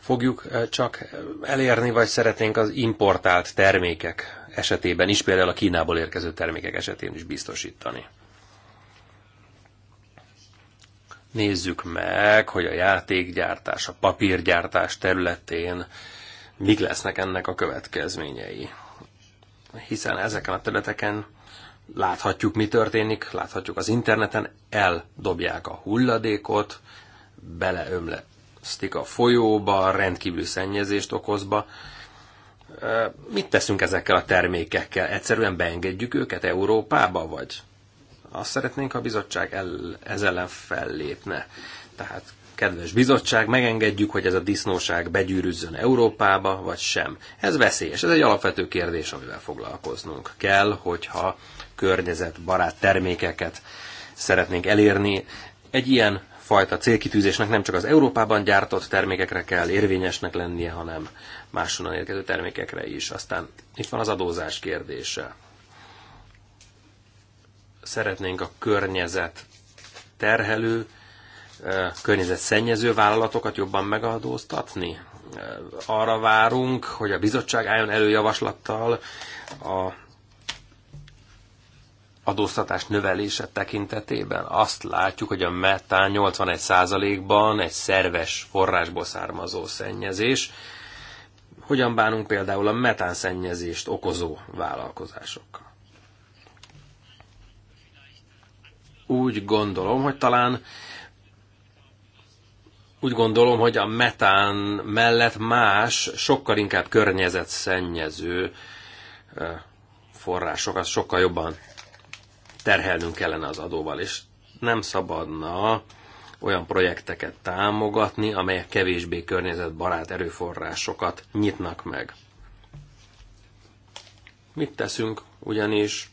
fogjuk eh, csak elérni, vagy szeretnénk az importált termékek esetében is, például a Kínából érkező termékek esetén is biztosítani. Nézzük meg, hogy a játékgyártás, a papírgyártás területén mik lesznek ennek a következményei. Hiszen ezeken a területeken láthatjuk, mi történik, láthatjuk az interneten, eldobják a hulladékot, beleömlesztik a folyóba, rendkívül szennyezést okozba, Mit teszünk ezekkel a termékekkel? Egyszerűen beengedjük őket Európába, vagy? Azt szeretnénk, ha a bizottság el, ez ellen fellépne. Tehát, kedves bizottság, megengedjük, hogy ez a disznóság begyűrűzzön Európába, vagy sem. Ez veszélyes, ez egy alapvető kérdés, amivel foglalkoznunk kell, hogyha környezetbarát termékeket szeretnénk elérni. Egy ilyen fajta célkitűzésnek nem csak az Európában gyártott termékekre kell érvényesnek lennie, hanem máshonnan érkező termékekre is. Aztán itt van az adózás kérdése. Szeretnénk a környezet terhelő, eh, környezet szennyező vállalatokat jobban megadóztatni. Eh, arra várunk, hogy a bizottság álljon előjavaslattal a adóztatás növelése tekintetében. Azt látjuk, hogy a metán 81%-ban egy szerves forrásból származó szennyezés, hogyan bánunk például a metánszennyezést okozó vállalkozásokkal. Úgy gondolom, hogy talán úgy gondolom, hogy a metán mellett más, sokkal inkább környezetszennyező forrásokat sokkal jobban terhelnünk kellene az adóval, és nem szabadna olyan projekteket támogatni, amelyek kevésbé környezetbarát erőforrásokat nyitnak meg. Mit teszünk ugyanis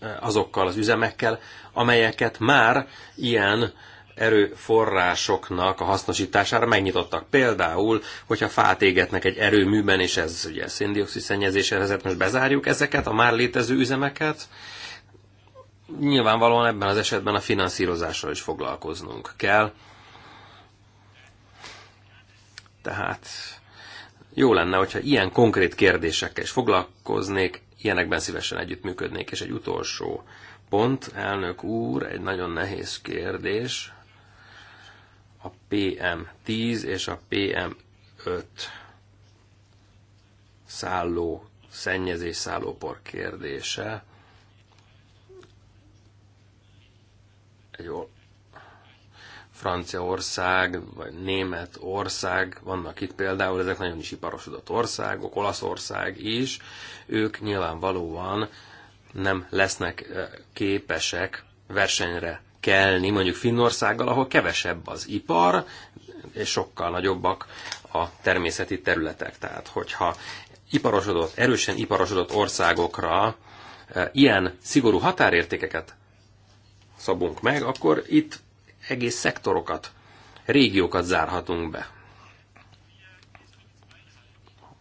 e, azokkal az üzemekkel, amelyeket már ilyen erőforrásoknak a hasznosítására megnyitottak. Például, hogyha fát égetnek egy erőműben, és ez ugye széndiokszid szennyezésre vezet, most bezárjuk ezeket a már létező üzemeket, nyilvánvalóan ebben az esetben a finanszírozással is foglalkoznunk kell. Tehát jó lenne, hogyha ilyen konkrét kérdésekkel is foglalkoznék, ilyenekben szívesen együttműködnék. És egy utolsó pont, elnök úr, egy nagyon nehéz kérdés. A PM10 és a PM5 szálló, szennyezés szállópor kérdése. egy Franciaország, vagy német ország, vannak itt például, ezek nagyon is iparosodott országok, Olaszország is, ők nyilvánvalóan nem lesznek képesek versenyre kelni, mondjuk Finnországgal, ahol kevesebb az ipar, és sokkal nagyobbak a természeti területek. Tehát, hogyha iparosodott, erősen iparosodott országokra ilyen szigorú határértékeket szabunk meg, akkor itt egész szektorokat, régiókat zárhatunk be.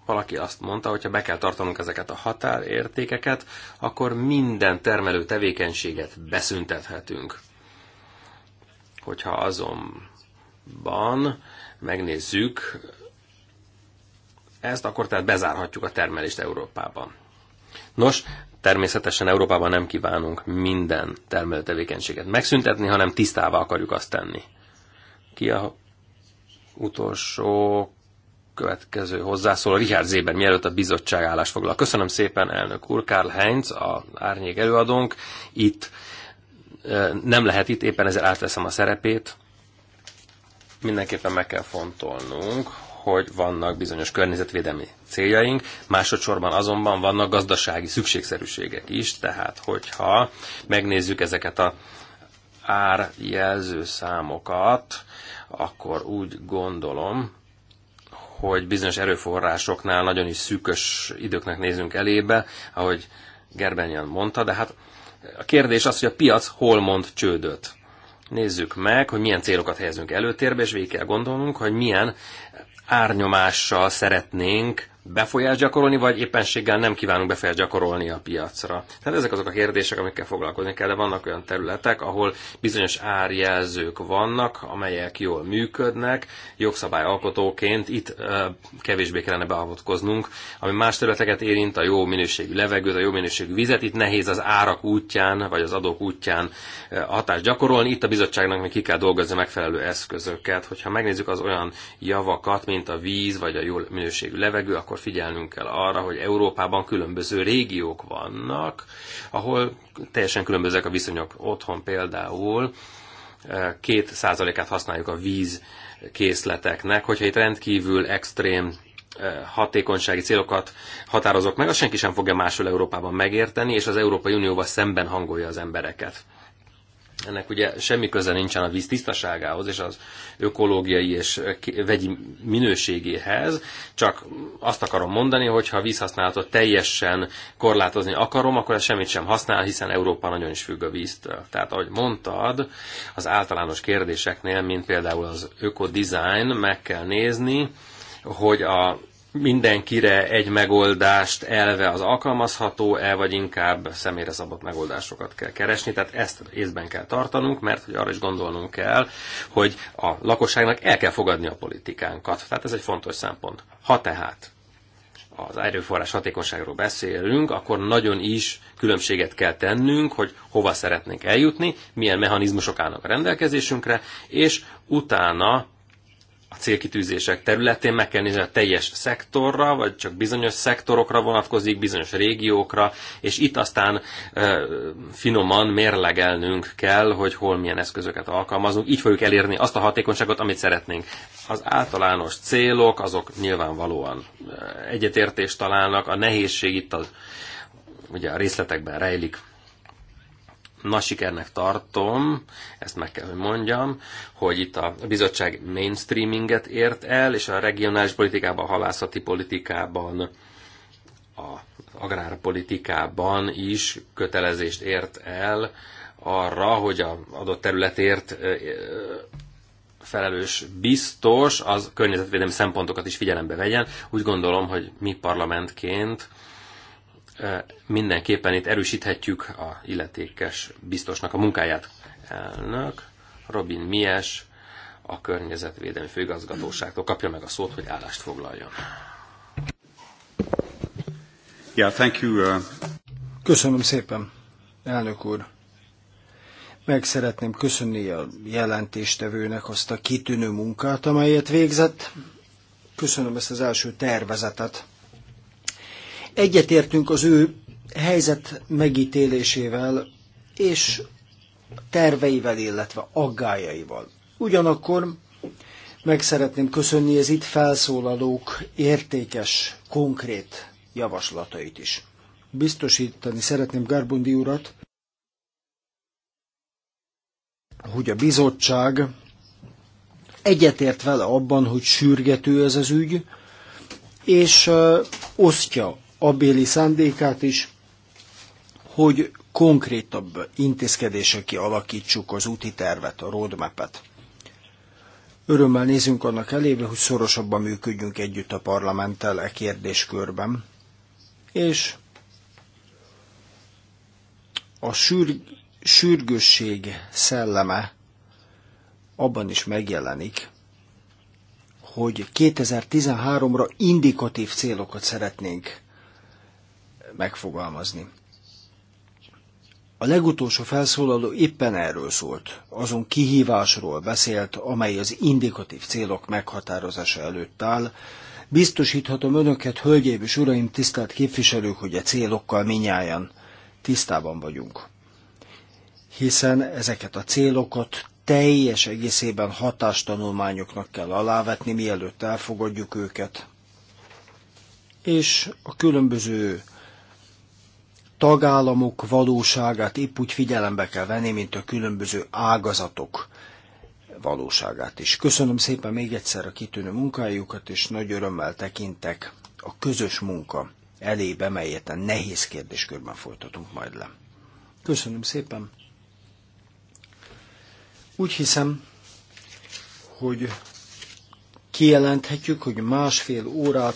Valaki azt mondta, hogy ha be kell tartanunk ezeket a határértékeket, akkor minden termelő tevékenységet beszüntethetünk. Hogyha azonban megnézzük ezt, akkor tehát bezárhatjuk a termelést Európában. Nos, Természetesen Európában nem kívánunk minden tevékenységet megszüntetni, hanem tisztává akarjuk azt tenni. Ki a utolsó következő hozzászól, Richard Zéber, mielőtt a bizottság állás foglal. Köszönöm szépen, elnök úr, Karl Heinz, a árnyék előadónk. Itt nem lehet itt, éppen ezért átveszem a szerepét. Mindenképpen meg kell fontolnunk, hogy vannak bizonyos környezetvédelmi céljaink, másodszorban azonban vannak gazdasági szükségszerűségek is, tehát hogyha megnézzük ezeket a árjelző számokat, akkor úgy gondolom, hogy bizonyos erőforrásoknál nagyon is szűkös időknek nézünk elébe, ahogy Gerbenyan mondta, de hát a kérdés az, hogy a piac hol mond csődöt. Nézzük meg, hogy milyen célokat helyezünk előtérbe, és végig kell gondolnunk, hogy milyen árnyomással szeretnénk befolyás gyakorolni, vagy éppenséggel nem kívánunk befolyás gyakorolni a piacra. Tehát ezek azok a kérdések, amikkel foglalkozni kell, de vannak olyan területek, ahol bizonyos árjelzők vannak, amelyek jól működnek, jogszabályalkotóként itt ö, kevésbé kellene beavatkoznunk, ami más területeket érint, a jó minőségű levegőt, a jó minőségű vizet, itt nehéz az árak útján, vagy az adók útján hatást gyakorolni, itt a bizottságnak még ki kell dolgozni megfelelő eszközöket. Hogyha megnézzük az olyan javakat, mint a víz, vagy a jó minőségű levegő, akkor akkor figyelnünk kell arra, hogy Európában különböző régiók vannak, ahol teljesen különbözőek a viszonyok. Otthon például eh, két százalékát használjuk a víz készleteknek, hogyha itt rendkívül extrém eh, hatékonysági célokat határozok meg, azt senki sem fogja máshol Európában megérteni, és az Európai Unióval szemben hangolja az embereket ennek ugye semmi köze nincsen a víz tisztaságához és az ökológiai és vegyi minőségéhez, csak azt akarom mondani, hogy ha a vízhasználatot teljesen korlátozni akarom, akkor ez semmit sem használ, hiszen Európa nagyon is függ a víztől. Tehát ahogy mondtad, az általános kérdéseknél, mint például az ökodizájn, meg kell nézni, hogy a mindenkire egy megoldást elve az alkalmazható-e, vagy inkább személyre szabott megoldásokat kell keresni. Tehát ezt észben kell tartanunk, mert hogy arra is gondolnunk kell, hogy a lakosságnak el kell fogadni a politikánkat. Tehát ez egy fontos szempont. Ha tehát az erőforrás hatékonyságról beszélünk, akkor nagyon is különbséget kell tennünk, hogy hova szeretnénk eljutni, milyen mechanizmusok állnak a rendelkezésünkre, és utána a célkitűzések területén meg kell nézni a teljes szektorra, vagy csak bizonyos szektorokra vonatkozik, bizonyos régiókra, és itt aztán ö, finoman mérlegelnünk kell, hogy hol milyen eszközöket alkalmazunk. Így fogjuk elérni azt a hatékonyságot, amit szeretnénk. Az általános célok, azok nyilvánvalóan egyetértést találnak, a nehézség itt az, ugye a részletekben rejlik nagy sikernek tartom, ezt meg kell, hogy mondjam, hogy itt a bizottság mainstreaminget ért el, és a regionális politikában, a halászati politikában, a agrárpolitikában is kötelezést ért el arra, hogy a adott területért felelős biztos az környezetvédelmi szempontokat is figyelembe vegyen. Úgy gondolom, hogy mi parlamentként mindenképpen itt erősíthetjük a illetékes biztosnak a munkáját. Elnök, Robin Mies, a Környezetvédelmi Főigazgatóságtól kapja meg a szót, hogy állást foglaljon. Yeah, thank you. Uh, Köszönöm szépen, elnök úr. Meg szeretném köszönni a jelentéstevőnek azt a kitűnő munkát, amelyet végzett. Köszönöm ezt az első tervezetet, Egyetértünk az ő helyzet megítélésével és terveivel, illetve aggájaival. Ugyanakkor meg szeretném köszönni az itt felszólalók értékes, konkrét javaslatait is. Biztosítani szeretném Garbundi urat, hogy a bizottság egyetért vele abban, hogy sürgető ez az ügy, és osztja abéli szándékát is, hogy konkrétabb intézkedések kialakítsuk az úti tervet, a roadmap-et. Örömmel nézünk annak elébe, hogy szorosabban működjünk együtt a parlamenttel e kérdéskörben, és a sür- sürgősség szelleme abban is megjelenik, hogy 2013-ra indikatív célokat szeretnénk megfogalmazni. A legutolsó felszólaló éppen erről szólt, azon kihívásról beszélt, amely az indikatív célok meghatározása előtt áll. Biztosíthatom önöket, hölgyeim és uraim, tisztelt képviselők, hogy a e célokkal minnyáján tisztában vagyunk. Hiszen ezeket a célokat teljes egészében hatástanulmányoknak kell alávetni, mielőtt elfogadjuk őket. És a különböző tagállamok valóságát épp úgy figyelembe kell venni, mint a különböző ágazatok valóságát is. Köszönöm szépen még egyszer a kitűnő munkájukat, és nagy örömmel tekintek a közös munka elébe, melyet a nehéz kérdéskörben folytatunk majd le. Köszönöm szépen. Úgy hiszem, hogy kijelenthetjük, hogy másfél órát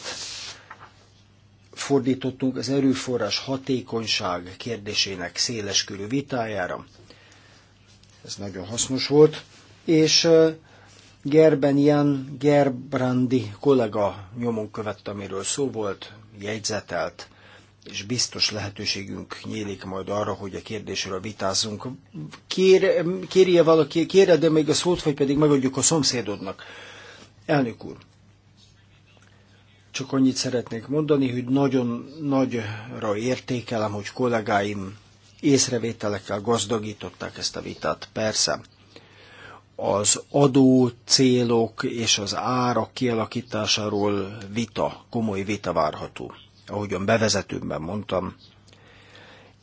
fordítottunk az erőforrás hatékonyság kérdésének széleskörű vitájára. Ez nagyon hasznos volt. És Gerben Jan Gerbrandi kollega nyomon követte, amiről szó volt, jegyzetelt, és biztos lehetőségünk nyílik majd arra, hogy a kérdésről vitázzunk. Kér, kérje valaki, kérje de még a szót, vagy pedig megadjuk a szomszédodnak. Elnök úr, csak annyit szeretnék mondani, hogy nagyon nagyra értékelem, hogy kollégáim észrevételekkel gazdagították ezt a vitát. Persze, az adó célok és az árak kialakításáról vita, komoly vita várható. Ahogyan bevezetőmben mondtam,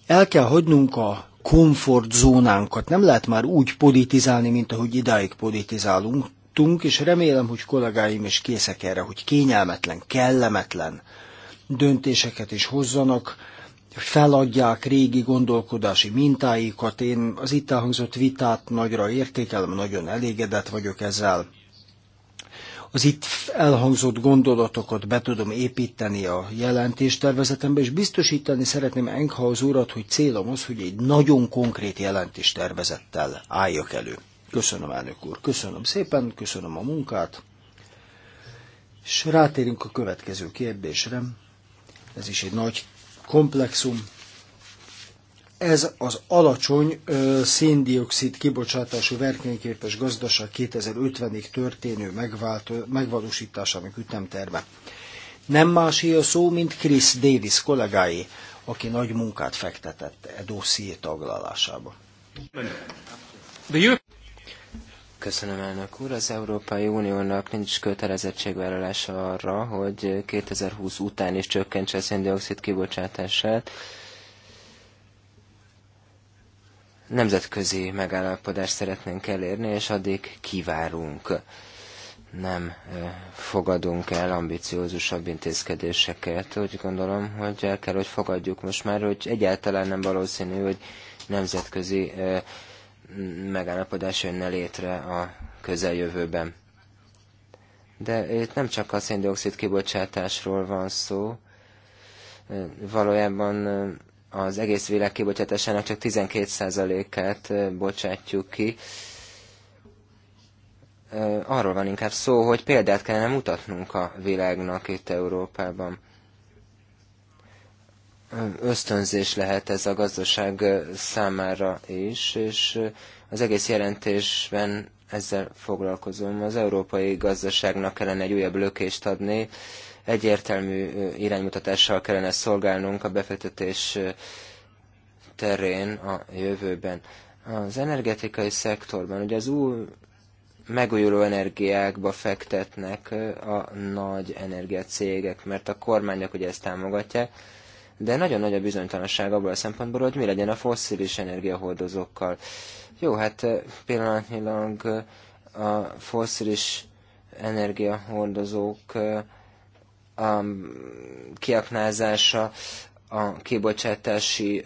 el kell hagynunk a komfortzónánkat. Nem lehet már úgy politizálni, mint ahogy idáig politizálunk tudtunk, és remélem, hogy kollégáim is készek erre, hogy kényelmetlen, kellemetlen döntéseket is hozzanak, feladják régi gondolkodási mintáikat. Én az itt elhangzott vitát nagyra értékelem, nagyon elégedett vagyok ezzel. Az itt elhangzott gondolatokat be tudom építeni a jelentéstervezetembe, és biztosítani szeretném Enkhaus urat, hogy célom az, hogy egy nagyon konkrét jelentéstervezettel álljak elő. Köszönöm, elnök úr. Köszönöm szépen, köszönöm a munkát. És rátérünk a következő kérdésre. Ez is egy nagy komplexum. Ez az alacsony ö, széndiokszid kibocsátású verkényképes gazdaság 2050-ig történő megváltó, megvalósításának ütemterve. Nem másé a szó, mint Chris Davis kollégái, aki nagy munkát fektetett e dosszié taglalásába. The Köszönöm, elnök úr. Az Európai Uniónak nincs kötelezettségvállalása arra, hogy 2020 után is csökkentse a széndiokszid kibocsátását. Nemzetközi megállapodást szeretnénk elérni, és addig kivárunk. Nem fogadunk el ambiciózusabb intézkedéseket. Úgy gondolom, hogy el kell, hogy fogadjuk most már, hogy egyáltalán nem valószínű, hogy nemzetközi eh, megállapodás jönne létre a közeljövőben. De itt nem csak a széndiokszid kibocsátásról van szó, valójában az egész világ kibocsátásának csak 12%-át bocsátjuk ki. Arról van inkább szó, hogy példát kellene mutatnunk a világnak itt Európában ösztönzés lehet ez a gazdaság számára is, és az egész jelentésben ezzel foglalkozom. Az európai gazdaságnak kellene egy újabb lökést adni, egyértelmű iránymutatással kellene szolgálnunk a befektetés terén a jövőben. Az energetikai szektorban, ugye az új megújuló energiákba fektetnek a nagy energiacégek, mert a kormányok ugye ezt támogatják, de nagyon nagy a bizonytalanság abból a szempontból, hogy mi legyen a fosszilis energiahordozókkal. Jó, hát pillanatnyilag a fosszilis energiahordozók a kiaknázása a kibocsátási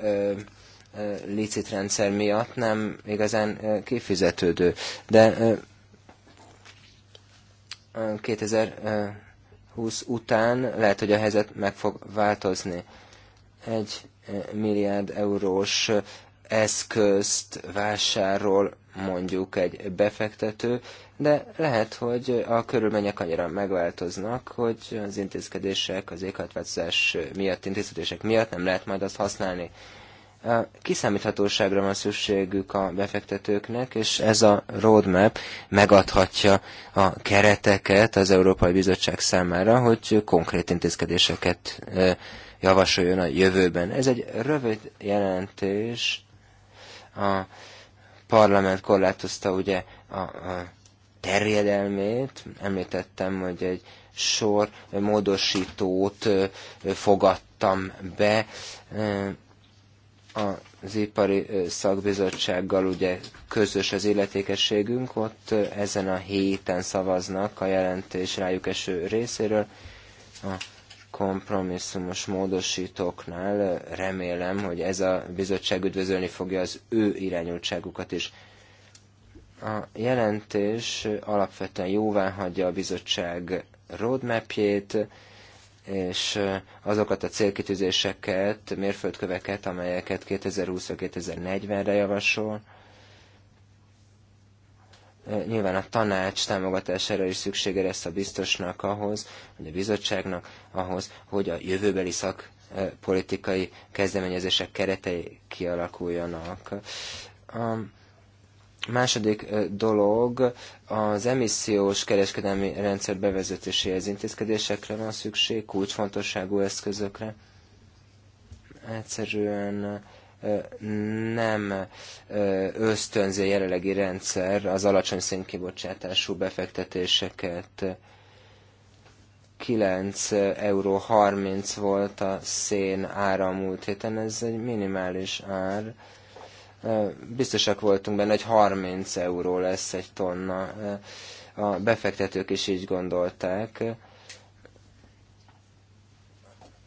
licitrendszer miatt nem igazán kifizetődő. De 2020 után lehet, hogy a helyzet meg fog változni egy eh, milliárd eurós eh, eszközt vásárol mondjuk egy befektető, de lehet, hogy a körülmények annyira megváltoznak, hogy az intézkedések, az éghajlatváltozás miatt, intézkedések miatt nem lehet majd azt használni. Kiszámíthatóságra van szükségük a befektetőknek, és ez a roadmap megadhatja a kereteket az Európai Bizottság számára, hogy konkrét intézkedéseket eh, javasoljon a jövőben. Ez egy rövid jelentés. A parlament korlátozta ugye a, a terjedelmét. Említettem, hogy egy sor módosítót fogadtam be. Az ipari szakbizottsággal ugye közös az illetékességünk, ott ezen a héten szavaznak a jelentés rájuk eső részéről. A kompromisszumos módosítóknál remélem, hogy ez a bizottság üdvözölni fogja az ő irányultságukat is. A jelentés alapvetően jóvá hagyja a bizottság roadmapjét, és azokat a célkitűzéseket, mérföldköveket, amelyeket 2020-2040-re javasol, Nyilván a tanács támogatására is szüksége lesz a biztosnak ahhoz, vagy a bizottságnak ahhoz, hogy a jövőbeli szakpolitikai kezdeményezések keretei kialakuljanak. A Második dolog, az emissziós kereskedelmi rendszer bevezetéséhez intézkedésekre van szükség, kulcsfontosságú eszközökre. Egyszerűen nem ösztönzi a jelenlegi rendszer az alacsony szénkibocsátású befektetéseket. 9 euró 30 volt a szén ára a múlt héten, ez egy minimális ár. Biztosak voltunk benne, hogy 30 euró lesz egy tonna. A befektetők is így gondolták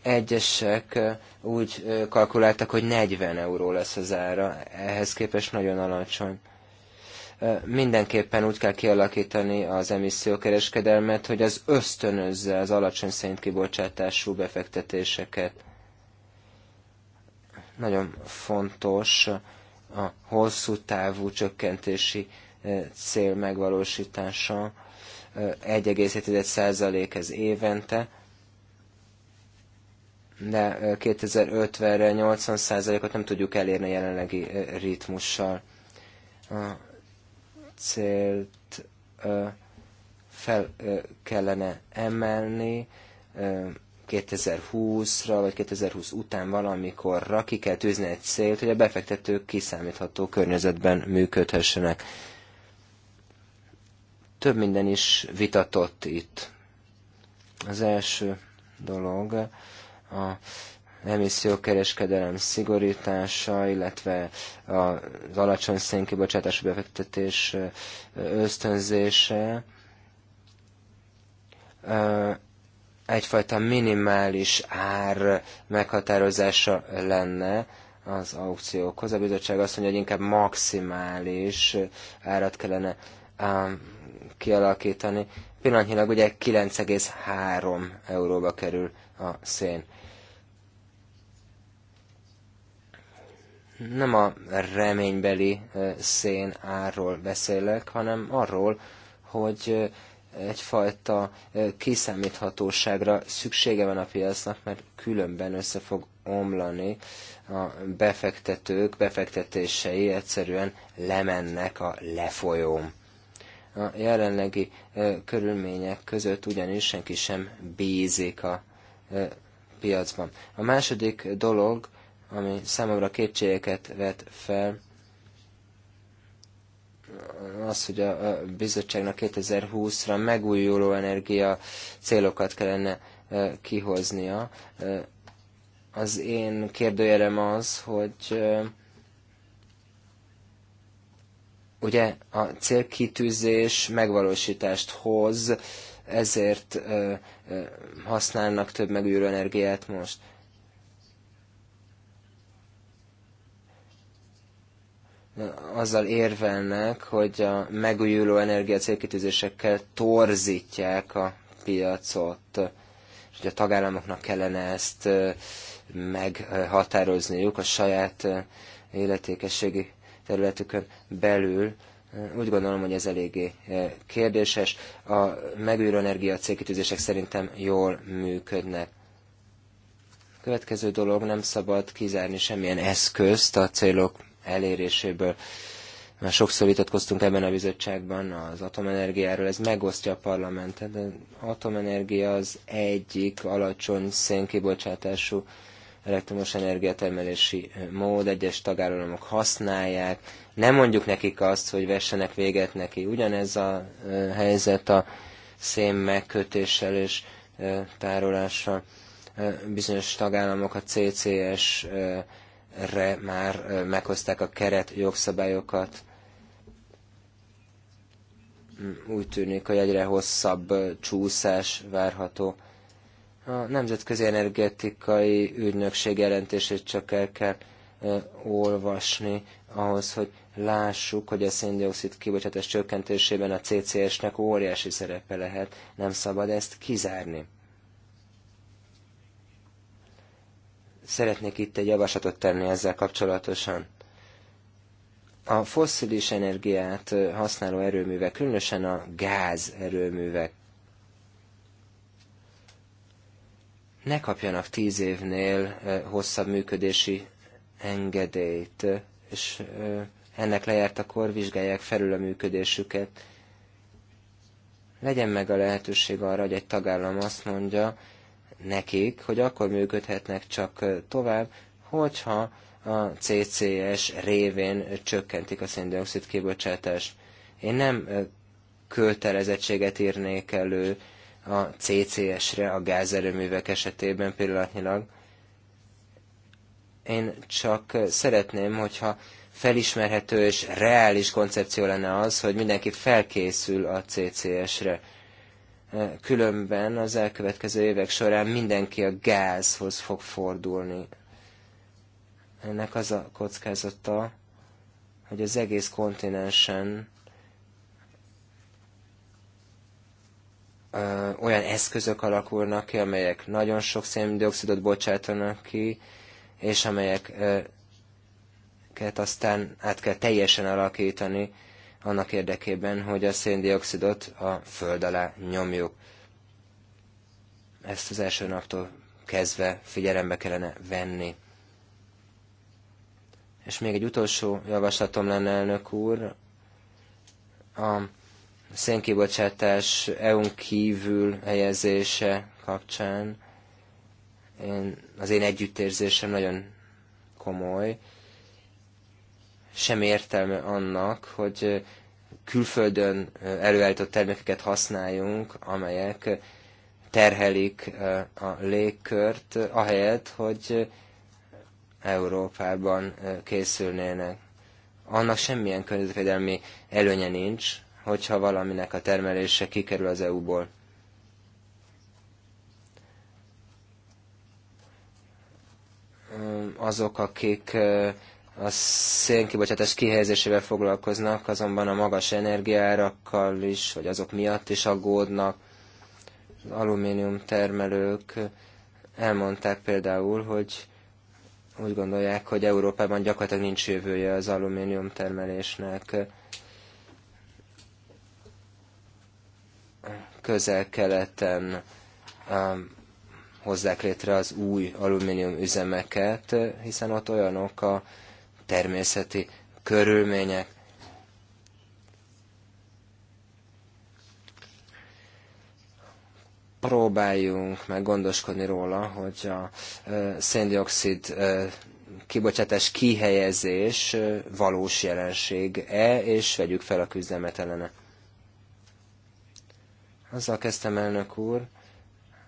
Egyesek úgy kalkuláltak, hogy 40 euró lesz az ára, ehhez képest nagyon alacsony mindenképpen úgy kell kialakítani az emissziókereskedelmet, hogy az ösztönözze az alacsony kibocsátású befektetéseket. Nagyon fontos a hosszú távú csökkentési cél megvalósítása. 1,7% ez évente, de 2050-re 80%-ot nem tudjuk elérni a jelenlegi ritmussal. A célt fel kellene emelni 2020-ra, vagy 2020 után valamikorra ki kell tűzni egy célt, hogy a befektetők kiszámítható környezetben működhessenek. Több minden is vitatott itt. Az első dolog, a emissziókereskedelem szigorítása, illetve az alacsony szénkibocsátású befektetés ösztönzése egyfajta minimális ár meghatározása lenne az aukciókhoz. A bizottság azt mondja, hogy inkább maximális árat kellene kialakítani. Pillanatnyilag ugye 9,3 euróba kerül a szén. nem a reménybeli szén árról beszélek, hanem arról, hogy egyfajta kiszámíthatóságra szüksége van a piacnak, mert különben össze fog omlani a befektetők, befektetései egyszerűen lemennek a lefolyón. A jelenlegi körülmények között ugyanis senki sem bízik a piacban. A második dolog, ami számomra kétségeket vet fel, az, hogy a bizottságnak 2020-ra megújuló energia célokat kellene kihoznia. Az én kérdőjelem az, hogy ugye a célkitűzés megvalósítást hoz, ezért használnak több megújuló energiát most. azzal érvelnek, hogy a megújuló energia célkitűzésekkel torzítják a piacot, és hogy a tagállamoknak kellene ezt meghatározniuk a saját életékességi területükön belül. Úgy gondolom, hogy ez eléggé kérdéses. A megújuló energia célkitűzések szerintem jól működnek. Következő dolog, nem szabad kizárni semmilyen eszközt a célok eléréséből. Már sokszor vitatkoztunk ebben a bizottságban az atomenergiáról, ez megosztja a parlamentet. De atomenergia az egyik alacsony szénkibocsátású elektromos energiatermelési mód, egyes tagállamok használják. Nem mondjuk nekik azt, hogy vessenek véget neki. Ugyanez a helyzet a szén megkötéssel és tárolással. Bizonyos tagállamok a CCS re már meghozták a keret jogszabályokat. Mm, úgy tűnik, hogy egyre hosszabb csúszás várható. A Nemzetközi Energetikai Ügynökség jelentését csak el kell olvasni ahhoz, hogy lássuk, hogy a széndiokszid kibocsátás csökkentésében a CCS-nek óriási szerepe lehet, nem szabad ezt kizárni. Szeretnék itt egy javaslatot tenni ezzel kapcsolatosan. A fosszilis energiát használó erőművek, különösen a gáz erőművek, ne kapjanak tíz évnél hosszabb működési engedélyt, és ennek kor, vizsgálják felül a működésüket. Legyen meg a lehetőség arra, hogy egy tagállam azt mondja, nekik, hogy akkor működhetnek csak tovább, hogyha a CCS révén csökkentik a széndiokszid kibocsátást. Én nem kötelezettséget írnék elő a CCS-re a gázerőművek esetében pillanatnyilag. Én csak szeretném, hogyha felismerhető és reális koncepció lenne az, hogy mindenki felkészül a CCS-re Eh, különben az elkövetkező évek során mindenki a gázhoz fog fordulni. Ennek az a kockázata, hogy az egész kontinensen ö, eh, olyan eszközök alakulnak ki, amelyek nagyon sok széndiokszidot bocsátanak ki, és amelyeket eh, aztán át kell teljesen alakítani annak érdekében, hogy a széndiokszidot a föld alá nyomjuk. Ezt az első naptól kezdve figyelembe kellene venni. És még egy utolsó javaslatom lenne, elnök úr. A szénkibocsátás EU-n kívül helyezése kapcsán én, az én együttérzésem nagyon komoly sem értelme annak, hogy külföldön előállított termékeket használjunk, amelyek terhelik a légkört, ahelyett, hogy Európában készülnének. Annak semmilyen környezetvédelmi előnye nincs, hogyha valaminek a termelése kikerül az EU-ból. Azok, akik a szénkibocsátás kihelyezésével foglalkoznak, azonban a magas energiárakkal is, vagy azok miatt is aggódnak. Az alumínium termelők elmondták például, hogy úgy gondolják, hogy Európában gyakorlatilag nincs jövője az alumínium termelésnek. Közel-keleten hozzák létre az új alumínium üzemeket, hiszen ott olyanok a természeti körülmények. Próbáljunk meg gondoskodni róla, hogy a széndiokszid kibocsátás kihelyezés valós jelenség-e, és vegyük fel a küzdelmet ellene. Azzal kezdtem elnök úr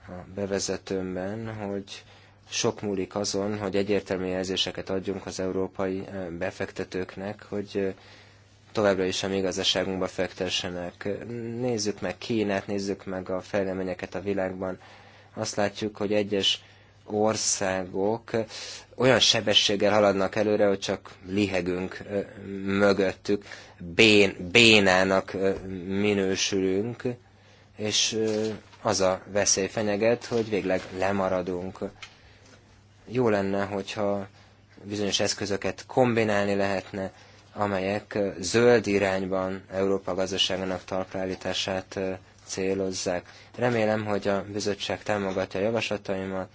a bevezetőmben, hogy sok múlik azon, hogy egyértelmű jelzéseket adjunk az európai eh, befektetőknek, hogy eh, továbbra is a mi gazdaságunkba fektessenek. Nézzük meg Kínát, nézzük meg a fejleményeket a világban. Azt látjuk, hogy egyes országok eh, olyan sebességgel haladnak előre, hogy csak lihegünk mögöttük, bén, bénának minősülünk, és az a veszély fenyeget, hogy végleg lemaradunk jó lenne, hogyha bizonyos eszközöket kombinálni lehetne, amelyek zöld irányban Európa gazdaságának talpraállítását célozzák. Remélem, hogy a bizottság támogatja a javaslataimat,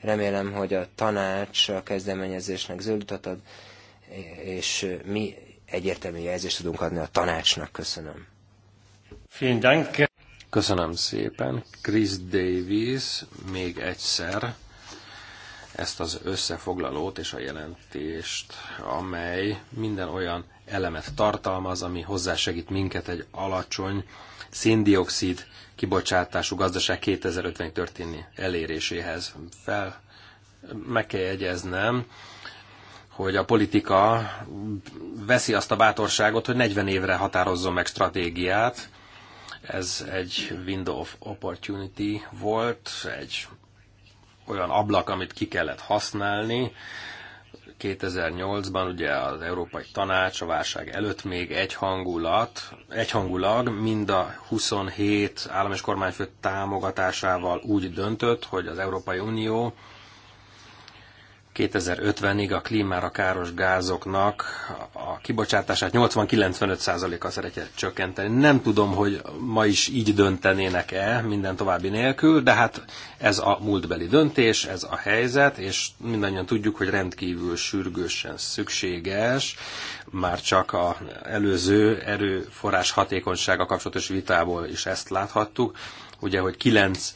remélem, hogy a tanács a kezdeményezésnek zöld utat ad, és mi egyértelmű jelzést tudunk adni a tanácsnak. Köszönöm. Köszönöm szépen. Chris Davis még egyszer ezt az összefoglalót és a jelentést, amely minden olyan elemet tartalmaz, ami hozzásegít minket egy alacsony széndiokszid kibocsátású gazdaság 2050 történni eléréséhez. Fel meg kell jegyeznem, hogy a politika veszi azt a bátorságot, hogy 40 évre határozzon meg stratégiát. Ez egy window of opportunity volt, egy olyan ablak, amit ki kellett használni. 2008-ban ugye az Európai Tanács a válság előtt még egy egy egyhangulag mind a 27 állam és kormányfő támogatásával úgy döntött, hogy az Európai Unió 2050-ig a klímára káros gázoknak a kibocsátását 80-95%-kal szeretje csökkenteni. Nem tudom, hogy ma is így döntenének-e minden további nélkül, de hát ez a múltbeli döntés, ez a helyzet, és mindannyian tudjuk, hogy rendkívül sürgősen szükséges, már csak a előző erőforrás hatékonysága kapcsolatos vitából is ezt láthattuk, ugye, hogy 9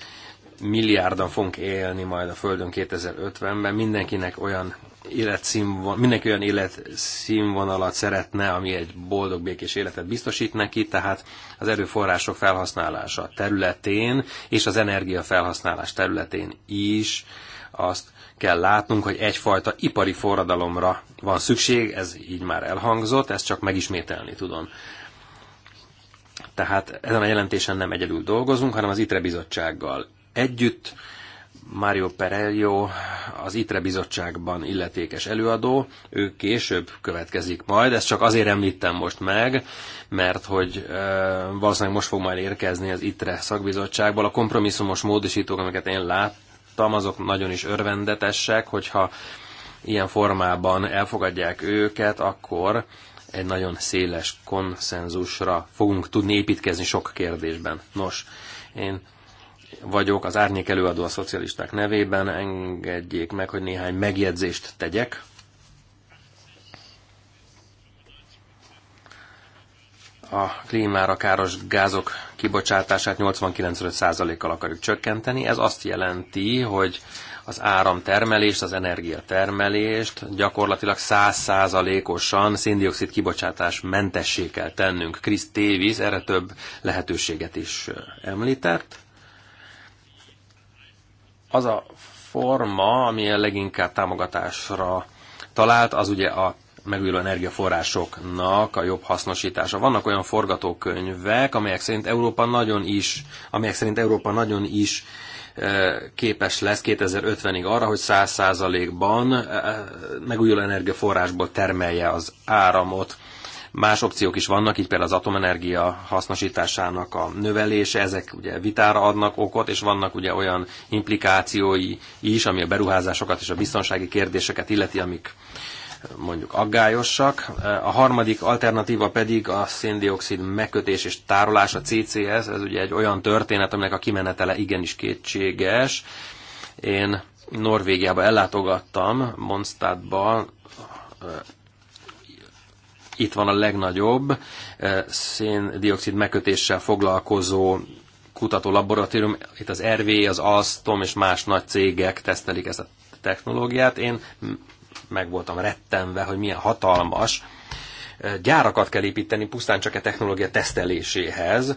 milliárdan fogunk élni majd a Földön 2050-ben, mindenkinek olyan életszínvon, mindenki olyan életszínvonalat szeretne, ami egy boldog, békés életet biztosít neki, tehát az erőforrások felhasználása területén és az energiafelhasználás területén is azt kell látnunk, hogy egyfajta ipari forradalomra van szükség, ez így már elhangzott, ezt csak megismételni tudom. Tehát ezen a jelentésen nem egyedül dolgozunk, hanem az ITRE bizottsággal együtt. Mario Perello, az ITRE bizottságban illetékes előadó, ő később következik majd, ezt csak azért említem most meg, mert hogy e, valószínűleg most fog majd érkezni az ITRE szakbizottságból. A kompromisszumos módosítók, amiket én láttam, azok nagyon is örvendetesek, hogyha ilyen formában elfogadják őket, akkor egy nagyon széles konszenzusra fogunk tudni építkezni sok kérdésben. Nos, én vagyok, az árnyék előadó a szocialisták nevében. Engedjék meg, hogy néhány megjegyzést tegyek. A klímára káros gázok kibocsátását 89%-kal akarjuk csökkenteni. Ez azt jelenti, hogy az áramtermelést, az energiatermelést gyakorlatilag 100%-osan széndiokszid kibocsátás mentessé kell tennünk. Chris Davis erre több lehetőséget is említett. Az a forma, ami a leginkább támogatásra talált, az ugye a megújuló energiaforrásoknak a jobb hasznosítása. Vannak olyan forgatókönyvek, amelyek szerint Európa nagyon is, amelyek szerint Európa nagyon is eh, képes lesz 2050-ig arra, hogy 100%-ban eh, megújuló energiaforrásból termelje az áramot. Más opciók is vannak, így például az atomenergia hasznosításának a növelése, ezek ugye vitára adnak okot, és vannak ugye olyan implikációi is, ami a beruházásokat és a biztonsági kérdéseket illeti, amik eh, mondjuk aggályosak. Eh, a harmadik alternatíva pedig a széndiokszid megkötés és tárolás, a CCS, ez ugye egy olyan történet, aminek a kimenetele igenis kétséges. Én Norvégiába ellátogattam, Mondstadtba eh, itt van a legnagyobb eh, széndiokszid megkötéssel foglalkozó kutató laboratórium, itt az RV, az AStom és más nagy cégek tesztelik ezt a technológiát. Én meg voltam rettenve, hogy milyen hatalmas eh, gyárakat kell építeni pusztán csak a e technológia teszteléséhez,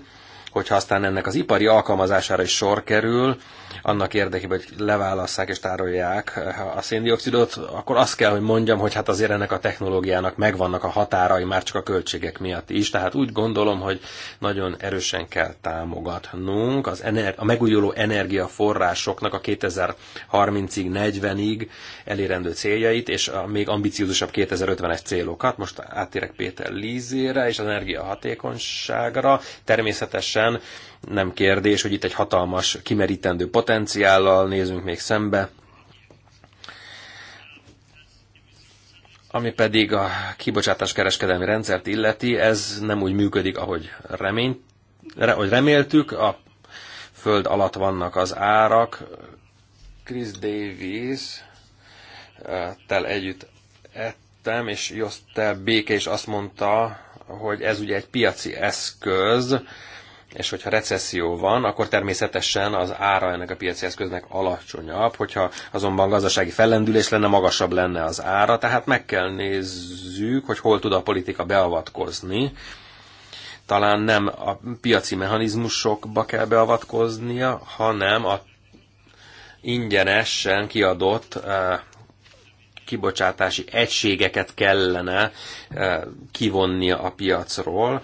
hogyha aztán ennek az ipari alkalmazására is sor kerül, annak érdekében, hogy leválasszák és tárolják a széndiokszidot, akkor azt kell, hogy mondjam, hogy hát azért ennek a technológiának megvannak a határai már csak a költségek miatt is. Tehát úgy gondolom, hogy nagyon erősen kell támogatnunk az ener- a megújuló energiaforrásoknak a 2030-ig, 40-ig elérendő céljait, és a még ambiciózusabb 2050-es célokat. Most áttérek Péter Lízére és az energiahatékonyságra. Természetesen kapcsán. Nem kérdés, hogy itt egy hatalmas, kimerítendő potenciállal nézünk még szembe. Ami pedig a kibocsátás kereskedelmi rendszert illeti, ez nem úgy működik, ahogy, remény, ahogy reméltük. A föld alatt vannak az árak. Chris Davis tel együtt ettem, és Jostel Béke is azt mondta, hogy ez ugye egy piaci eszköz, és hogyha recesszió van, akkor természetesen az ára ennek a piaci eszköznek alacsonyabb, hogyha azonban gazdasági fellendülés lenne, magasabb lenne az ára, tehát meg kell nézzük, hogy hol tud a politika beavatkozni, talán nem a piaci mechanizmusokba kell beavatkoznia, hanem a ingyenesen kiadott eh, kibocsátási egységeket kellene eh, kivonnia a piacról,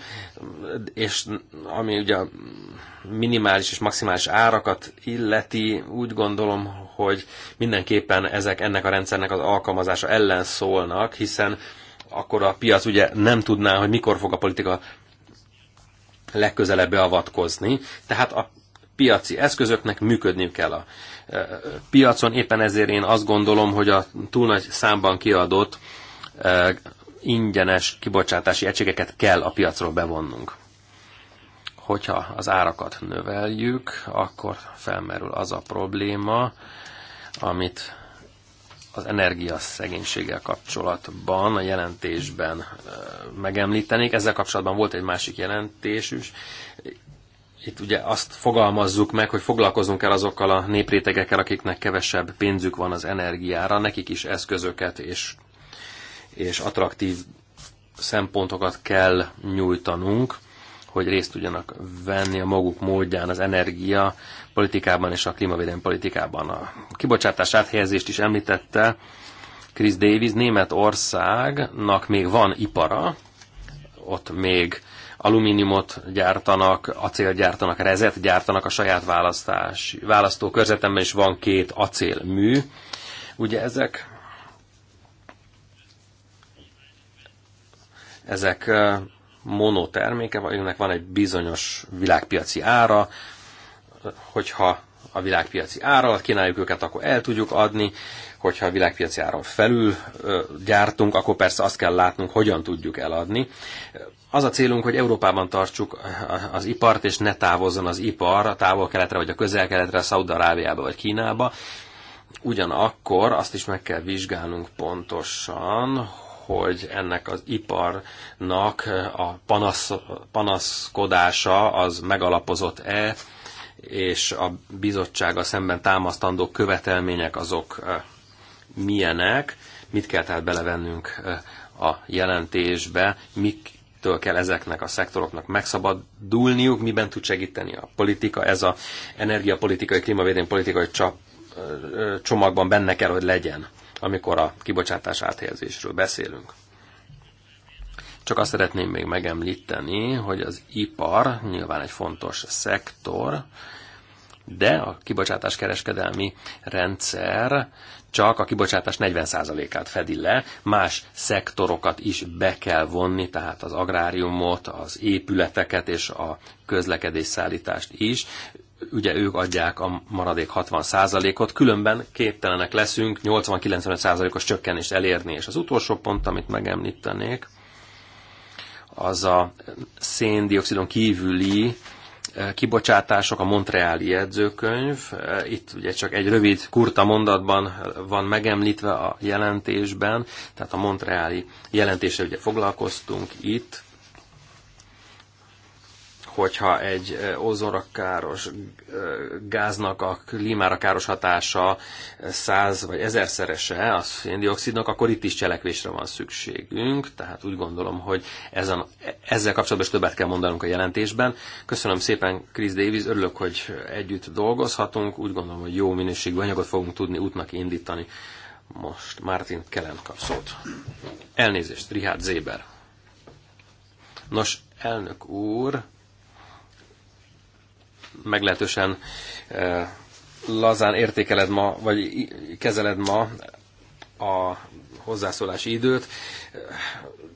és ami ugye minimális és maximális árakat illeti, úgy gondolom, hogy mindenképpen ezek ennek a rendszernek az alkalmazása ellen szólnak, hiszen akkor a piac ugye nem tudná, hogy mikor fog a politika legközelebb beavatkozni, tehát a piaci eszközöknek működniük kell a piacon. Éppen ezért én azt gondolom, hogy a túl nagy számban kiadott ingyenes kibocsátási egységeket kell a piacról bevonnunk. Hogyha az árakat növeljük, akkor felmerül az a probléma, amit az energiaszegénységgel kapcsolatban a jelentésben megemlítenék. Ezzel kapcsolatban volt egy másik jelentés is, itt ugye azt fogalmazzuk meg, hogy foglalkozunk el azokkal a néprétegekkel, akiknek kevesebb pénzük van az energiára, nekik is eszközöket és, és attraktív szempontokat kell nyújtanunk, hogy részt tudjanak venni a maguk módján az energia politikában és a klímavédelmi politikában. A kibocsátás áthelyezést is említette Chris Davis, Németországnak még van ipara, ott még alumíniumot gyártanak, acél gyártanak, rezet gyártanak, a saját választás, választó körzetemben is van két acélmű. Ugye ezek ezek monoterméke, vagy ennek van egy bizonyos világpiaci ára, hogyha a világpiaci ára, kínáljuk őket, akkor el tudjuk adni, hogyha a világpiaci áron felül ö, gyártunk, akkor persze azt kell látnunk, hogyan tudjuk eladni az a célunk, hogy Európában tartsuk az ipart, és ne távozzon az ipar a távol-keletre, vagy a közel-keletre, Szaudarábiába, vagy Kínába. Ugyanakkor azt is meg kell vizsgálnunk pontosan, hogy ennek az iparnak a panasz, panaszkodása az megalapozott-e, és a bizottsága szemben támasztandó követelmények azok milyenek, mit kell tehát belevennünk a jelentésbe, mik től kell ezeknek a szektoroknak megszabadulniuk, miben tud segíteni a politika, ez a energiapolitikai, klímavédén politikai csap, csomagban benne kell, hogy legyen, amikor a kibocsátás áthelyezésről beszélünk. Csak azt szeretném még megemlíteni, hogy az ipar nyilván egy fontos szektor, de a kibocsátás kereskedelmi rendszer csak a kibocsátás 40%-át fedi le, más szektorokat is be kell vonni, tehát az agráriumot, az épületeket és a közlekedés szállítást is. Ugye ők adják a maradék 60%-ot, különben képtelenek leszünk 80-95%-os csökkenést elérni. És az utolsó pont, amit megemlítenék, az a széndiokszidon kívüli kibocsátások, a Montreali jegyzőkönyv. Itt ugye csak egy rövid, kurta mondatban van megemlítve a jelentésben, tehát a Montreali jelentésre ugye foglalkoztunk itt hogyha egy ozonra káros gáznak a klímára káros hatása száz vagy ezerszerese a széndiokszidnak, akkor itt is cselekvésre van szükségünk. Tehát úgy gondolom, hogy ezen, ezzel kapcsolatban is többet kell mondanunk a jelentésben. Köszönöm szépen, Chris Davis, örülök, hogy együtt dolgozhatunk. Úgy gondolom, hogy jó minőségű anyagot fogunk tudni útnak indítani. Most Martin Kellen kap szót. Elnézést, Richard Zéber. Nos, elnök úr, meglehetősen eh, lazán értékeled ma, vagy kezeled ma a hozzászólási időt.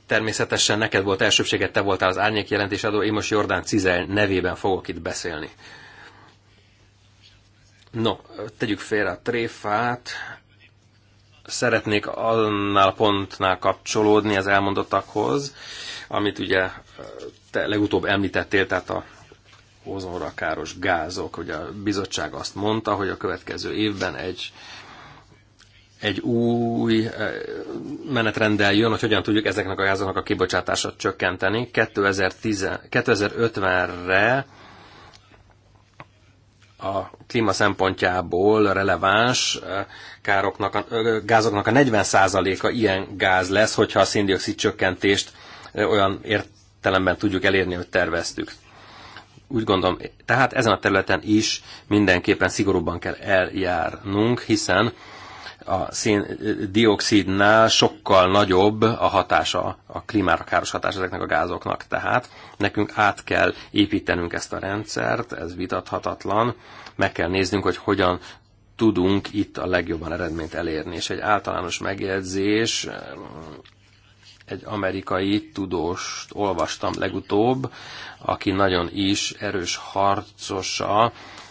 Természetesen neked volt elsőbséget, te voltál az árnyék jelentésadó, én most Jordán Cizel nevében fogok itt beszélni. No, tegyük félre a tréfát. Szeretnék annál a pontnál kapcsolódni az elmondottakhoz, amit ugye eh, te legutóbb említettél, tehát a ozonra káros gázok. Ugye a bizottság azt mondta, hogy a következő évben egy egy új eh, menetrenddel jön, hogy hogyan tudjuk ezeknek a gázoknak a kibocsátását csökkenteni. 2050-re a klíma szempontjából releváns eh, károknak, eh, gázoknak a 40%-a ilyen gáz lesz, hogyha a szindioxid csökkentést olyan értelemben tudjuk elérni, hogy terveztük. Úgy gondolom, tehát ezen a területen is mindenképpen szigorúbban kell eljárnunk, hiszen a széndiokszidnál eh, sokkal nagyobb a hatása, a klímára káros hatása ezeknek a gázoknak. Tehát nekünk át kell építenünk ezt a rendszert, ez vitathatatlan, meg kell néznünk, hogy hogyan tudunk itt a legjobban eredményt elérni. És egy általános megjegyzés, eh, egy amerikai tudóst olvastam legutóbb, aki nagyon is erős harcosa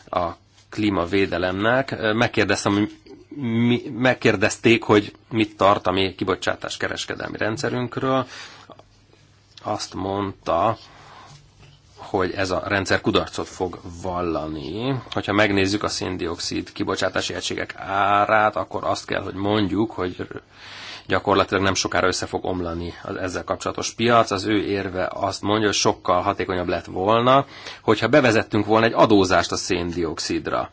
a klímavédelemnek. Megkérdeztem, hogy mi, megkérdezték, hogy mit tart a mi kibocsátás kereskedelmi rendszerünkről. Azt mondta, hogy ez a rendszer kudarcot fog vallani. Hogyha megnézzük a széndiokszid kibocsátási egységek árát, akkor azt kell, hogy mondjuk, hogy gyakorlatilag nem sokára össze fog omlani az ezzel kapcsolatos piac. Az ő érve azt mondja, hogy sokkal hatékonyabb lett volna, hogyha bevezettünk volna egy adózást a széndiokszidra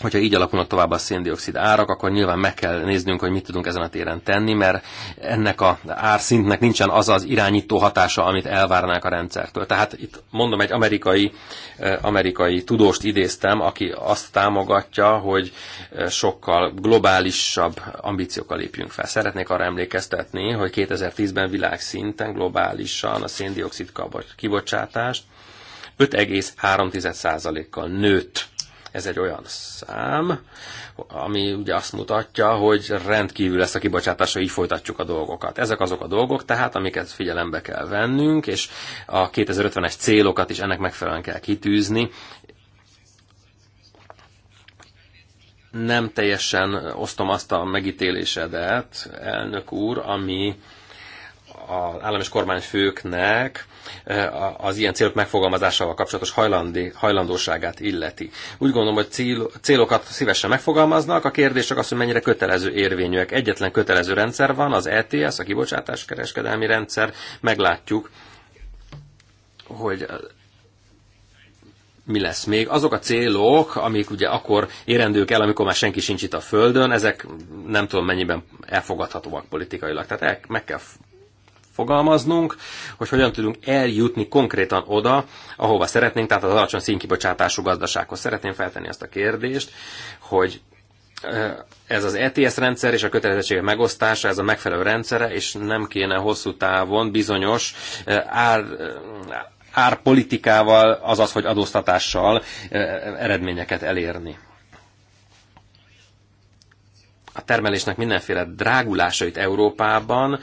hogyha így alakulnak tovább a széndiokszid árak, akkor nyilván meg kell néznünk, hogy mit tudunk ezen a téren tenni, mert ennek a árszintnek nincsen az az irányító hatása, amit elvárnák a rendszertől. Tehát itt mondom, egy amerikai, eh, amerikai tudóst idéztem, aki azt támogatja, hogy eh, sokkal globálisabb ambíciókkal lépjünk fel. Szeretnék arra emlékeztetni, hogy 2010-ben világszinten globálisan a széndiokszid kibocsátást 5,3%-kal nőtt ez egy olyan szám, ami ugye azt mutatja, hogy rendkívül lesz a kibocsátás, hogy így folytatjuk a dolgokat. Ezek azok a dolgok tehát, amiket figyelembe kell vennünk, és a 2050-es célokat is ennek megfelelően kell kitűzni, nem teljesen osztom azt a megítélésedet, elnök úr, ami az állam és kormányfőknek az ilyen célok megfogalmazásával kapcsolatos hajlandi, hajlandóságát illeti. Úgy gondolom, hogy cél, célokat szívesen megfogalmaznak, a kérdés csak az, hogy mennyire kötelező érvényűek. Egyetlen kötelező rendszer van, az ETS, a kereskedelmi rendszer, meglátjuk, hogy mi lesz még. Azok a célok, amik ugye akkor érendők el, amikor már senki sincs itt a Földön, ezek nem tudom mennyiben elfogadhatóak politikailag. Tehát el, meg kell fogalmaznunk, hogy hogyan tudunk eljutni konkrétan oda, ahova szeretnénk, tehát az alacsony színkibocsátású gazdasághoz. Szeretném feltenni azt a kérdést, hogy ez az ETS rendszer és a kötelezettségek megosztása, ez a megfelelő rendszere, és nem kéne hosszú távon bizonyos ár, árpolitikával, azaz, hogy adóztatással eredményeket elérni. A termelésnek mindenféle drágulásait Európában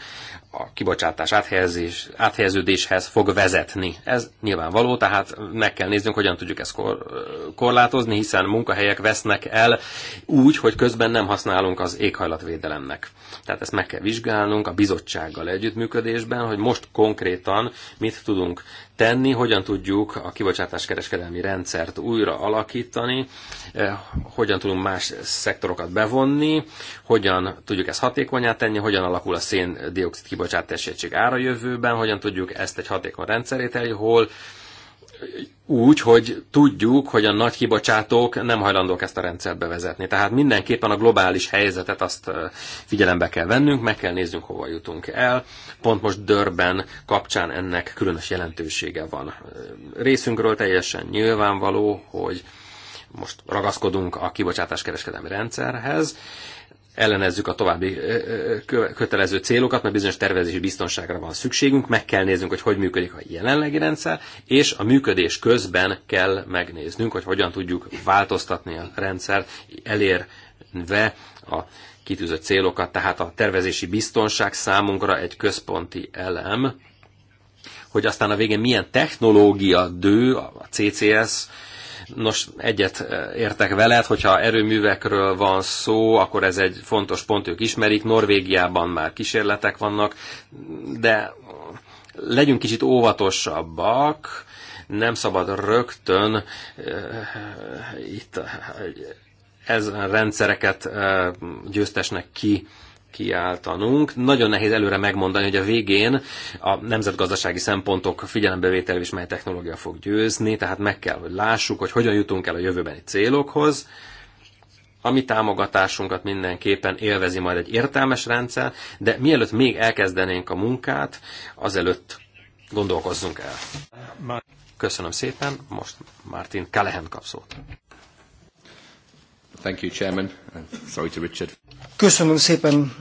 a kibocsátás áthelyezés, áthelyeződéshez fog vezetni. Ez nyilvánvaló, tehát meg kell néznünk, hogyan tudjuk ezt kor, korlátozni, hiszen munkahelyek vesznek el úgy, hogy közben nem használunk az éghajlatvédelemnek. Tehát ezt meg kell vizsgálnunk a bizottsággal együttműködésben, hogy most konkrétan mit tudunk tenni, hogyan tudjuk a kibocsátáskereskedelmi rendszert újra alakítani, eh, hogyan tudunk más szektorokat bevonni, hogyan tudjuk ezt hatékonyá tenni, hogyan alakul a széndiokszid kibocsátás egység ára jövőben, hogyan tudjuk ezt egy hatékony rendszerét elé, hol úgy, hogy tudjuk, hogy a nagy kibocsátók nem hajlandók ezt a rendszert bevezetni. Tehát mindenképpen a globális helyzetet azt figyelembe kell vennünk, meg kell néznünk, hova jutunk el. Pont most Dörben kapcsán ennek különös jelentősége van. Részünkről teljesen nyilvánvaló, hogy most ragaszkodunk a kibocsátáskereskedelmi rendszerhez, ellenezzük a további kötelező célokat, mert bizonyos tervezési biztonságra van szükségünk, meg kell néznünk, hogy hogy működik a jelenlegi rendszer, és a működés közben kell megnéznünk, hogy hogyan tudjuk változtatni a rendszer elérve a kitűzött célokat, tehát a tervezési biztonság számunkra egy központi elem, hogy aztán a végén milyen technológia dő, a CCS, Nos, egyet eh, értek veled, hogyha erőművekről van szó, akkor ez egy fontos pont, ők ismerik. Norvégiában már kísérletek vannak, de legyünk kicsit óvatosabbak, nem szabad rögtön eh, itt eh, ezen rendszereket győztesnek ki kiáltanunk. Nagyon nehéz előre megmondani, hogy a végén a nemzetgazdasági szempontok figyelembevétel is mely technológia fog győzni, tehát meg kell, hogy lássuk, hogy hogyan jutunk el a jövőbeni célokhoz. A mi támogatásunkat mindenképpen élvezi majd egy értelmes rendszer, de mielőtt még elkezdenénk a munkát, azelőtt gondolkozzunk el. Köszönöm szépen, most Martin Kalehen kap szót. Thank you, Chairman. Uh, sorry to Richard. Köszönöm szépen,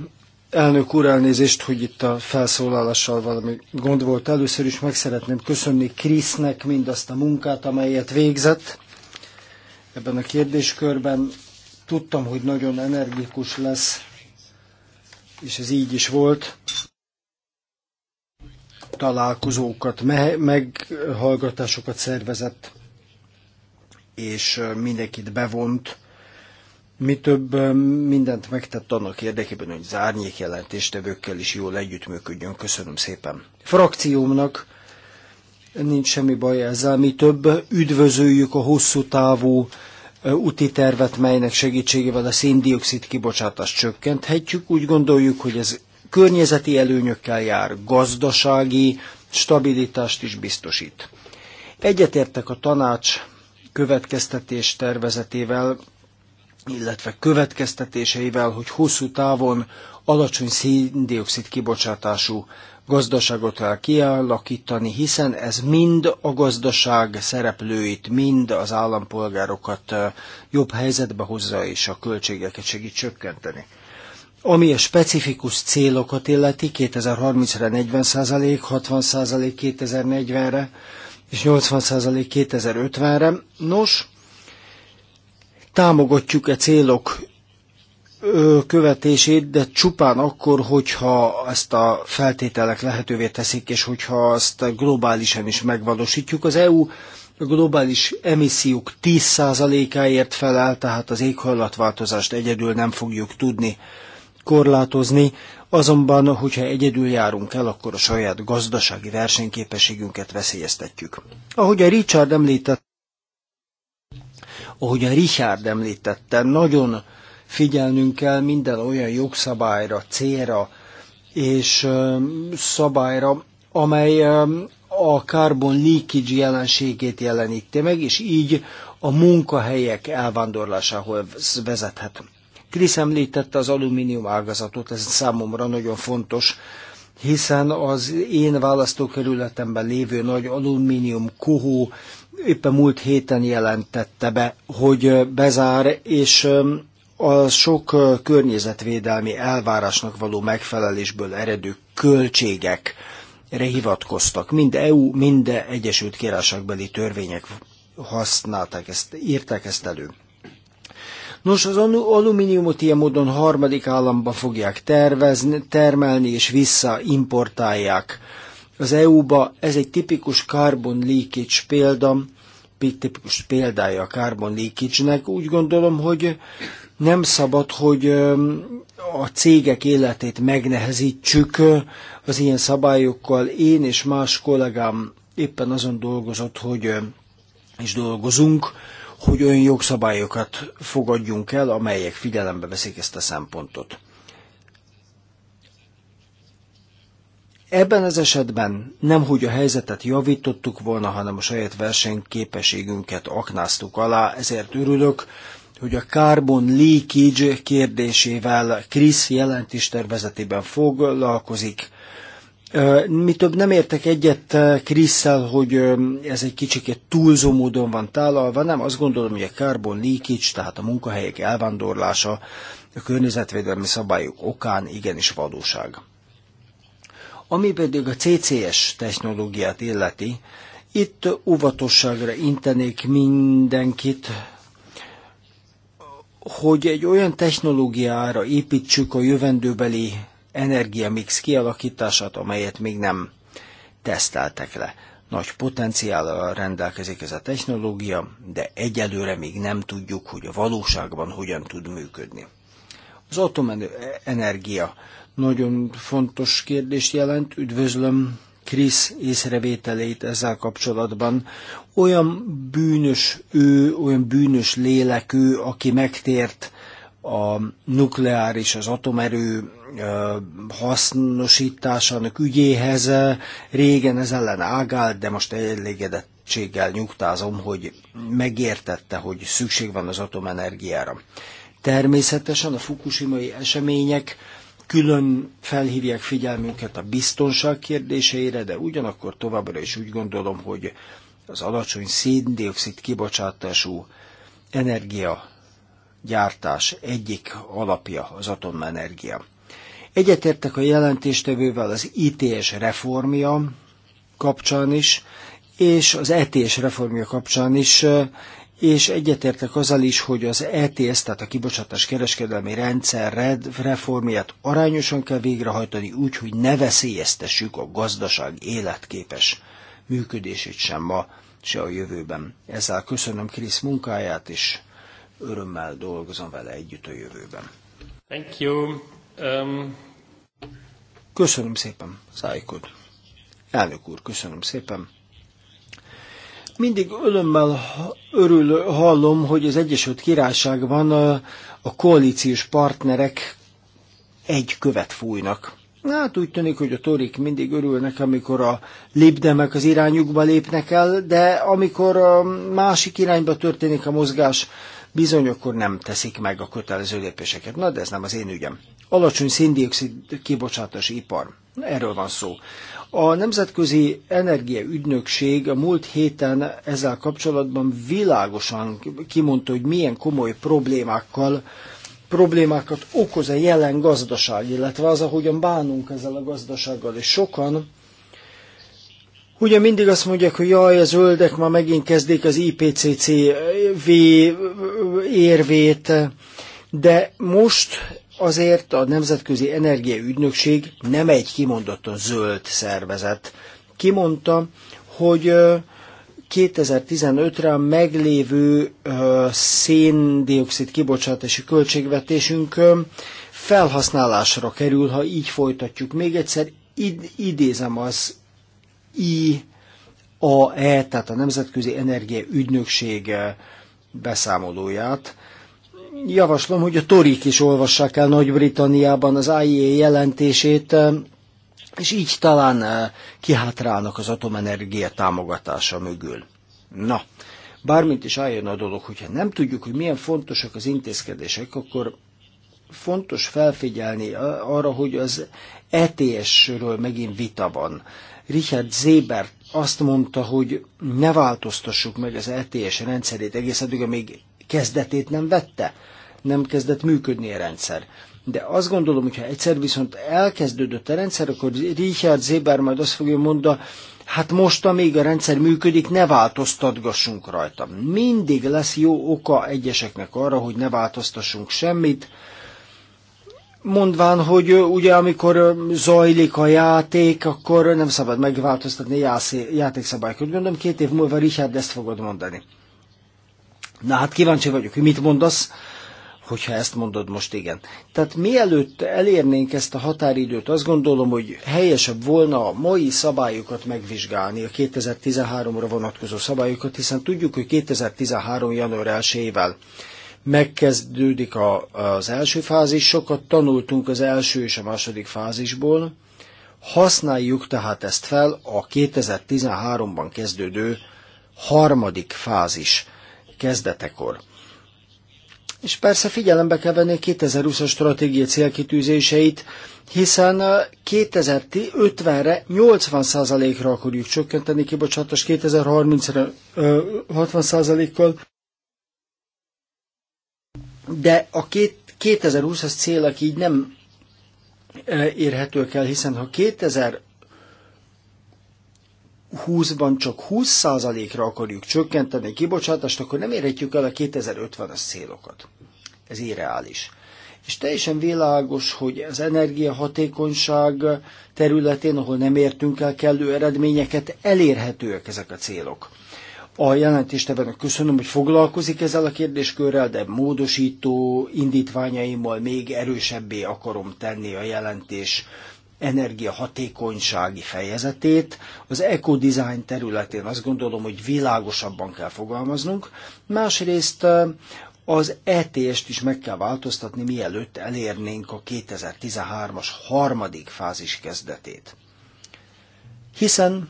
elnök úr, elnézést, hogy itt a felszólalással valami gond volt. Először is meg szeretném köszönni Krisznek mindazt a munkát, amelyet végzett ebben a kérdéskörben. Tudtam, hogy nagyon energikus lesz, és ez így is volt találkozókat, meghallgatásokat szervezett, és mindenkit bevont mi több mindent megtett annak érdekében, hogy zárnyék jelentéstevőkkel is jól együttműködjön. Köszönöm szépen. Frakciómnak nincs semmi baj ezzel, mi több üdvözöljük a hosszú távú úti tervet, melynek segítségével a széndiokszid kibocsátást csökkenthetjük. Úgy gondoljuk, hogy ez környezeti előnyökkel jár, gazdasági stabilitást is biztosít. Egyetértek a tanács következtetés tervezetével, illetve következtetéseivel, hogy hosszú távon alacsony széndiokszid kibocsátású gazdaságot kell kialakítani, hiszen ez mind a gazdaság szereplőit, mind az állampolgárokat jobb helyzetbe hozza és a költségeket segít csökkenteni. Ami a specifikus célokat illeti, 2030-re 40 60 2040-re és 80 2050-re, nos, támogatjuk e célok követését, de csupán akkor, hogyha ezt a feltételek lehetővé teszik, és hogyha ezt globálisan is megvalósítjuk. Az EU a globális emissziók 10%-áért felel, tehát az éghajlatváltozást egyedül nem fogjuk tudni korlátozni, azonban, hogyha egyedül járunk el, akkor a saját gazdasági versenyképességünket veszélyeztetjük. Ahogy a Richard említett, Ahogyan Richard említette, nagyon figyelnünk kell minden olyan jogszabályra, célra és szabályra, amely a carbon leakage jelenségét jeleníti meg, és így a munkahelyek elvándorlásához vezethet. Krisz említette az alumínium ágazatot, ez számomra nagyon fontos, hiszen az én választókerületemben lévő nagy alumínium kohó éppen múlt héten jelentette be, hogy bezár, és a sok környezetvédelmi elvárásnak való megfelelésből eredő költségekre hivatkoztak. Mind EU, mind Egyesült Királyságbeli törvények használták ezt, írták ezt elő. Nos, az alumíniumot ilyen módon harmadik államba fogják tervezni, termelni és visszaimportálják az EU-ba ez egy tipikus carbon leakage példa, tipikus példája a carbon leakage-nek. Úgy gondolom, hogy nem szabad, hogy a cégek életét megnehezítsük az ilyen szabályokkal. Én és más kollégám éppen azon dolgozott, hogy és dolgozunk, hogy olyan jogszabályokat fogadjunk el, amelyek figyelembe veszik ezt a szempontot. Ebben az esetben nem, hogy a helyzetet javítottuk volna, hanem a saját versenyképességünket aknáztuk alá, ezért örülök, hogy a carbon leakage kérdésével Krisz tervezetében foglalkozik. Mi több nem értek egyet Krisszel, hogy ez egy kicsikét túlzó módon van tálalva, nem, azt gondolom, hogy a carbon leakage, tehát a munkahelyek elvándorlása a környezetvédelmi szabályok okán igenis valóság. Ami pedig a CCS technológiát illeti, itt óvatosságra intenék mindenkit, hogy egy olyan technológiára építsük a jövendőbeli energiamix kialakítását, amelyet még nem teszteltek le. Nagy potenciállal rendelkezik ez a technológia, de egyelőre még nem tudjuk, hogy a valóságban hogyan tud működni. Az atomenergia nagyon fontos kérdést jelent. Üdvözlöm Krisz észrevételeit ezzel kapcsolatban. Olyan bűnös ő, olyan bűnös lélek ő, aki megtért a nukleáris, az atomerő hasznosításának ügyéhez. Régen ez ellen ágált, de most elégedett nyugtázom, hogy megértette, hogy szükség van az atomenergiára. Természetesen a fukushimai események külön felhívják figyelmünket a biztonság kérdéseire, de ugyanakkor továbbra is úgy gondolom, hogy az alacsony széndiokszid kibocsátású energia gyártás egyik alapja az atomenergia. Egyetértek a jelentéstevővel az ITS reformja kapcsán is, és az ETS reformja kapcsán is, és egyetértek azzal is, hogy az ETS, tehát a kibocsátás kereskedelmi rendszer reformját arányosan kell végrehajtani úgy, hogy ne veszélyeztessük a gazdaság életképes működését sem ma, se a jövőben. Ezzel köszönöm Krisz munkáját, és örömmel dolgozom vele együtt a jövőben. Thank you. Um... Köszönöm szépen, Szájkod. Elnök úr, köszönöm szépen. Mindig örömmel örül, hallom, hogy az Egyesült Királyságban a koalíciós partnerek egy követ fújnak. Hát úgy tűnik, hogy a torik mindig örülnek, amikor a lépdemek az irányukba lépnek el, de amikor a másik irányba történik a mozgás, bizony akkor nem teszik meg a kötelező lépéseket. Na, de ez nem az én ügyem. Alacsony széndiokszid kibocsátás ipar. Erről van szó. A Nemzetközi Energiaügynökség a múlt héten ezzel kapcsolatban világosan kimondta, hogy milyen komoly problémákkal problémákat okoz a jelen gazdaság, illetve az, ahogyan bánunk ezzel a gazdasággal, és sokan Ugye mindig azt mondják, hogy jaj, a zöldek már megint kezdik az IPCC v érvét, de most azért a Nemzetközi Ügynökség nem egy kimondottan zöld szervezet. Kimondta, hogy 2015-re a meglévő széndiokszid kibocsátási költségvetésünk felhasználásra kerül, ha így folytatjuk. Még egyszer id- idézem az IAE, tehát a Nemzetközi Energia Ügynökség beszámolóját javaslom, hogy a torik is olvassák el Nagy-Britanniában az IEA jelentését, és így talán kihátrálnak az atomenergia támogatása mögül. Na, bármint is álljon a dolog, hogyha nem tudjuk, hogy milyen fontosak az intézkedések, akkor fontos felfigyelni arra, hogy az ETS-ről megint vita van. Richard Zébert azt mondta, hogy ne változtassuk meg az ETS rendszerét egész addig, amíg kezdetét nem vette, nem kezdett működni a rendszer. De azt gondolom, hogyha egyszer viszont elkezdődött a rendszer, akkor Richard Zéber majd azt fogja mondani, hát most, amíg a rendszer működik, ne változtatgassunk rajta. Mindig lesz jó oka egyeseknek arra, hogy ne változtassunk semmit, mondván, hogy ugye amikor zajlik a játék, akkor nem szabad megváltoztatni játékszabályokat. Gondolom két év múlva Richard ezt fogod mondani. Na hát kíváncsi vagyok, hogy mit mondasz, hogyha ezt mondod most igen. Tehát mielőtt elérnénk ezt a határidőt, azt gondolom, hogy helyesebb volna a mai szabályokat megvizsgálni, a 2013-ra vonatkozó szabályokat, hiszen tudjuk, hogy 2013. január 1-ével megkezdődik a, az első fázis, sokat tanultunk az első és a második fázisból, használjuk tehát ezt fel a 2013-ban kezdődő harmadik fázis kezdetekor. És persze figyelembe kell venni a 2020-as stratégia célkitűzéseit, hiszen 2050-re 80%-ra akarjuk csökkenteni kibocsátás 2030-ra 60%-kal, de a 2020-as célak így nem érhetők el, hiszen ha 2000 2020 ban csak 20%-ra akarjuk csökkenteni a kibocsátást, akkor nem érhetjük el a 2050-es célokat. Ez irreális. És teljesen világos, hogy az energiahatékonyság területén, ahol nem értünk el kellő eredményeket, elérhetőek ezek a célok. A jelentéstevőnek köszönöm, hogy foglalkozik ezzel a kérdéskörrel, de módosító indítványaimmal még erősebbé akarom tenni a jelentés energiahatékonysági fejezetét. Az ecodesign területén azt gondolom, hogy világosabban kell fogalmaznunk. Másrészt eh, az ETS-t is meg kell változtatni, mielőtt elérnénk a 2013-as harmadik fázis kezdetét. Hiszen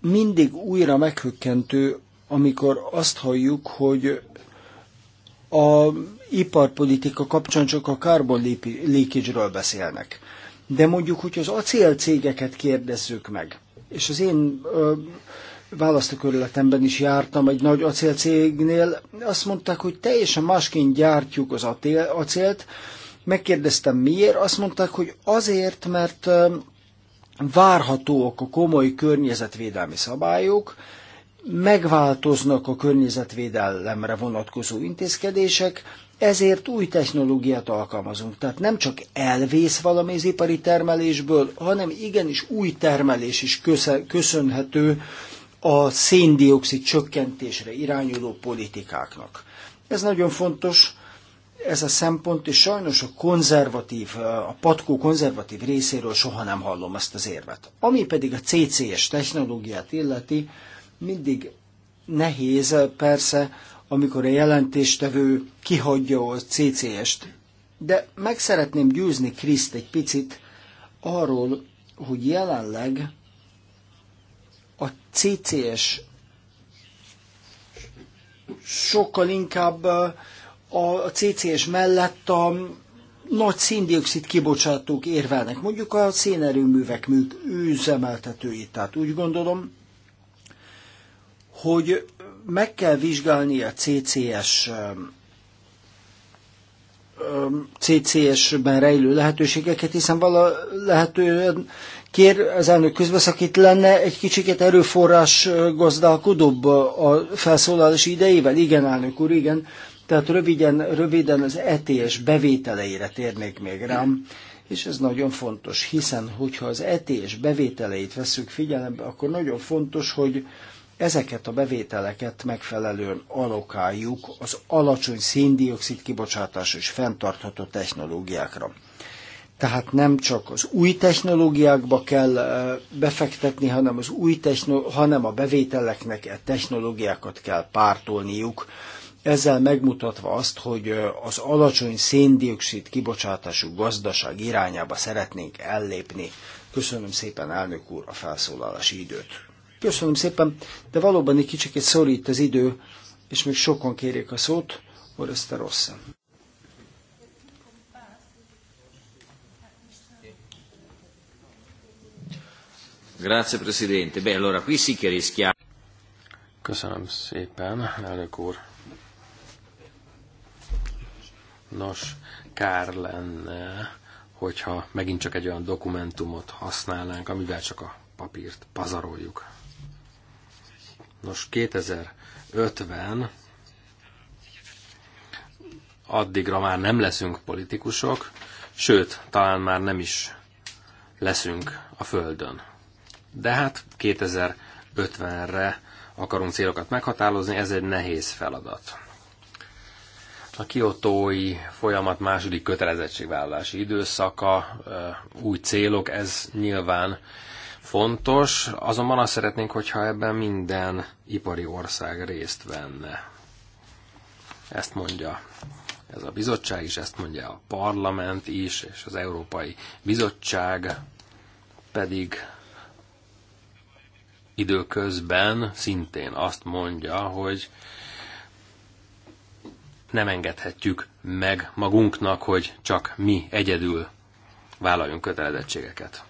mindig újra meghökkentő, amikor azt halljuk, hogy a iparpolitika kapcsán csak a carbon leakage-ről beszélnek. De mondjuk, hogy az acélcégeket kérdezzük meg, és az én ö, választókörületemben is jártam egy nagy acélcégnél, azt mondták, hogy teljesen másként gyártjuk az acélt. Megkérdeztem miért, azt mondták, hogy azért, mert várhatóak a komoly környezetvédelmi szabályok, megváltoznak a környezetvédelemre vonatkozó intézkedések, ezért új technológiát alkalmazunk. Tehát nem csak elvész valami az ipari termelésből, hanem igenis új termelés is köszönhető a széndiokszid csökkentésre irányuló politikáknak. Ez nagyon fontos, ez a szempont, és sajnos a konzervatív, a patkó konzervatív részéről soha nem hallom ezt az érvet. Ami pedig a CCS technológiát illeti, mindig nehéz persze amikor a jelentéstevő kihagyja a CCS-t. De meg szeretném győzni Kriszt egy picit arról, hogy jelenleg a CCS sokkal inkább a CCS mellett a nagy széndiokszid kibocsátók érvelnek, mondjuk a szénerőművek üzemeltetőit. Tehát úgy gondolom, hogy meg kell vizsgálni a CCS um, um, CCS-ben rejlő lehetőségeket, hiszen vala lehető kér az elnök közbeszakít lenne egy kicsiket erőforrás uh, gazdálkodóbb a felszólalási idejével? Igen, elnök úr, igen. Tehát röviden, röviden az ETS bevételeire térnék még rám, és ez nagyon fontos, hiszen hogyha az ETS bevételeit veszük figyelembe, akkor nagyon fontos, hogy ezeket a bevételeket megfelelően alokáljuk az alacsony széndiokszid kibocsátás és fenntartható technológiákra. Tehát nem csak az új technológiákba kell befektetni, hanem, az új techno hanem a bevételeknek a e technológiákat kell pártolniuk, ezzel megmutatva azt, hogy az alacsony széndiokszid kibocsátású gazdaság irányába szeretnénk ellépni. Köszönöm szépen, elnök úr, a felszólalási időt. Köszönöm szépen, de valóban egy kicsikét szorít az idő, és még sokan kérik a szót. Oreste rossz. Grazie Presidente. Beh, allora qui sì che rischiamo. Köszönöm szépen, elnök úr. Nos, kár lenne, hogyha megint csak egy olyan dokumentumot használnánk, amivel csak a papírt pazaroljuk. Nos, 2050 addigra már nem leszünk politikusok, sőt, talán már nem is leszünk a Földön. De hát 2050-re akarunk célokat meghatározni, ez egy nehéz feladat. A kiotói folyamat második kötelezettségvállalási időszaka, új célok, ez nyilván fontos, azonban azt szeretnénk, hogyha ebben minden ipari ország részt venne. Ezt mondja ez a bizottság is, ezt mondja a parlament is, és az Európai Bizottság pedig időközben szintén azt mondja, hogy nem engedhetjük meg magunknak, hogy csak mi egyedül vállaljunk kötelezettségeket.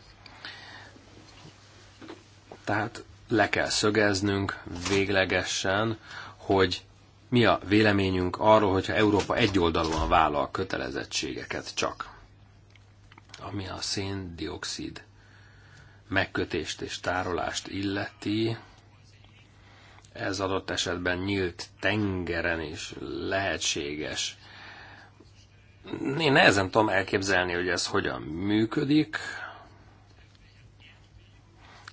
Tehát le kell szögeznünk véglegesen, hogy mi a véleményünk arról, hogyha Európa egyoldalúan vállal kötelezettségeket csak, ami a széndiokszid megkötést és tárolást illeti, ez adott esetben nyílt tengeren is lehetséges. Én nehezen tudom elképzelni, hogy ez hogyan működik,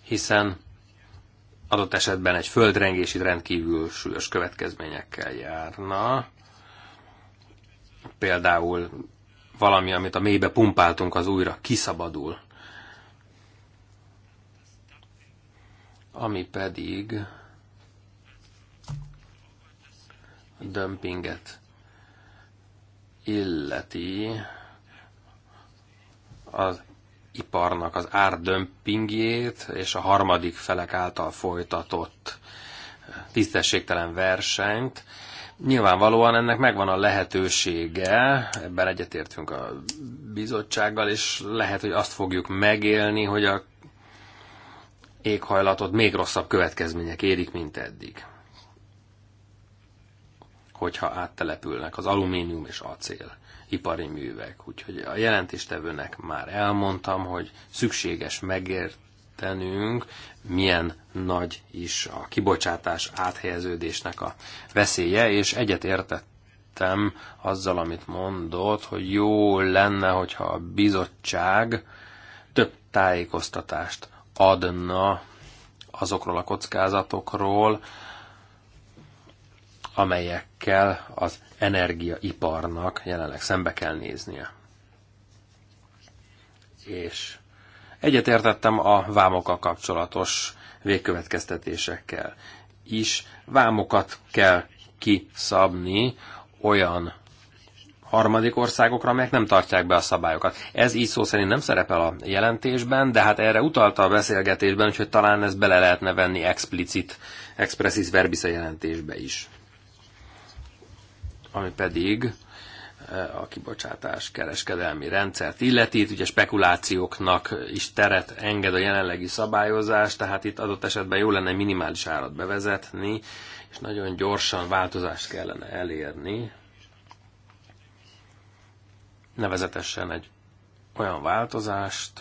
hiszen adott esetben egy földrengés itt rendkívül súlyos következményekkel járna. Például valami, amit a mélybe pumpáltunk, az újra kiszabadul. Ami pedig a dömpinget illeti, az iparnak az árdömpingjét és a harmadik felek által folytatott eh, tisztességtelen versenyt. Nyilvánvalóan ennek megvan a lehetősége, ebben egyetértünk a bizottsággal, és lehet, hogy azt fogjuk megélni, hogy a éghajlatot még rosszabb következmények érik, mint eddig. Hogyha áttelepülnek az alumínium és acél ipari művek. Úgyhogy a jelentéstevőnek már elmondtam, hogy szükséges megértenünk, milyen nagy is a kibocsátás áthelyeződésnek a veszélye, és egyet értettem azzal, amit mondott, hogy jó lenne, hogyha a bizottság több tájékoztatást adna azokról a kockázatokról, amelyekkel az energiaiparnak jelenleg szembe kell néznie. És egyetértettem a vámokkal kapcsolatos végkövetkeztetésekkel is. Vámokat kell kiszabni olyan harmadik országokra, amelyek nem tartják be a szabályokat. Ez így szó szerint nem szerepel a jelentésben, de hát erre utalta a beszélgetésben, úgyhogy talán ezt bele lehetne venni explicit, expressis verbis a jelentésbe is ami pedig e, a kibocsátás kereskedelmi rendszert illeti. Itt ugye spekulációknak is teret enged a jelenlegi szabályozás, tehát itt adott esetben jó lenne minimális árat bevezetni, és nagyon gyorsan változást kellene elérni. Nevezetesen egy olyan változást,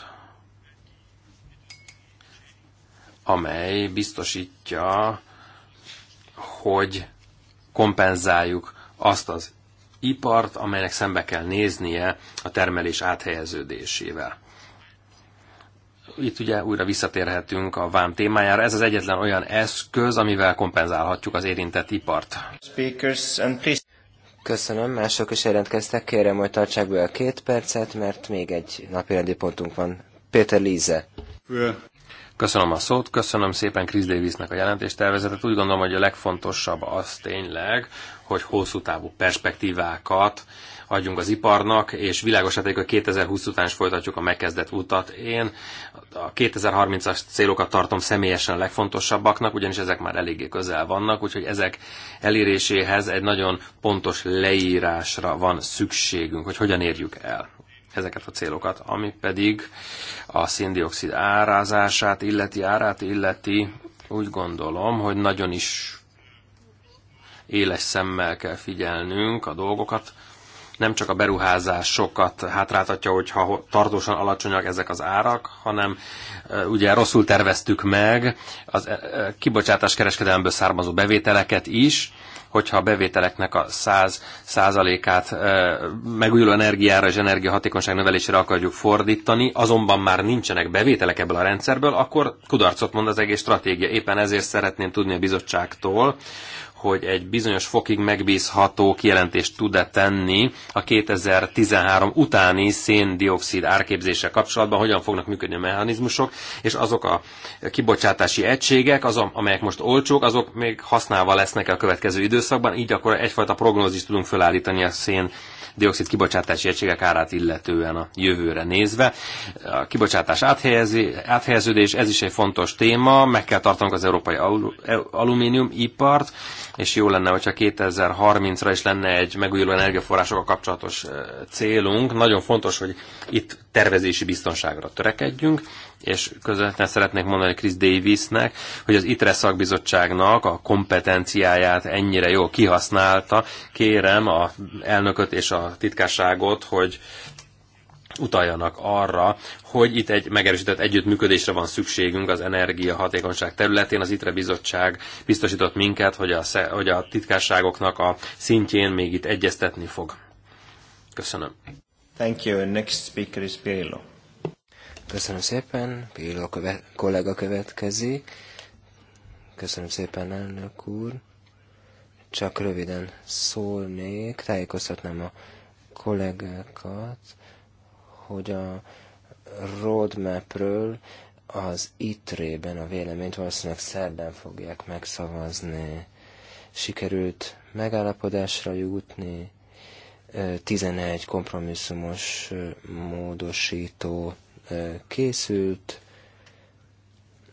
amely biztosítja, hogy kompenzáljuk azt az ipart, amelynek szembe kell néznie a termelés áthelyeződésével. Itt ugye újra visszatérhetünk a vám témájára. Ez az egyetlen olyan eszköz, amivel kompenzálhatjuk az érintett ipart. Köszönöm, mások is jelentkeztek. Kérem, hogy tartsák be a két percet, mert még egy napi pontunk van. Péter Líze. Köszönöm a szót, köszönöm szépen Chris Davisnek a jelentéstervezetet. Úgy gondolom, hogy a legfontosabb az tényleg, hogy hosszú távú perspektívákat adjunk az iparnak, és világos, hát, hogy 2020 után is folytatjuk a megkezdett utat. Én a 2030-as célokat tartom személyesen a legfontosabbaknak, ugyanis ezek már eléggé közel vannak, úgyhogy ezek eléréséhez egy nagyon pontos leírásra van szükségünk, hogy hogyan érjük el ezeket a célokat, ami pedig a széndiokszid árázását illeti, árát illeti, úgy gondolom, hogy nagyon is éles szemmel kell figyelnünk a dolgokat, nem csak a beruházásokat hátráltatja, hogyha tartósan alacsonyak ezek az árak, hanem e, ugye rosszul terveztük meg az e, e, kibocsátás kereskedelemből származó bevételeket is, hogyha a bevételeknek a 100 százalékát megújuló energiára és energiahatékonyság növelésére akarjuk fordítani, azonban már nincsenek bevételek ebből a rendszerből, akkor kudarcot mond az egész stratégia. Éppen ezért szeretném tudni a bizottságtól, hogy egy bizonyos fokig megbízható kijelentést tud-e tenni a 2013 utáni széndiokszid árképzése kapcsolatban, hogyan fognak működni a mechanizmusok, és azok a kibocsátási egységek, az amelyek most olcsók, azok még használva lesznek a következő időszakban, így akkor egyfajta prognózist tudunk felállítani a szén dioxid kibocsátási egységek árát illetően a jövőre nézve. A kibocsátás áthelyezi, áthelyeződés, ez is egy fontos téma, meg kell tartanunk az európai e-, alumínium ipart, és jó lenne, hogyha 2030-ra is lenne egy megújuló energiaforrásokkal kapcsolatos célunk. Nagyon fontos, hogy itt tervezési biztonságra törekedjünk, és közvetlenül szeretnék mondani Chris Davisnek, hogy az ITRE szakbizottságnak a kompetenciáját ennyire jól kihasználta. Kérem a elnököt és a titkárságot, hogy utaljanak arra, hogy itt egy megerősített együttműködésre van szükségünk az energiahatékonyság területén. Az ITRE bizottság biztosított minket, hogy a, hogy a titkárságoknak a szintjén még itt egyeztetni fog. Köszönöm. Thank you. Next speaker is Pirillo. Köszönöm szépen. Pirillo követ, kollega következik. Köszönöm szépen, elnök úr. Csak röviden szólnék, tájékoztatnám a kollégákat, hogy a roadmapről az ITRE-ben a véleményt valószínűleg szerdán fogják megszavazni. Sikerült megállapodásra jutni, 11 kompromisszumos módosító készült,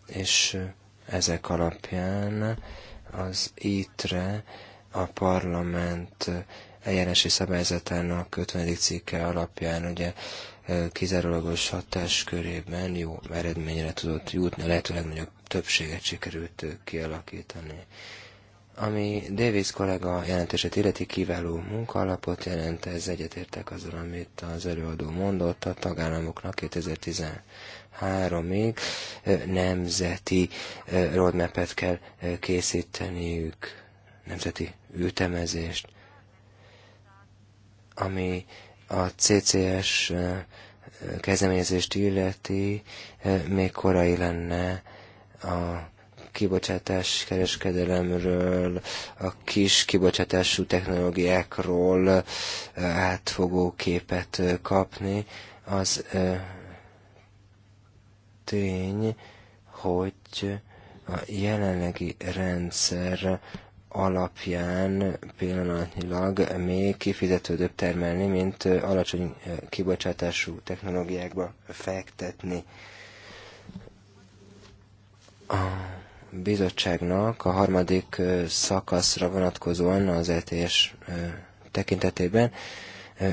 és ezek alapján az ITRE a parlament eljárási szabályzatának 50. cikke alapján ugye kizárólagos hatáskörében jó eredményre tudott jutni, a lehető legnagyobb többséget sikerült kialakítani. Ami Davis kollega jelentését illeti kiváló munkaalapot jelent, ez egyetértek azzal, amit az előadó mondott, a tagállamoknak 2013-ig nemzeti roadmap-et kell készíteniük, nemzeti ütemezést, ami a CCS kezdeményezést illeti, még korai lenne a kibocsátás kereskedelemről, a kis kibocsátású technológiákról átfogó képet kapni. Az tény, hogy a jelenlegi rendszer alapján pillanatnyilag még kifizetődőbb termelni, mint alacsony kibocsátású technológiákba fektetni. A bizottságnak a harmadik szakaszra vonatkozóan az ETS tekintetében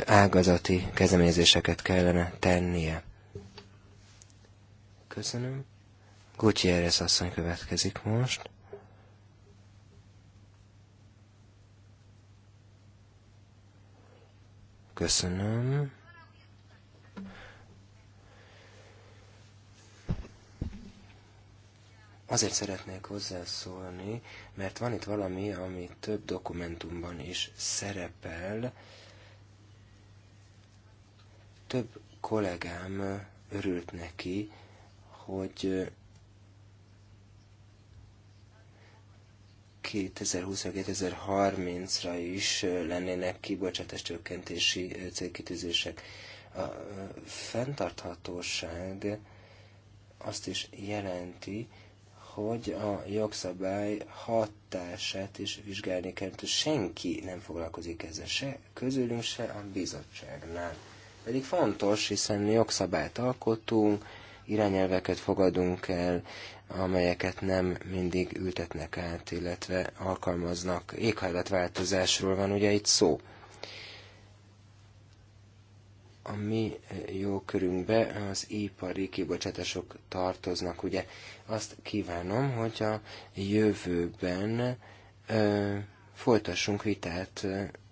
ágazati kezdeményezéseket kellene tennie. Köszönöm. Gutierrez asszony következik most. Köszönöm. Azért szeretnék hozzászólni, mert van itt valami, ami több dokumentumban is szerepel. Több kollégám örült neki, hogy 2020-2030-ra is lennének kibocsátás csökkentési célkitűzések. A fenntarthatóság azt is jelenti, hogy a jogszabály hatását is vizsgálni kell, hogy senki nem foglalkozik ezzel se közülünk, se a bizottságnál. Pedig fontos, hiszen jogszabályt alkotunk, irányelveket fogadunk el, amelyeket nem mindig ültetnek át, illetve alkalmaznak. Éghajlatváltozásról van ugye itt szó. A mi körünkbe az ipari kibocsátások tartoznak, ugye. Azt kívánom, hogy a jövőben ö, folytassunk vitát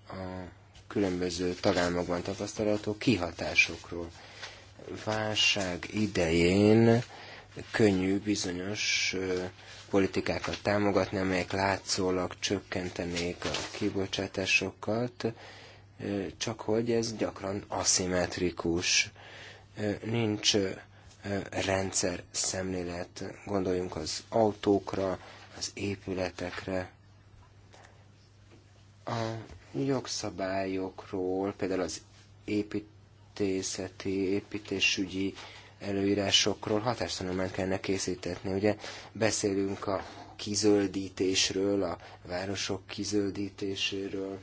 a különböző tagállamokban tapasztalható kihatásokról. Válság idején könnyű bizonyos politikákat támogatni, amelyek látszólag csökkentenék a kibocsátásokat, csak hogy ez gyakran aszimmetrikus. Nincs rendszer szemlélet, gondoljunk az autókra, az épületekre, a jogszabályokról, például az építészeti, építésügyi előírásokról hatástanulmányt kellene készítetni. Ugye beszélünk a kizöldítésről, a városok kizöldítéséről,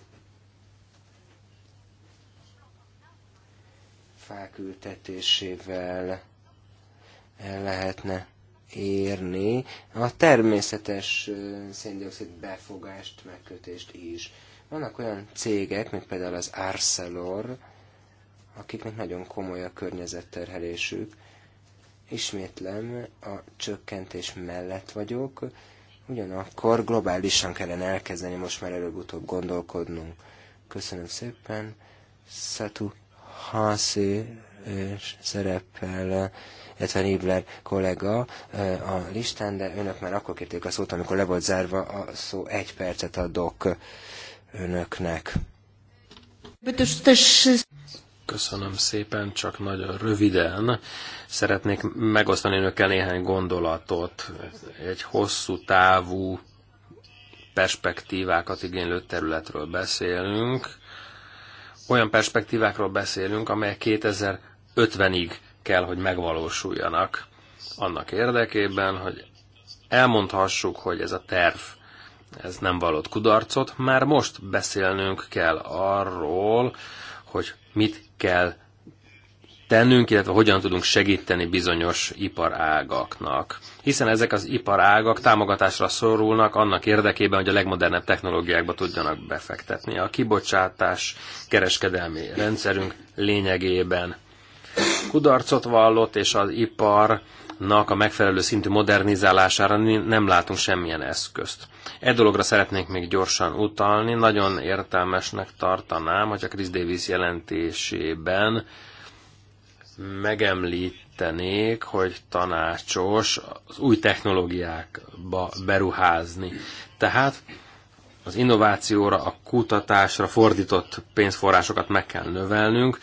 fák ültetésével el lehetne érni a természetes széndiokszid befogást, megkötést is. Vannak olyan cégek, mint például az Arcelor, akiknek nagyon komoly a környezetterhelésük, Ismétlem, a csökkentés mellett vagyok, ugyanakkor globálisan kellene elkezdeni most már előbb-utóbb gondolkodnunk. Köszönöm szépen. Szatu Hasi szerepel, illetve Nibler kollega a listán, de önök már akkor kérték a szót, amikor le volt zárva a szó, egy percet adok önöknek. Köszönöm szépen, csak nagyon röviden szeretnék megosztani önökkel néhány gondolatot, egy hosszú távú perspektívákat igénylő területről beszélünk. Olyan perspektívákról beszélünk, amelyek 2050-ig kell, hogy megvalósuljanak. Annak érdekében, hogy elmondhassuk, hogy ez a terv ez nem valott kudarcot, már most beszélnünk kell arról, hogy mit kell tennünk, illetve hogyan tudunk segíteni bizonyos iparágaknak. Hiszen ezek az iparágak támogatásra szorulnak annak érdekében, hogy a legmodernebb technológiákba tudjanak befektetni. A kibocsátás kereskedelmi rendszerünk lényegében kudarcot vallott, és az iparnak a megfelelő szintű modernizálására nem látunk semmilyen eszközt. Egy dologra szeretnék még gyorsan utalni. Nagyon értelmesnek tartanám, hogy a Chris Davis jelentésében megemlítenék, hogy tanácsos az új technológiákba beruházni. Tehát az innovációra, a kutatásra fordított pénzforrásokat meg kell növelnünk,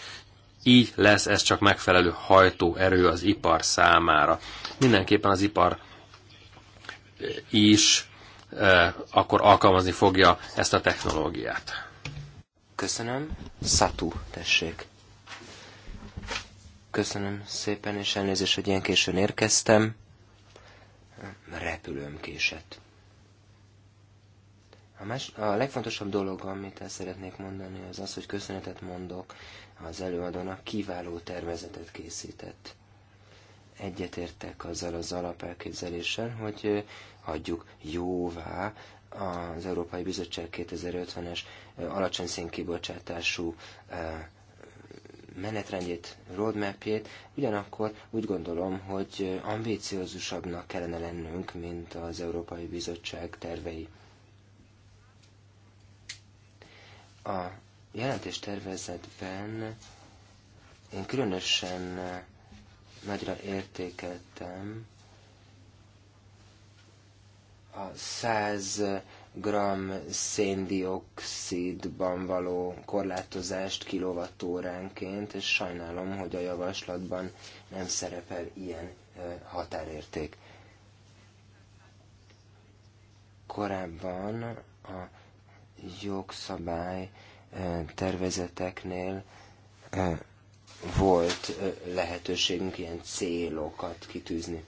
így lesz ez csak megfelelő hajtóerő az ipar számára. Mindenképpen az ipar eh, is eh, akkor alkalmazni fogja ezt a technológiát. Köszönöm. Szatú, tessék. Köszönöm szépen, és elnézést, hogy ilyen későn érkeztem. Repülőm késett. A, más, a legfontosabb dolog, amit el szeretnék mondani, az az, hogy köszönetet mondok az előadónak kiváló tervezetet készített. Egyetértek azzal az alapelképzeléssel, hogy hagyjuk jóvá az Európai Bizottság 2050-es alacsony szénkibocsátású menetrendjét, roadmapjét, ugyanakkor úgy gondolom, hogy ambíciózusabbnak kellene lennünk, mint az Európai Bizottság tervei. A jelentéstervezetben én különösen nagyra értékeltem a 100 g széndiokszidban való korlátozást kilovattóránként, és sajnálom, hogy a javaslatban nem szerepel ilyen határérték. Korábban a jogszabály tervezeteknél volt lehetőségünk ilyen célokat kitűzni.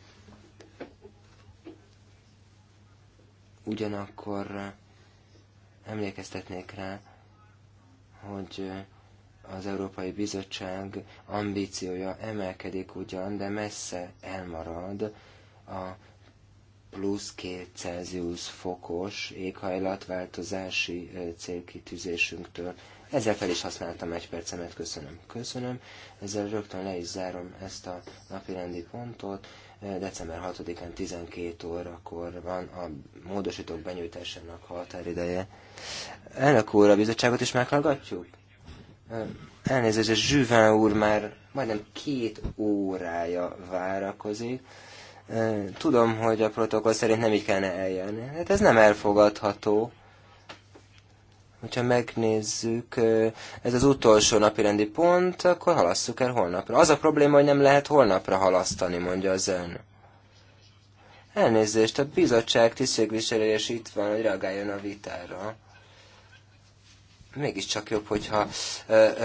Ugyanakkor emlékeztetnék rá, hogy az Európai Bizottság ambíciója emelkedik ugyan, de messze elmarad a plusz 2 Celsius fokos éghajlatváltozási célkitűzésünktől. Ezzel fel is használtam egy percemet, köszönöm. Köszönöm. Ezzel rögtön le is zárom ezt a napirendi pontot. December 6-án 12 órakor van a módosítók benyújtásának határideje. Elnök úr, a bizottságot is meghallgatjuk? Elnézést, Zsüven úr már majdnem két órája várakozik Tudom, hogy a protokoll szerint nem így kellene eljönni, Hát ez nem elfogadható. Hogyha megnézzük, ez az utolsó napi rendi pont, akkor halasszuk el holnapra. Az a probléma, hogy nem lehet holnapra halasztani, mondja az ön. Elnézést, a bizottság tisztségviselés itt van, hogy reagáljon a vitára mégiscsak jobb, hogyha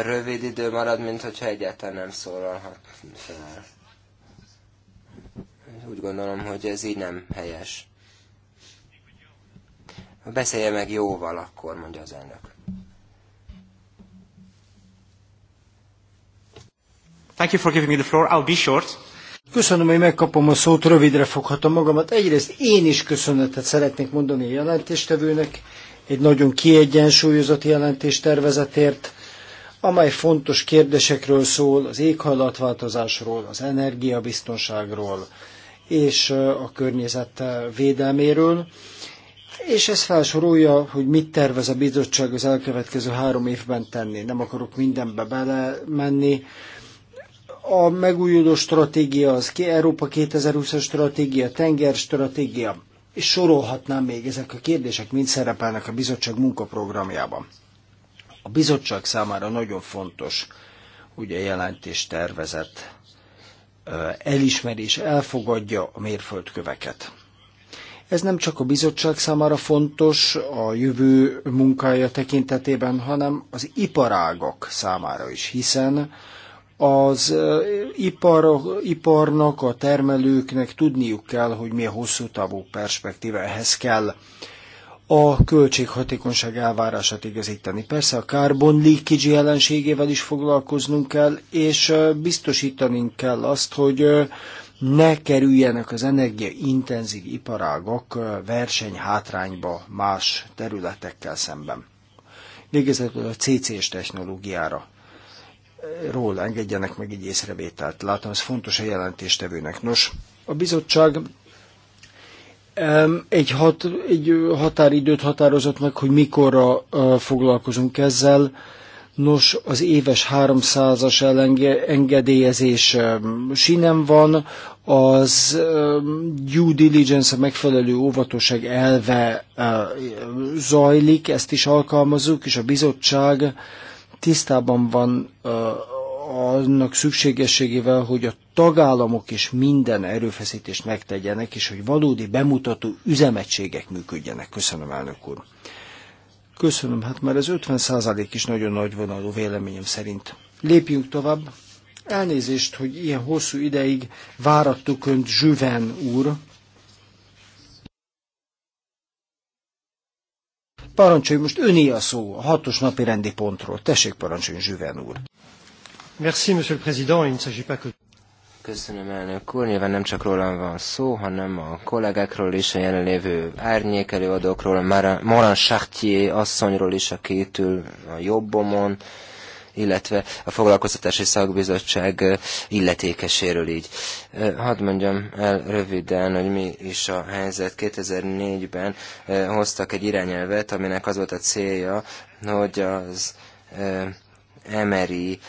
rövid idő marad, mint hogyha egyáltalán nem szólalhat fel úgy gondolom, hogy ez így nem helyes. Beszélje meg jóval akkor, mondja az elnök. Thank you for giving me the floor. I'll be short. Köszönöm, hogy megkapom a szót, rövidre foghatom magamat. Egyrészt én is köszönetet szeretnék mondani a jelentéstevőnek, egy nagyon kiegyensúlyozott jelentéstervezetért, amely fontos kérdésekről szól, az éghajlatváltozásról, az energiabiztonságról, és a környezet védelméről, és ez felsorolja, hogy mit tervez a bizottság az elkövetkező három évben tenni. Nem akarok mindenbe belemenni. A megújuló stratégia, az ki Európa 2020-as stratégia, tenger stratégia, és sorolhatnám még, ezek a kérdések mind szerepelnek a bizottság munkaprogramjában. A bizottság számára nagyon fontos, hogy a jelentés tervezett elismerés elfogadja a mérföldköveket. Ez nem csak a bizottság számára fontos a jövő munkája tekintetében, hanem az iparágak számára is, hiszen az ipar, iparnak, a termelőknek tudniuk kell, hogy mi a hosszú távú perspektíva. Ehhez kell a költséghatékonyság elvárását igazítani. Persze a carbon leakage jelenségével is foglalkoznunk kell, és biztosítanunk kell azt, hogy ne kerüljenek az energiaintenzív verseny versenyhátrányba más területekkel szemben. Végezetül a CC-s technológiára ról engedjenek meg egy észrevételt. Látom, ez fontos a jelentéstevőnek. Nos, a bizottság egy, hat, egy határidőt határozott meg, hogy mikorra foglalkozunk ezzel. Nos, az éves 300-as engedélyezés sinem van, az due diligence, a megfelelő óvatosság elve e, zajlik, ezt is alkalmazzuk, és a bizottság tisztában van annak szükségességével, hogy a tagállamok is minden erőfeszítést megtegyenek, és hogy valódi bemutató üzemetségek működjenek. Köszönöm, elnök úr. Köszönöm, hát már ez 50 százalék is nagyon nagy vonalú véleményem szerint. Lépjünk tovább. Elnézést, hogy ilyen hosszú ideig várattuk Önt Zsüven úr. Parancsolj, most öné a szó a hatos napi rendi pontról. Tessék parancsolni, Zsüven úr. Merci, Monsieur le Président. Il ne s'agit pas que... Köszönöm, elnök úr. Nyilván nem csak rólam van szó, hanem a kollégákról is, a jelenlévő árnyékelőadókról, Moran Chartier asszonyról is, aki itt ül a jobbomon, illetve a foglalkoztatási szakbizottság illetékeséről így. Hadd mondjam el röviden, hogy mi is a helyzet. 2004-ben hoztak egy irányelvet, aminek az volt a célja, hogy az emeri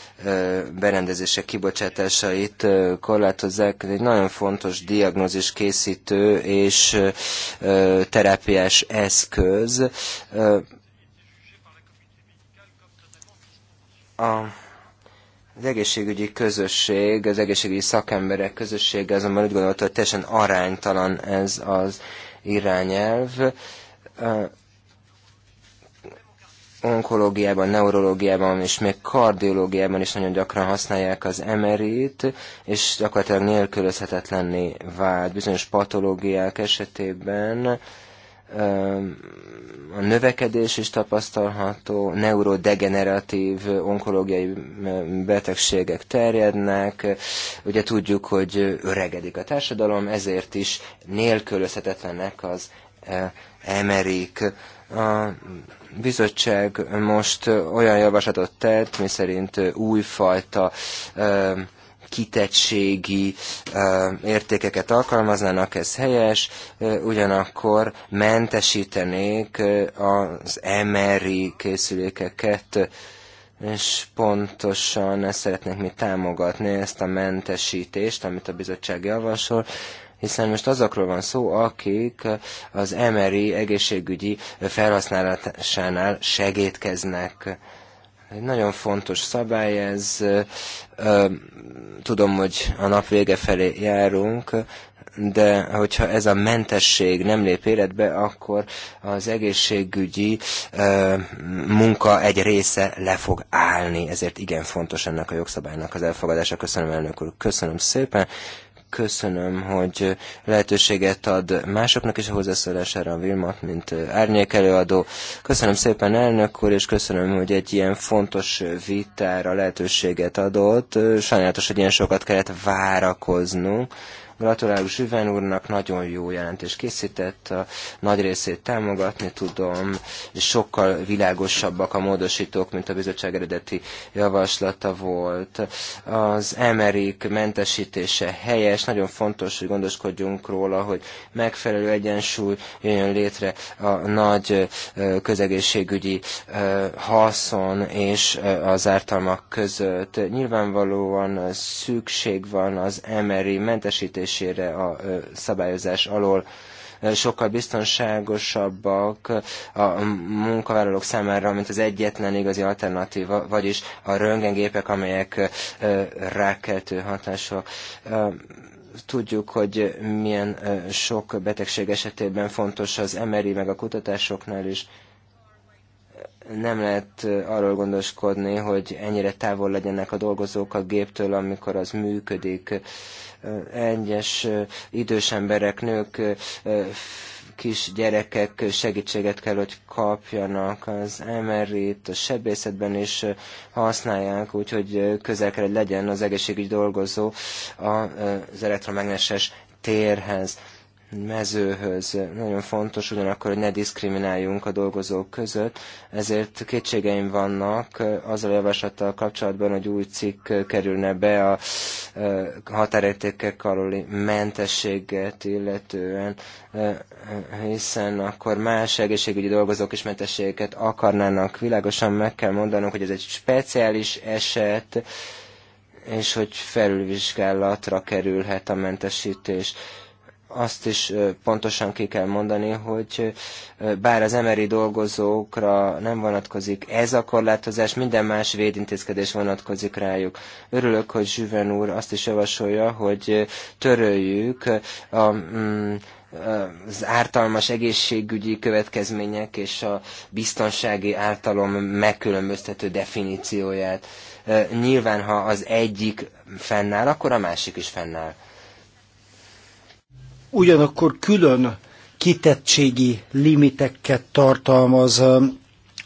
berendezések kibocsátásait korlátozzák. Ez egy nagyon fontos diagnózis készítő és terápiás eszköz. A az egészségügyi közösség, az egészségügyi szakemberek közössége azonban úgy gondolta, hogy teljesen aránytalan ez az irányelv onkológiában, neurológiában és még kardiológiában is nagyon gyakran használják az MRI-t, és gyakorlatilag nélkülözhetetlenné vált bizonyos patológiák esetében a növekedés is tapasztalható, neurodegeneratív onkológiai betegségek terjednek, ugye tudjuk, hogy öregedik a társadalom, ezért is nélkülözhetetlenek az emerik. A bizottság most olyan javaslatot tett, miszerint újfajta kitettségi értékeket alkalmaznának, ez helyes, ugyanakkor mentesítenék az MRI készülékeket, és pontosan ezt szeretnénk mi támogatni, ezt a mentesítést, amit a bizottság javasol, hiszen most azokról van szó, akik az emeri egészségügyi felhasználásánál segítkeznek. Egy nagyon fontos szabály ez, tudom, hogy a nap vége felé járunk, de hogyha ez a mentesség nem lép életbe, akkor az egészségügyi munka egy része le fog állni. Ezért igen fontos ennek a jogszabálynak az elfogadása. Köszönöm elnök úr. Köszönöm szépen köszönöm, hogy lehetőséget ad másoknak is a hozzászólására a Vilmat, mint árnyék előadó. Köszönöm szépen elnök úr, és köszönöm, hogy egy ilyen fontos vitára lehetőséget adott. Sajnálatos, hogy ilyen sokat kellett várakoznunk. Gratulálok Zsüven úrnak, nagyon jó jelentés készített, a nagy részét támogatni tudom, és sokkal világosabbak a módosítók, mint a bizottság eredeti javaslata volt. Az emerik mentesítése helyes, nagyon fontos, hogy gondoskodjunk róla, hogy megfelelő egyensúly jöjjön létre a nagy közegészségügyi haszon és az ártalmak között. Nyilvánvalóan szükség van az emeri mentesítés kivezetésére a szabályozás alól sokkal biztonságosabbak a munkavállalók számára, mint az egyetlen igazi alternatíva, vagyis a röntgengépek, amelyek rákeltő hatások. tudjuk, hogy milyen sok betegség esetében fontos az MRI, meg a kutatásoknál is. Nem lehet arról gondoskodni, hogy ennyire távol legyenek a dolgozók a géptől, amikor az működik egyes idős emberek, nők, kis gyerekek segítséget kell, hogy kapjanak az mr t a sebészetben is használják, úgyhogy közel kell, hogy legyen az egészségügy dolgozó az elektromágneses térhez mezőhöz. Nagyon fontos ugyanakkor, hogy ne diszkrimináljunk a dolgozók között, ezért kétségeim vannak azzal a javaslattal kapcsolatban, hogy új cikk kerülne be a e, határértékek aluli mentességet illetően, e, hiszen akkor más egészségügyi dolgozók is mentességeket akarnának. Világosan meg kell mondanunk, hogy ez egy speciális eset, és hogy felülvizsgálatra kerülhet a mentesítés azt is pontosan ki kell mondani, hogy bár az emeri dolgozókra nem vonatkozik ez a korlátozás, minden más védintézkedés vonatkozik rájuk. Örülök, hogy Zsüven úr azt is javasolja, hogy töröljük a mm, az ártalmas egészségügyi következmények és a biztonsági ártalom megkülönböztető definícióját. Nyilván, ha az egyik fennáll, akkor a másik is fennáll ugyanakkor külön kitettségi limiteket tartalmaz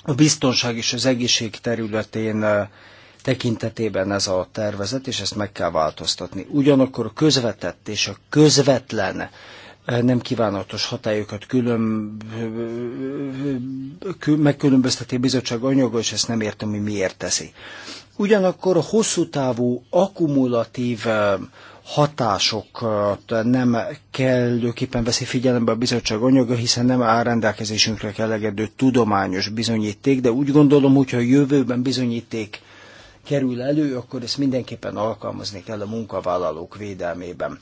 a biztonság és az egészség területén tekintetében ez a tervezet, és ezt meg kell változtatni. Ugyanakkor a közvetett és a közvetlen nem kívánatos hatályokat külön, megkülönbözteti a bizottság anyaga, és ezt nem értem, hogy miért teszi. Ugyanakkor a hosszú távú akkumulatív hatásokat nem kellőképpen veszi figyelembe a bizottság anyaga, hiszen nem áll rendelkezésünkre kellegedő tudományos bizonyíték, de úgy gondolom, hogyha a jövőben bizonyíték kerül elő, akkor ezt mindenképpen alkalmazni kell a munkavállalók védelmében.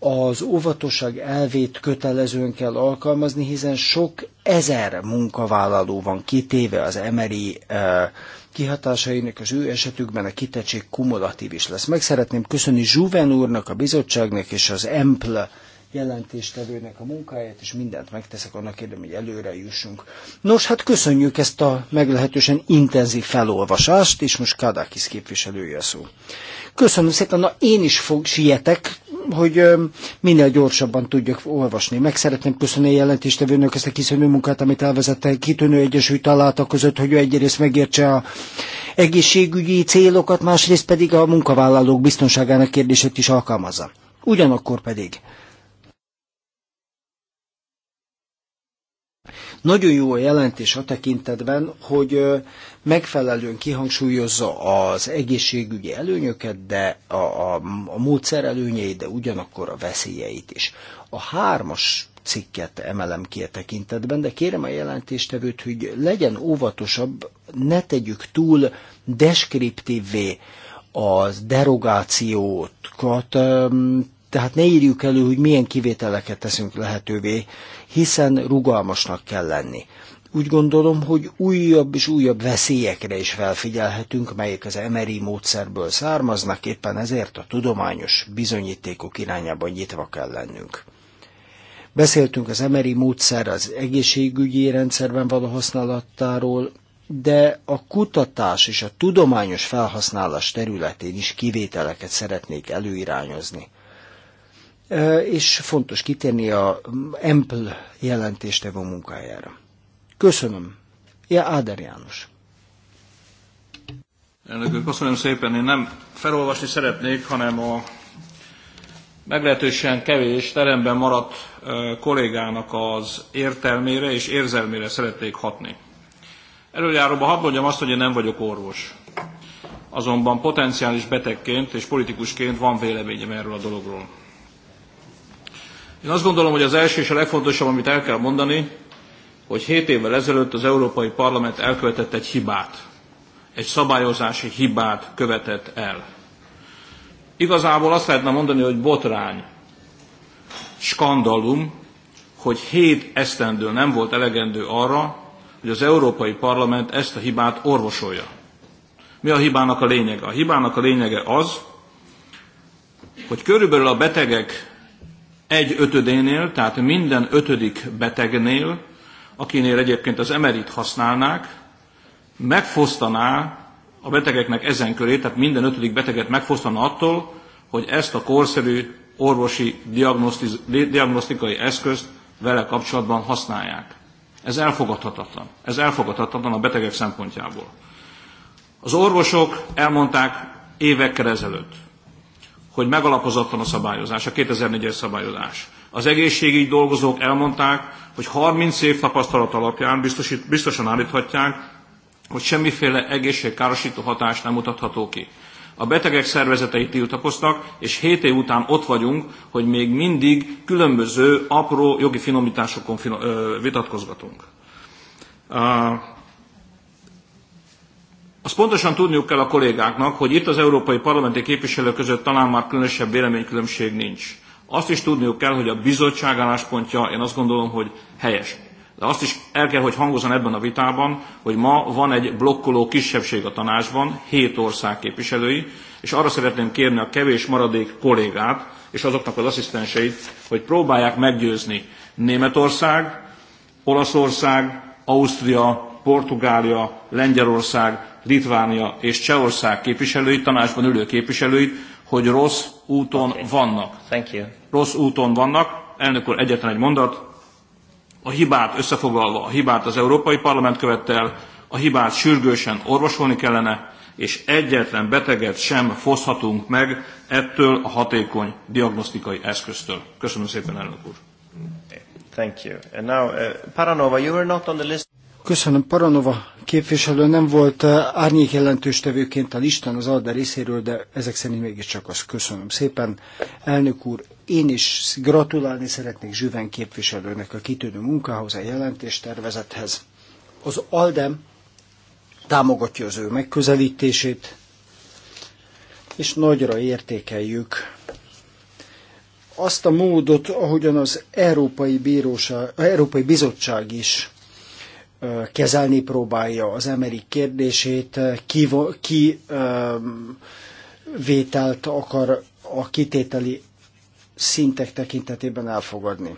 Az óvatosság elvét kötelezően kell alkalmazni, hiszen sok ezer munkavállaló van kitéve az emeri eh, kihatásainak az ő esetükben a kitettség kumulatív is lesz. Meg szeretném köszönni Zsuven úrnak, a bizottságnak és az EMPL jelentéstevőnek a munkáját, és mindent megteszek annak érdemében, hogy előre jussunk. Nos, hát köszönjük ezt a meglehetősen intenzív felolvasást, és most Kadakis képviselője szó. Köszönöm szépen, na én is fog, sietek, hogy minél gyorsabban tudjak olvasni. Meg szeretném köszönni a jelentéstevőnök ezt a kiszönő munkát, amit egy kitűnő egyesült találta között, hogy ő egyrészt megértse a egészségügyi célokat, másrészt pedig a munkavállalók biztonságának kérdését is alkalmazza. Ugyanakkor pedig nagyon jó a jelentés a tekintetben, hogy megfelelően kihangsúlyozza az egészségügyi előnyöket, de a, a, a módszer előnyeit, de ugyanakkor a veszélyeit is. A hármas cikket emelem ki a tekintetben, de kérem a jelentéstevőt, hogy legyen óvatosabb, ne tegyük túl deskriptívvé az derogációkat, tehát ne írjuk elő, hogy milyen kivételeket teszünk lehetővé, hiszen rugalmasnak kell lenni úgy gondolom, hogy újabb és újabb veszélyekre is felfigyelhetünk, melyek az MRI módszerből származnak, éppen ezért a tudományos bizonyítékok irányába nyitva kell lennünk. Beszéltünk az MRI módszer az egészségügyi rendszerben való használatáról, de a kutatás és a tudományos felhasználás területén is kivételeket szeretnék előirányozni. És fontos kitérni a EMPL jelentéstevő munkájára. Köszönöm. Ja, Áder János. Elnök köszönöm szépen. Én nem felolvasni szeretnék, hanem a meglehetősen kevés teremben maradt kollégának az értelmére és érzelmére szeretnék hatni. Előjáróban hadd mondjam azt, hogy én nem vagyok orvos. Azonban potenciális betegként és politikusként van véleményem erről a dologról. Én azt gondolom, hogy az első és a legfontosabb, amit el kell mondani, hogy 7 évvel ezelőtt az Európai Parlament elkövetett egy hibát, egy szabályozási hibát követett el. Igazából azt lehetne mondani, hogy botrány, skandalum, hogy hét esztendő nem volt elegendő arra, hogy az Európai Parlament ezt a hibát orvosolja. Mi a hibának a lényege? A hibának a lényege az, hogy körülbelül a betegek egy ötödénél, tehát minden ötödik betegnél akinél egyébként az emerit használnák, megfosztaná a betegeknek ezen köré, tehát minden ötödik beteget megfosztaná attól, hogy ezt a korszerű orvosi diagnosztikai eszközt vele kapcsolatban használják. Ez elfogadhatatlan. Ez elfogadhatatlan a betegek szempontjából. Az orvosok elmondták évekkel ezelőtt, hogy megalapozatlan a szabályozás, a 2004-es szabályozás. Az egészségügyi dolgozók elmondták, hogy 30 év tapasztalat alapján biztosít, biztosan állíthatják, hogy semmiféle egészségkárosító hatás nem mutatható ki. A betegek szervezetei tiltakoztak, és 7 év után ott vagyunk, hogy még mindig különböző apró jogi finomításokon finom, ö, vitatkozgatunk. Azt pontosan tudniuk kell a kollégáknak, hogy itt az európai parlamenti képviselők között talán már különösebb véleménykülönbség nincs. Azt is tudniuk kell, hogy a bizottság álláspontja, én azt gondolom, hogy helyes. De azt is el kell, hogy hangozon ebben a vitában, hogy ma van egy blokkoló kisebbség a tanácsban, hét ország képviselői, és arra szeretném kérni a kevés maradék kollégát és azoknak az asszisztenseit, hogy próbálják meggyőzni Németország, Olaszország, Ausztria, Portugália, Lengyelország, Litvánia és Csehország képviselőit, tanácsban ülő képviselőit, hogy rossz úton okay. vannak. Thank you rossz úton vannak. Elnök úr, egyetlen egy mondat. A hibát összefoglalva, a hibát az Európai Parlament követte el, a hibát sürgősen orvosolni kellene, és egyetlen beteget sem foszhatunk meg ettől a hatékony diagnosztikai eszköztől. Köszönöm szépen, elnök úr. Thank you. And now, uh, Paranova, you were not on the list. Köszönöm, Paranova képviselő nem volt uh, árnyék jelentős tevőként a listán az alda részéről, de ezek szerint mégiscsak az. Köszönöm szépen. Elnök úr, én is gratulálni szeretnék Zsüven képviselőnek a kitűnő munkához, a jelentéstervezethez. Az ALDEM támogatja az ő megközelítését, és nagyra értékeljük azt a módot, ahogyan az Európai, Bíróság, Európai Bizottság is kezelni próbálja az emeri kérdését, ki, ki vételt akar a kitételi szintek tekintetében elfogadni.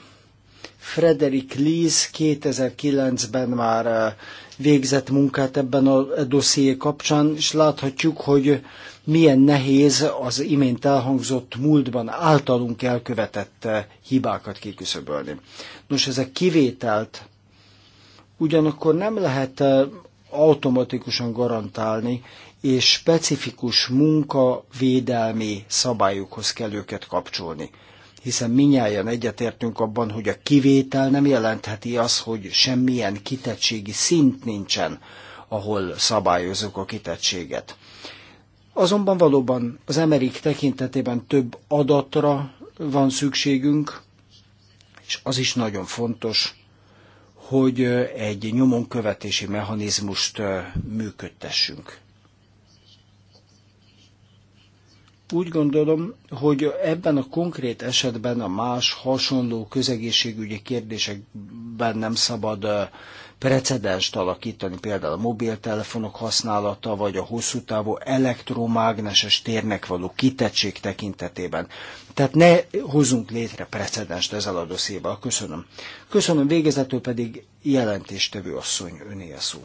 Frederick Lees 2009-ben már eh, végzett munkát ebben a e dosszié kapcsán, és láthatjuk, hogy milyen nehéz az imént elhangzott múltban általunk elkövetett eh, hibákat kiküszöbölni. Nos, ezek kivételt ugyanakkor nem lehet eh, automatikusan garantálni, és specifikus munkavédelmi szabályokhoz kell őket kapcsolni hiszen minnyáján egyetértünk abban, hogy a kivétel nem jelentheti az, hogy semmilyen kitettségi szint nincsen, ahol szabályozunk a kitettséget. Azonban valóban az emerik tekintetében több adatra van szükségünk, és az is nagyon fontos, hogy egy nyomonkövetési mechanizmust működtessünk. Úgy gondolom, hogy ebben a konkrét esetben a más hasonló közegészségügyi kérdésekben nem szabad precedenst alakítani, például a mobiltelefonok használata, vagy a hosszú távú elektromágneses térnek való kitettség tekintetében. Tehát ne hozzunk létre precedenst ezzel a dosszéval. Köszönöm. Köszönöm végezetül pedig jelentéstevő asszony öné szó.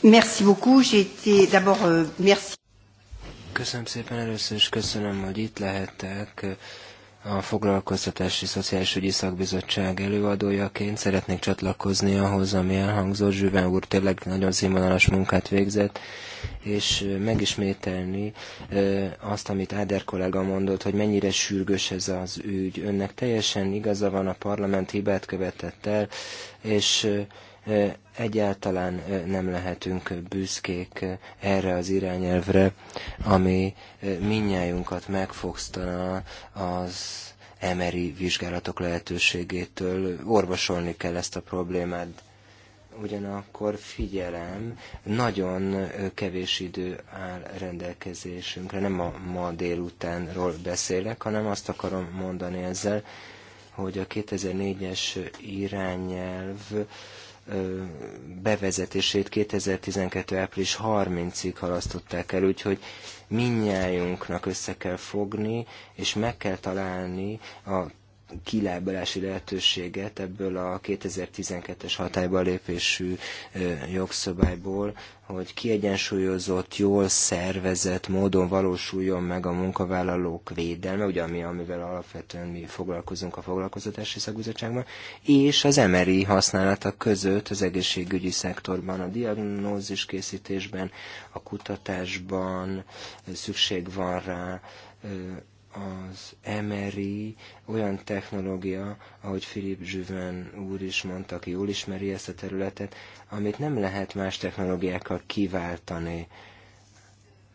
Merci beaucoup. J'ai été d'abord euh, merci. Köszönöm szépen először is, köszönöm, hogy itt lehettek a Foglalkoztatási Szociális Ügyi Szakbizottság előadójaként szeretnék csatlakozni ahhoz, ami elhangzott. Zsüven úr tényleg nagyon színvonalas munkát végzett, és megismételni azt, amit Áder kollega mondott, hogy mennyire sürgős ez az ügy. Önnek teljesen igaza van, a parlament hibát követett el, és Egyáltalán nem lehetünk büszkék erre az irányelvre, ami minnyájunkat megfogsztana az emeri vizsgálatok lehetőségétől. Orvosolni kell ezt a problémát, ugyanakkor figyelem, nagyon kevés idő áll rendelkezésünkre. Nem a ma délutánról beszélek, hanem azt akarom mondani ezzel, hogy a 2004-es irányelv bevezetését 2012. április 30-ig halasztották el, úgyhogy minnyájunknak össze kell fogni, és meg kell találni a kilábalási lehetőséget ebből a 2012-es hatályba lépésű jogszabályból, hogy kiegyensúlyozott, jól szervezett módon valósuljon meg a munkavállalók védelme, ugye ami, amivel alapvetően mi foglalkozunk a foglalkoztatási szakbizottságban, és az MRI használata között az egészségügyi szektorban, a diagnózis készítésben, a kutatásban szükség van rá, az MRI olyan technológia, ahogy Philip Juven úr is mondta, aki jól ismeri ezt a területet, amit nem lehet más technológiákkal kiváltani.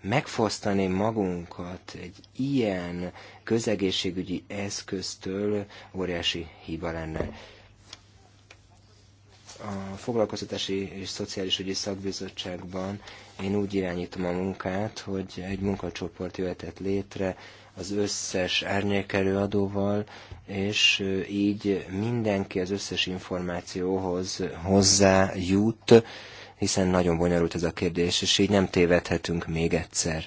Megfosztani magunkat egy ilyen közegészségügyi eszköztől óriási hiba lenne. A Foglalkoztatási és Szociális Ügyi Szakbizottságban én úgy irányítom a munkát, hogy egy munkacsoport jöhetett létre, az összes árnyékelő adóval, és így mindenki az összes információhoz hozzájut, hiszen nagyon bonyolult ez a kérdés, és így nem tévedhetünk még egyszer.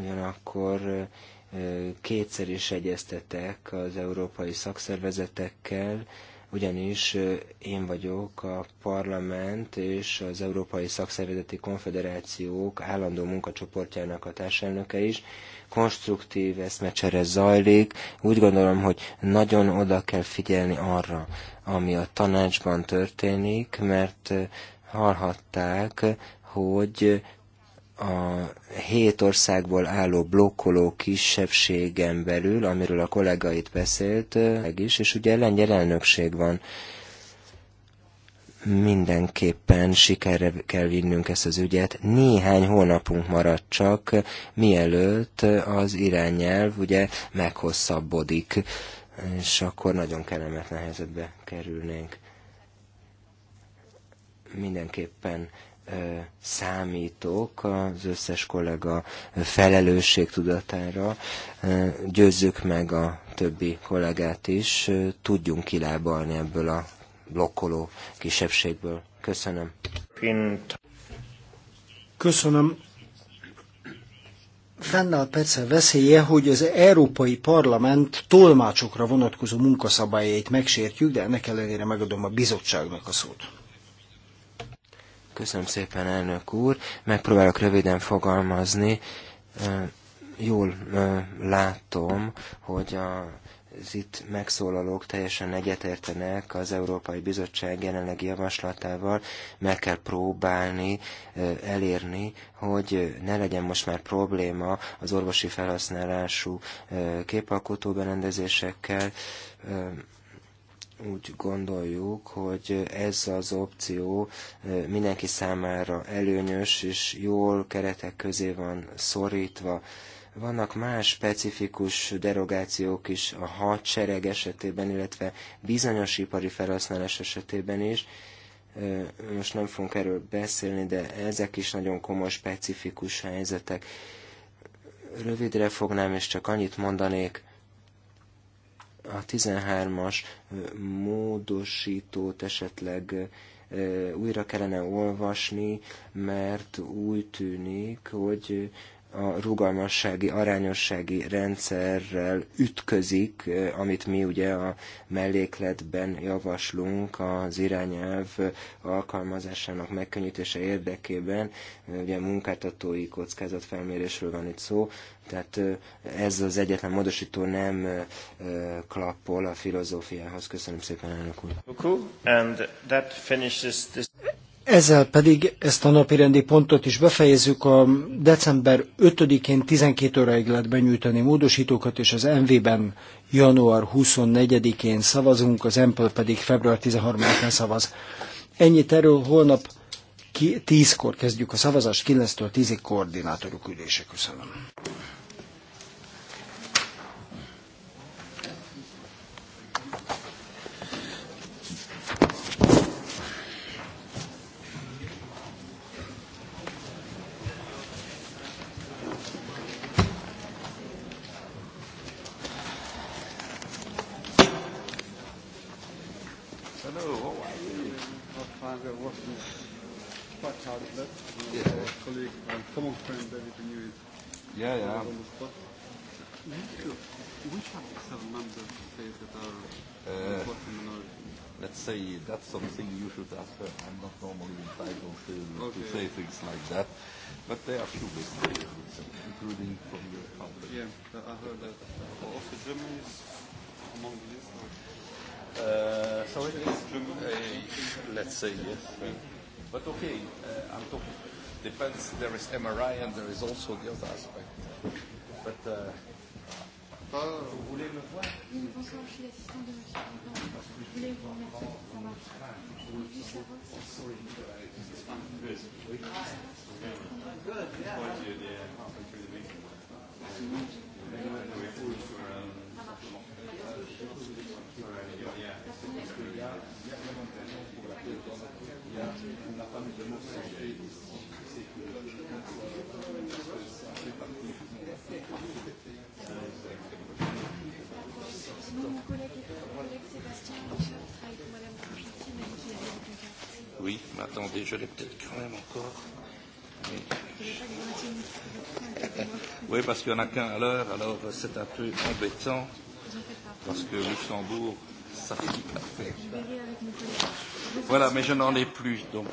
Ugyanakkor kétszer is egyeztetek az európai szakszervezetekkel, ugyanis én vagyok a parlament és az Európai Szakszervezeti Konfederációk állandó munkacsoportjának a társelnöke is. Konstruktív eszmecsere zajlik. Úgy gondolom, hogy nagyon oda kell figyelni arra, ami a tanácsban történik, mert hallhatták, hogy a hét országból álló blokkoló kisebbségen belül, amiről a kollégait beszélt meg is, és ugye lengyel elnökség van. Mindenképpen sikerre kell vinnünk ezt az ügyet. Néhány hónapunk maradt csak, mielőtt az irányelv ugye meghosszabbodik, és akkor nagyon kellemetlen helyzetbe kerülnénk. Mindenképpen számítok az összes kollega felelősség tudatára. Győzzük meg a többi kollégát is, tudjunk kilábalni ebből a blokkoló kisebbségből. Köszönöm. Köszönöm. Fennáll persze veszélye, hogy az Európai Parlament tolmácsokra vonatkozó munkaszabályait megsértjük, de ennek ellenére megadom a bizottságnak a szót. Köszönöm szépen, elnök úr. Megpróbálok röviden fogalmazni. Jól látom, hogy a az itt megszólalók teljesen egyetértenek az Európai Bizottság jelenlegi javaslatával, meg kell próbálni elérni, hogy ne legyen most már probléma az orvosi felhasználású képalkotó berendezésekkel, úgy gondoljuk, hogy ez az opció mindenki számára előnyös és jól keretek közé van szorítva. Vannak más specifikus derogációk is a hadsereg esetében, illetve bizonyos ipari felhasználás esetében is. Most nem fogunk erről beszélni, de ezek is nagyon komoly specifikus helyzetek. Rövidre fognám, és csak annyit mondanék, a 13-as módosítót esetleg újra kellene olvasni, mert úgy tűnik, hogy a rugalmassági, arányossági rendszerrel ütközik, amit mi ugye a mellékletben javaslunk az irányelv alkalmazásának megkönnyítése érdekében. Ugye munkáltatói kockázatfelmérésről van itt szó, tehát ez az egyetlen módosító nem klappol a filozófiához. Köszönöm szépen, elnök úr. Ezzel pedig ezt a napirendi pontot is befejezzük. A december 5-én 12 óraig lehet benyújtani módosítókat, és az MV-ben január 24-én szavazunk, az MPL pedig február 13-án szavaz. Ennyit erről holnap 10-kor kezdjük a szavazást, 9-től 10-ig koordinátorok ülése. Köszönöm. Frage, was ein paar Tage letztens yeah. ein Kollege, Common Friend, David Newey. Yeah, yeah. On the spot. Which are the seven members you say that are uh, minority? Let's say that's something you should ask her. I'm not normally entitled to, okay. to say things like that. But there are a few listeners, including from your company. Yeah, I heard that. Also, Germany is among the Uh, sorry? Uh, let's say yes. But okay, uh, I'm talking. Depends, there is MRI and there is also the other aspect. But, uh, euh, vous voulez me voir Oui, bonsoir, je suis l'assistante de monsieur Je voulais vous remercier, ça marche. Je voulais juste savoir si... Sorry, it's fine. Good. Oui. Good, yeah. Sinon, je voulais... Ça marche. Oui, mais attendez, je l'ai peut-être quand même encore. Oui, parce qu'il n'y en a qu'un à l'heure, alors euh, c'est un peu embêtant parce que Luxembourg, ça finit par Voilà, mais je n'en ai plus. Donc.